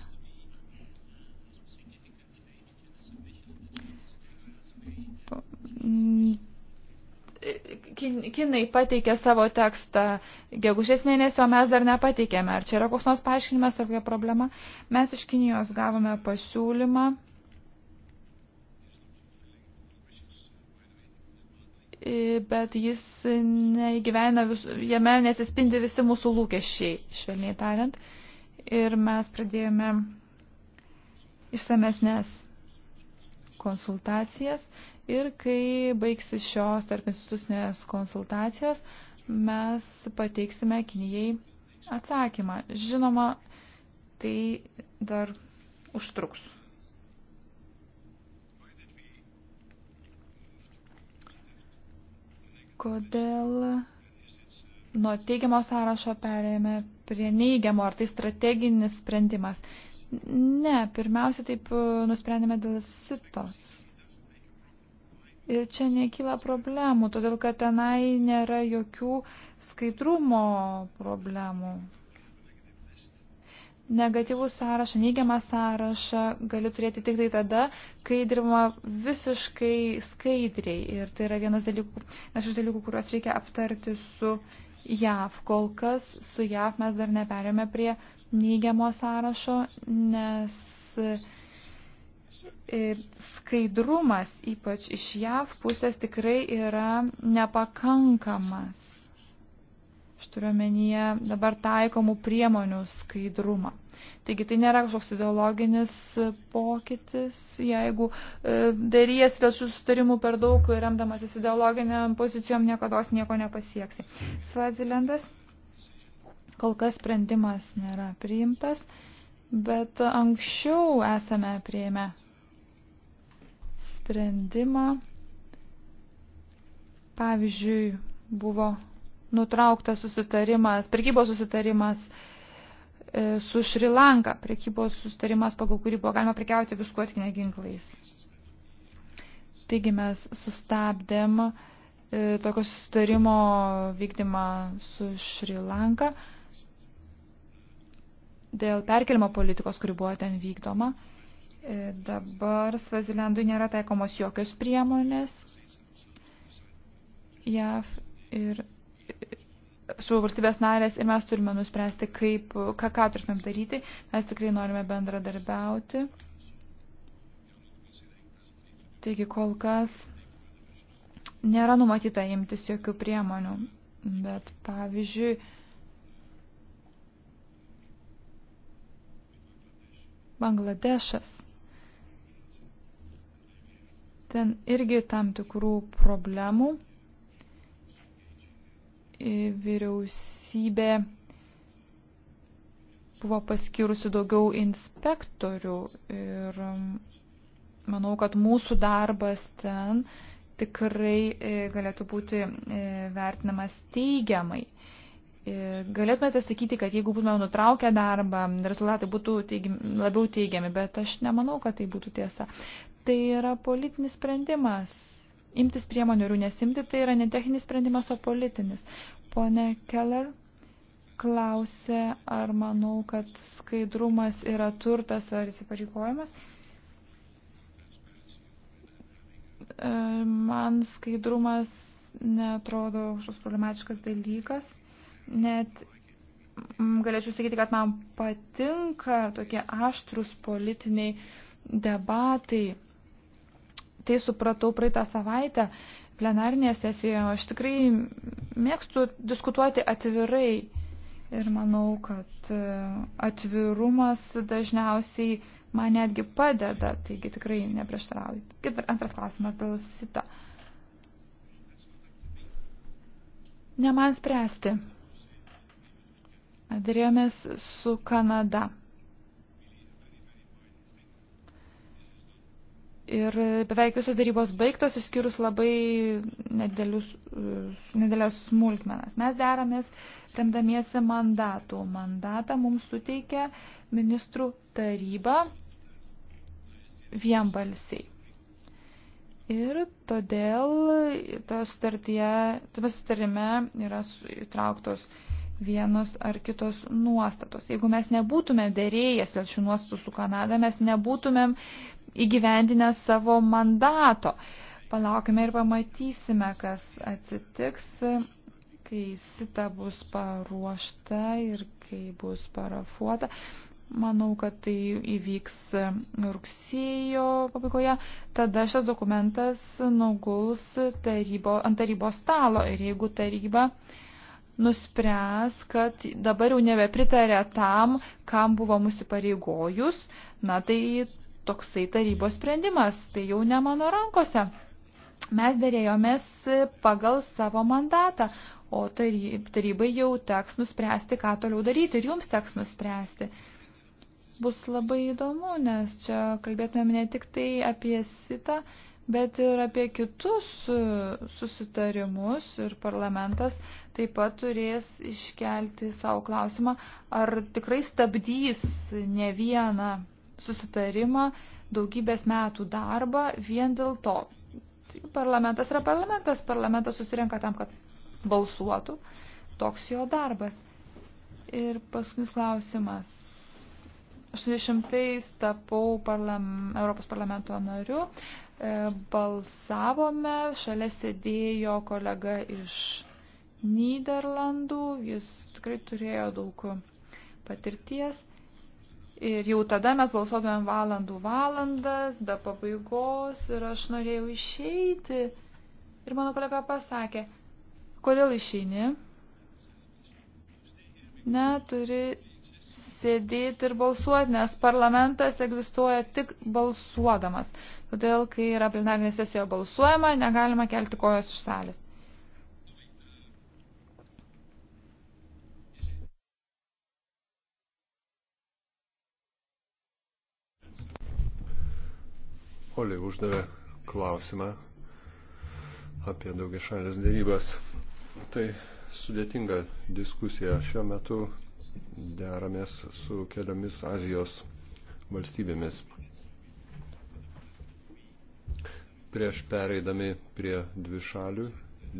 Po, kin, kinai pateikė savo tekstą gegužės mėnesio, mes dar nepateikėme. Ar čia yra koks nors paaiškinimas ar kokia problema? Mes iš Kinijos gavome pasiūlymą. bet jis neįgyvena, vis, jame nesispindi visi mūsų lūkesčiai, švelniai tariant. Ir mes pradėjome išsamesnės konsultacijas ir kai baigsis šios tarp institucinės konsultacijos, mes pateiksime Kinijai atsakymą. Žinoma, tai dar užtruks. Kodėl nuo teigiamo sąrašo perėjome prie neigiamo, ar tai strateginis sprendimas? Ne, pirmiausia, taip nusprendėme dėl sitos. Ir čia nekyla problemų, todėl kad tenai nėra jokių skaidrumo problemų. Negatyvų sąrašą, neigiamą sąrašą gali turėti tik tai tada, kai dirbama visiškai skaidriai. Ir tai yra vienas dalykų, vienas iš dalykų, kuriuos reikia aptarti su JAV. Kol kas su JAV mes dar neperėmė prie neigiamo sąrašo, nes E, skaidrumas, ypač iš JAV pusės, tikrai yra nepakankamas. Aš turiu menyje dabar taikomų priemonių skaidrumą. Taigi tai nėra kažkoks ideologinis pokytis, jeigu e, daryjas dėl šių sustarimų per daug remdamasis ideologiniam pozicijom niekada nieko nepasieksi. Svazilendas, kol kas sprendimas nėra priimtas, bet anksčiau esame prieimę sprendimą. Pavyzdžiui, buvo nutrauktas susitarimas, prekybos susitarimas e, su Šrilanka, prekybos susitarimas, pagal kurį buvo galima prekiauti viskuo tik ne ginklais. Taigi mes sustabdėm e, tokio susitarimo vykdymą su Šrilanka dėl perkelimo politikos, kuri buvo ten vykdoma. E, dabar Svazilendui nėra taikomos jokios priemonės. JAV ir e, su valstybės narės ir mes turime nuspręsti, kaip, ką, ką turime daryti. Mes tikrai norime bendradarbiauti. Taigi kol kas nėra numatyta imtis jokių priemonių. Bet pavyzdžiui, Bangladešas ten irgi tam tikrų problemų. E, vyriausybė buvo paskirusi daugiau inspektorių ir manau, kad mūsų darbas ten tikrai e, galėtų būti e, vertinamas teigiamai. Galėtumėte sakyti, kad jeigu būtume nutraukę darbą, rezultatai būtų teigi, labiau teigiami, bet aš nemanau, kad tai būtų tiesa. Tai yra politinis sprendimas. Imtis priemonių ir jų nesimti, tai yra ne techninis sprendimas, o politinis. Pone Keller klausė, ar manau, kad skaidrumas yra turtas ar įsipareigojimas. E, man skaidrumas netrodo kažkoks problematiškas dalykas. Net galėčiau sakyti, kad man patinka tokie aštrus politiniai debatai tai supratau praeitą savaitę plenarinėje sesijoje. Aš tikrai mėgstu diskutuoti atvirai ir manau, kad e, atvirumas dažniausiai man netgi padeda, taigi tikrai neprieštarauju. Antras klausimas dėl sita. Ne man spręsti. Darėjomės su Kanada. Ir beveik visos darybos baigtos, išskyrus labai nedėlės smulkmenas. Mes deramės, temdamiesi mandatų. Mandatą mums suteikia ministrų taryba vienbalsiai. Ir todėl tame sutarime yra įtrauktos vienos ar kitos nuostatos. Jeigu mes nebūtumėm dėrėjęs dėl šių nuostatų su Kanada, mes nebūtumėm įgyvendinę savo mandato. Palaukime ir pamatysime, kas atsitiks, kai sita bus paruošta ir kai bus parafuota. Manau, kad tai įvyks rugsėjo pabaigoje. Tada šitas dokumentas nuguls tarybo, ant tarybos stalo ir jeigu taryba nuspręs, kad dabar jau nebepritarė tam, kam buvo mūsų pareigojus, na tai toksai tarybos sprendimas, tai jau ne mano rankose. Mes dėrėjomės pagal savo mandatą, o tarybai jau teks nuspręsti, ką toliau daryti ir jums teks nuspręsti. Bus labai įdomu, nes čia kalbėtumėm ne tik tai apie sitą, bet ir apie kitus susitarimus ir parlamentas taip pat turės iškelti savo klausimą, ar tikrai stabdys ne vieną susitarimą, daugybės metų darbą vien dėl to. Tai parlamentas yra parlamentas, parlamentas susirenka tam, kad balsuotų, toks jo darbas. Ir paskutinis klausimas. 80-ais tapau parlam, Europos parlamento nariu, e, balsavome, šalia sėdėjo kolega iš Niderlandų, jis tikrai turėjo daug patirties Ir jau tada mes balsuotumėm valandų valandas, be pabaigos, ir aš norėjau išeiti. Ir mano kolega pasakė, kodėl išeini? Ne, turi sėdėti ir balsuoti, nes parlamentas egzistuoja tik balsuodamas. Todėl, kai yra plenarinė sesijoje balsuojama, negalima kelti kojos iš salės. Oli uždavė klausimą apie daugia šalės dėrybas. Tai sudėtinga diskusija. Šiuo metu deramės su keliomis Azijos valstybėmis. Prieš pereidami prie dvišalių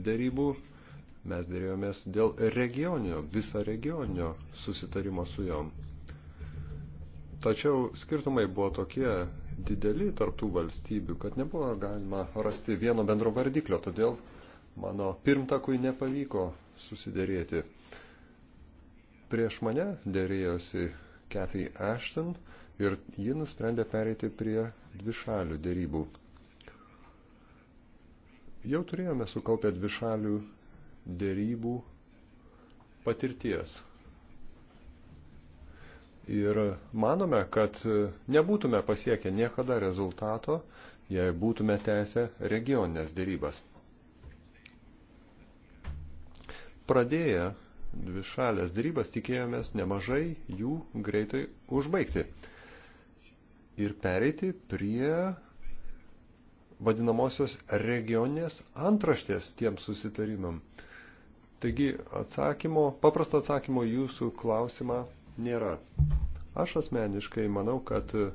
dėrybų mes dėrėjomės dėl regioninio, visą regioninio susitarimo su jom. Tačiau skirtumai buvo tokie, dideli tarptų valstybių, kad nebuvo galima rasti vieno bendro vardiklio, todėl mano pirmtakui nepavyko susidėrėti. Prieš mane dėrėjosi Kathy Ashton ir ji nusprendė pereiti prie dvišalių dėrybų. Jau turėjome sukaupę dvišalių dėrybų patirties. Ir manome, kad nebūtume pasiekę niekada rezultato, jei būtume tęsę regioninės dėrybas. Pradėję dvišalės dėrybas tikėjomės nemažai jų greitai užbaigti ir pereiti prie vadinamosios regioninės antraštės tiem susitarimam. Taigi atsakymo, paprasto atsakymo jūsų klausimą nėra. Aš asmeniškai manau, kad e,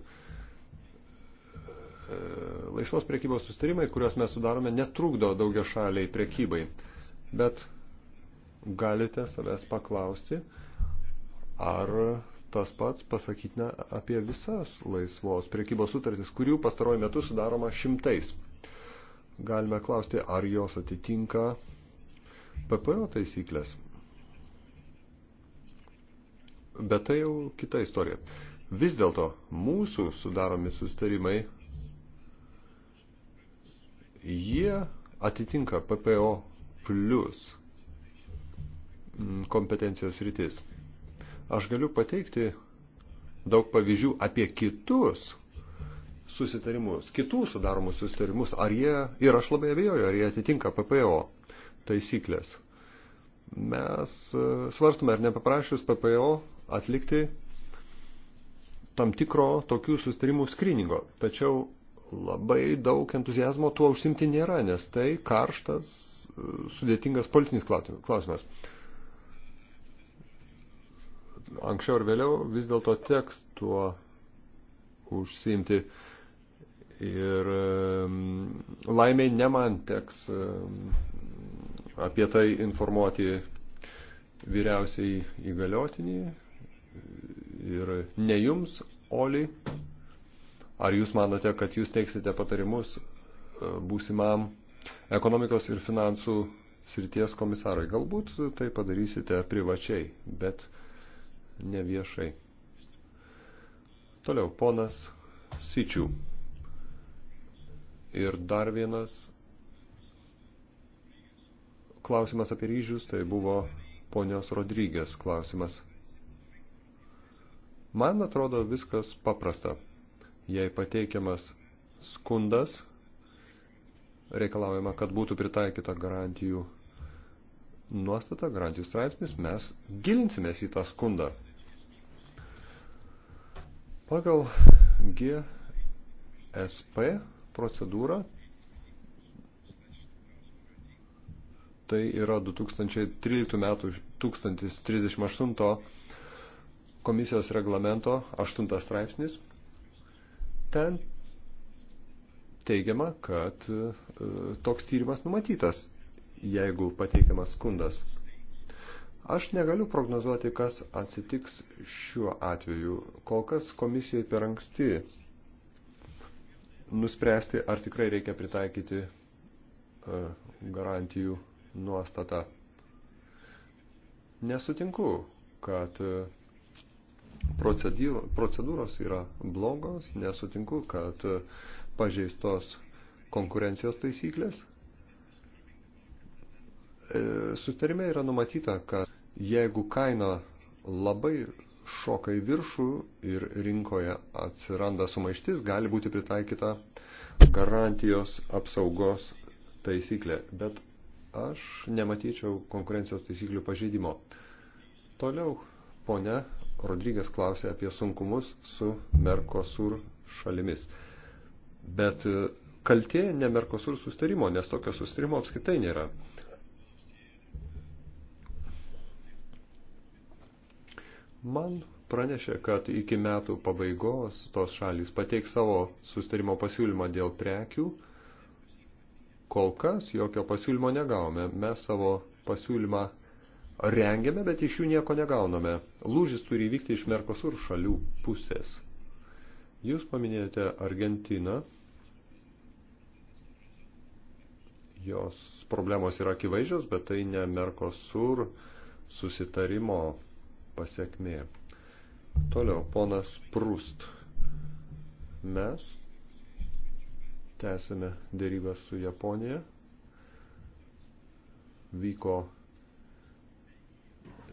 laisvos priekybos sustarimai, kuriuos mes sudarome, netrukdo daugia šaliai priekybai. Bet galite savęs paklausti, ar tas pats pasakytina apie visas laisvos priekybos sutartis, kurių pastaruoju metu sudaroma šimtais. Galime klausti, ar jos atitinka PPO taisyklės. Bet tai jau kita istorija. Vis dėlto mūsų sudaromi sustarimai, jie atitinka PPO plus kompetencijos rytis. Aš galiu pateikti daug pavyzdžių apie kitus susitarimus, kitų sudaromus susitarimus, ar jie, ir aš labai abejoju, ar jie atitinka PPO taisyklės. Mes e, svarstume, ar nepaprašius PPO atlikti tam tikro tokių sustarimų skriningo. Tačiau labai daug entuzijazmo tuo užsimti nėra, nes tai karštas, e, sudėtingas politinis klausimas. Anksčiau ar vėliau vis dėlto teks tuo užsimti. Ir e, laimiai ne man teks e, apie tai informuoti vyriausiai įgaliotinį, ir ne jums, Oli. Ar jūs manote, kad jūs teiksite patarimus e, būsimam ekonomikos ir finansų srities komisarai? Galbūt tai padarysite privačiai, bet ne viešai. Toliau, ponas Sičių. Ir dar vienas klausimas apie ryžius, tai buvo ponios Rodrygės klausimas. Man atrodo viskas paprasta. Jei pateikiamas skundas, reikalaujama, kad būtų pritaikyta garantijų nuostata, garantijų straipsnis, mes gilinsimės į tą skundą. Pagal GSP procedūrą tai yra 2013 metų 1038 komisijos reglamento 8 straipsnis. Ten teigiama, kad e, toks tyrimas numatytas, jeigu pateikiamas skundas. Aš negaliu prognozuoti, kas atsitiks šiuo atveju. Kol kas komisijai per anksti nuspręsti, ar tikrai reikia pritaikyti e, garantijų nuostatą. Nesutinku, kad e, procedūros yra blogos, nesutinku, kad e, pažeistos konkurencijos taisyklės. E, sutarime yra numatyta, kad jeigu kaina labai šoka į viršų ir rinkoje atsiranda sumaištis, gali būti pritaikyta garantijos apsaugos taisyklė. Bet aš nematyčiau konkurencijos taisyklių pažeidimo. Toliau, ponia Rodrygės klausė apie sunkumus su Merkosur šalimis. Bet e, kaltė ne Merkosur sustarimo, nes tokio sustarimo apskritai nėra. Man pranešė, kad iki metų pabaigos tos šalys pateiks savo sustarimo pasiūlymą dėl prekių. Kol kas jokio pasiūlymo negavome. Mes savo pasiūlymą rengiame, bet iš jų nieko negauname. Lūžis turi įvykti iš Merkosur šalių pusės. Jūs paminėjote Argentiną. Jos problemos yra akivaizdžios, bet tai ne Merkosur susitarimo pasiekmė. Toliau, ponas Prust. Mes tęsime dėrybę su Japonija. Vyko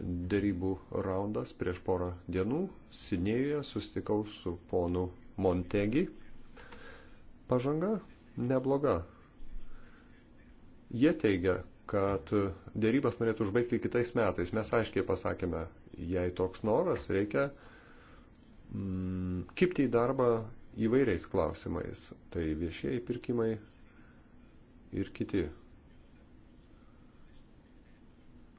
darybų raundas prieš porą dienų. Sinėjoje sustikau su ponu Montegi. Pažanga nebloga. Jie teigia, kad dėrybas norėtų užbaigti kitais metais. Mes aiškiai pasakėme, jei toks noras, reikia mm, kipti į darbą įvairiais klausimais. Tai viešieji pirkimai ir kiti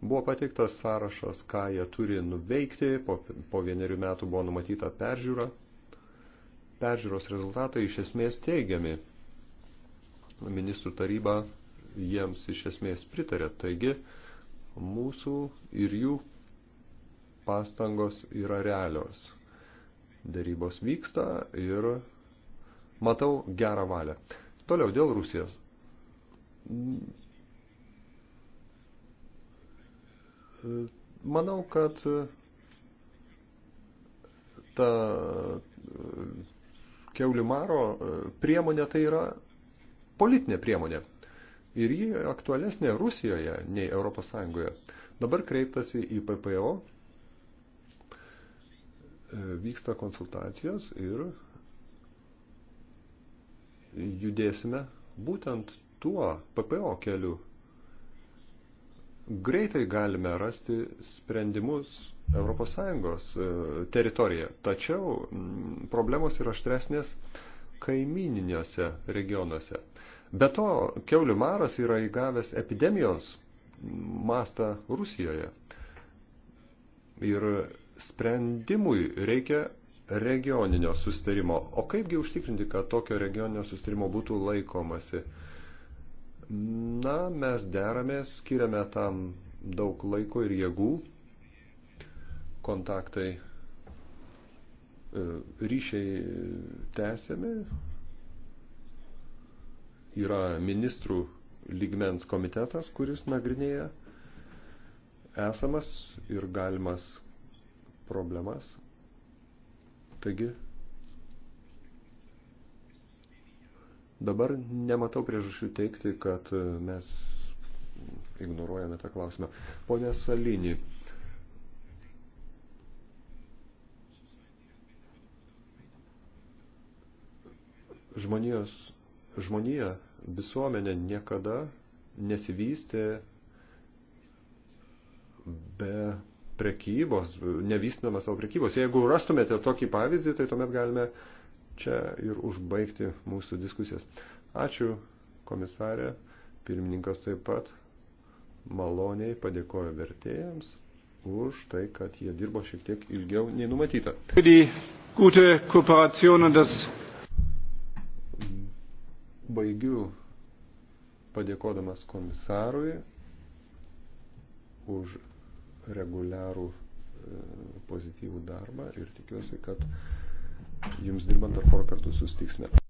Buvo pateiktas sąrašas, ką jie turi nuveikti, po, po vienerių metų buvo numatyta peržiūra. Peržiūros rezultatai iš esmės teigiami. Ministrų taryba jiems iš esmės pritarė, taigi mūsų ir jų pastangos yra realios. Darybos vyksta ir matau gerą valią. Toliau dėl Rusijos Manau, kad e, ta e, keulių maro e, priemonė tai yra politinė priemonė. Ir ji aktualesnė Rusijoje nei Europos Sąjungoje. Dabar kreiptasi į PPO, vyksta konsultacijos ir judėsime būtent tuo PPO keliu greitai galime rasti sprendimus ES e, teritorijoje. Tačiau mm, problemos yra aštresnės kaimininėse regionuose. Be to, keulių maras yra įgavęs epidemijos mastą Rusijoje. Ir sprendimui reikia regioninio sustarimo. O kaipgi užtikrinti, kad tokio regioninio sustarimo būtų laikomasi? Na, mes deramės, skiriame tam daug laiko ir jėgų. Kontaktai e, ryšiai tęsiami. Yra ministrų lygmens komitetas, kuris nagrinėja esamas ir galimas problemas. Taigi Dabar nematau priežasčių teikti, kad e, mes ignoruojame tą klausimą. Pone Salinį. Žmonijos, žmonija, visuomenė niekada nesivystė be prekybos, nevystinama savo prekybos. Jeigu rastumėte tokį pavyzdį, tai tuomet galime uh, čia ir užbaigti mūsų diskusijas. Ačiū, komisarė, pirmininkas taip pat maloniai padėkojo vertėjams už tai, kad jie dirbo šiek tiek ilgiau nei numatyta. Baigiu padėkodamas komisarui už reguliarų e, pozityvų darbą ir tikiuosi, kad jums dirbant dar porą kartų sustiksime.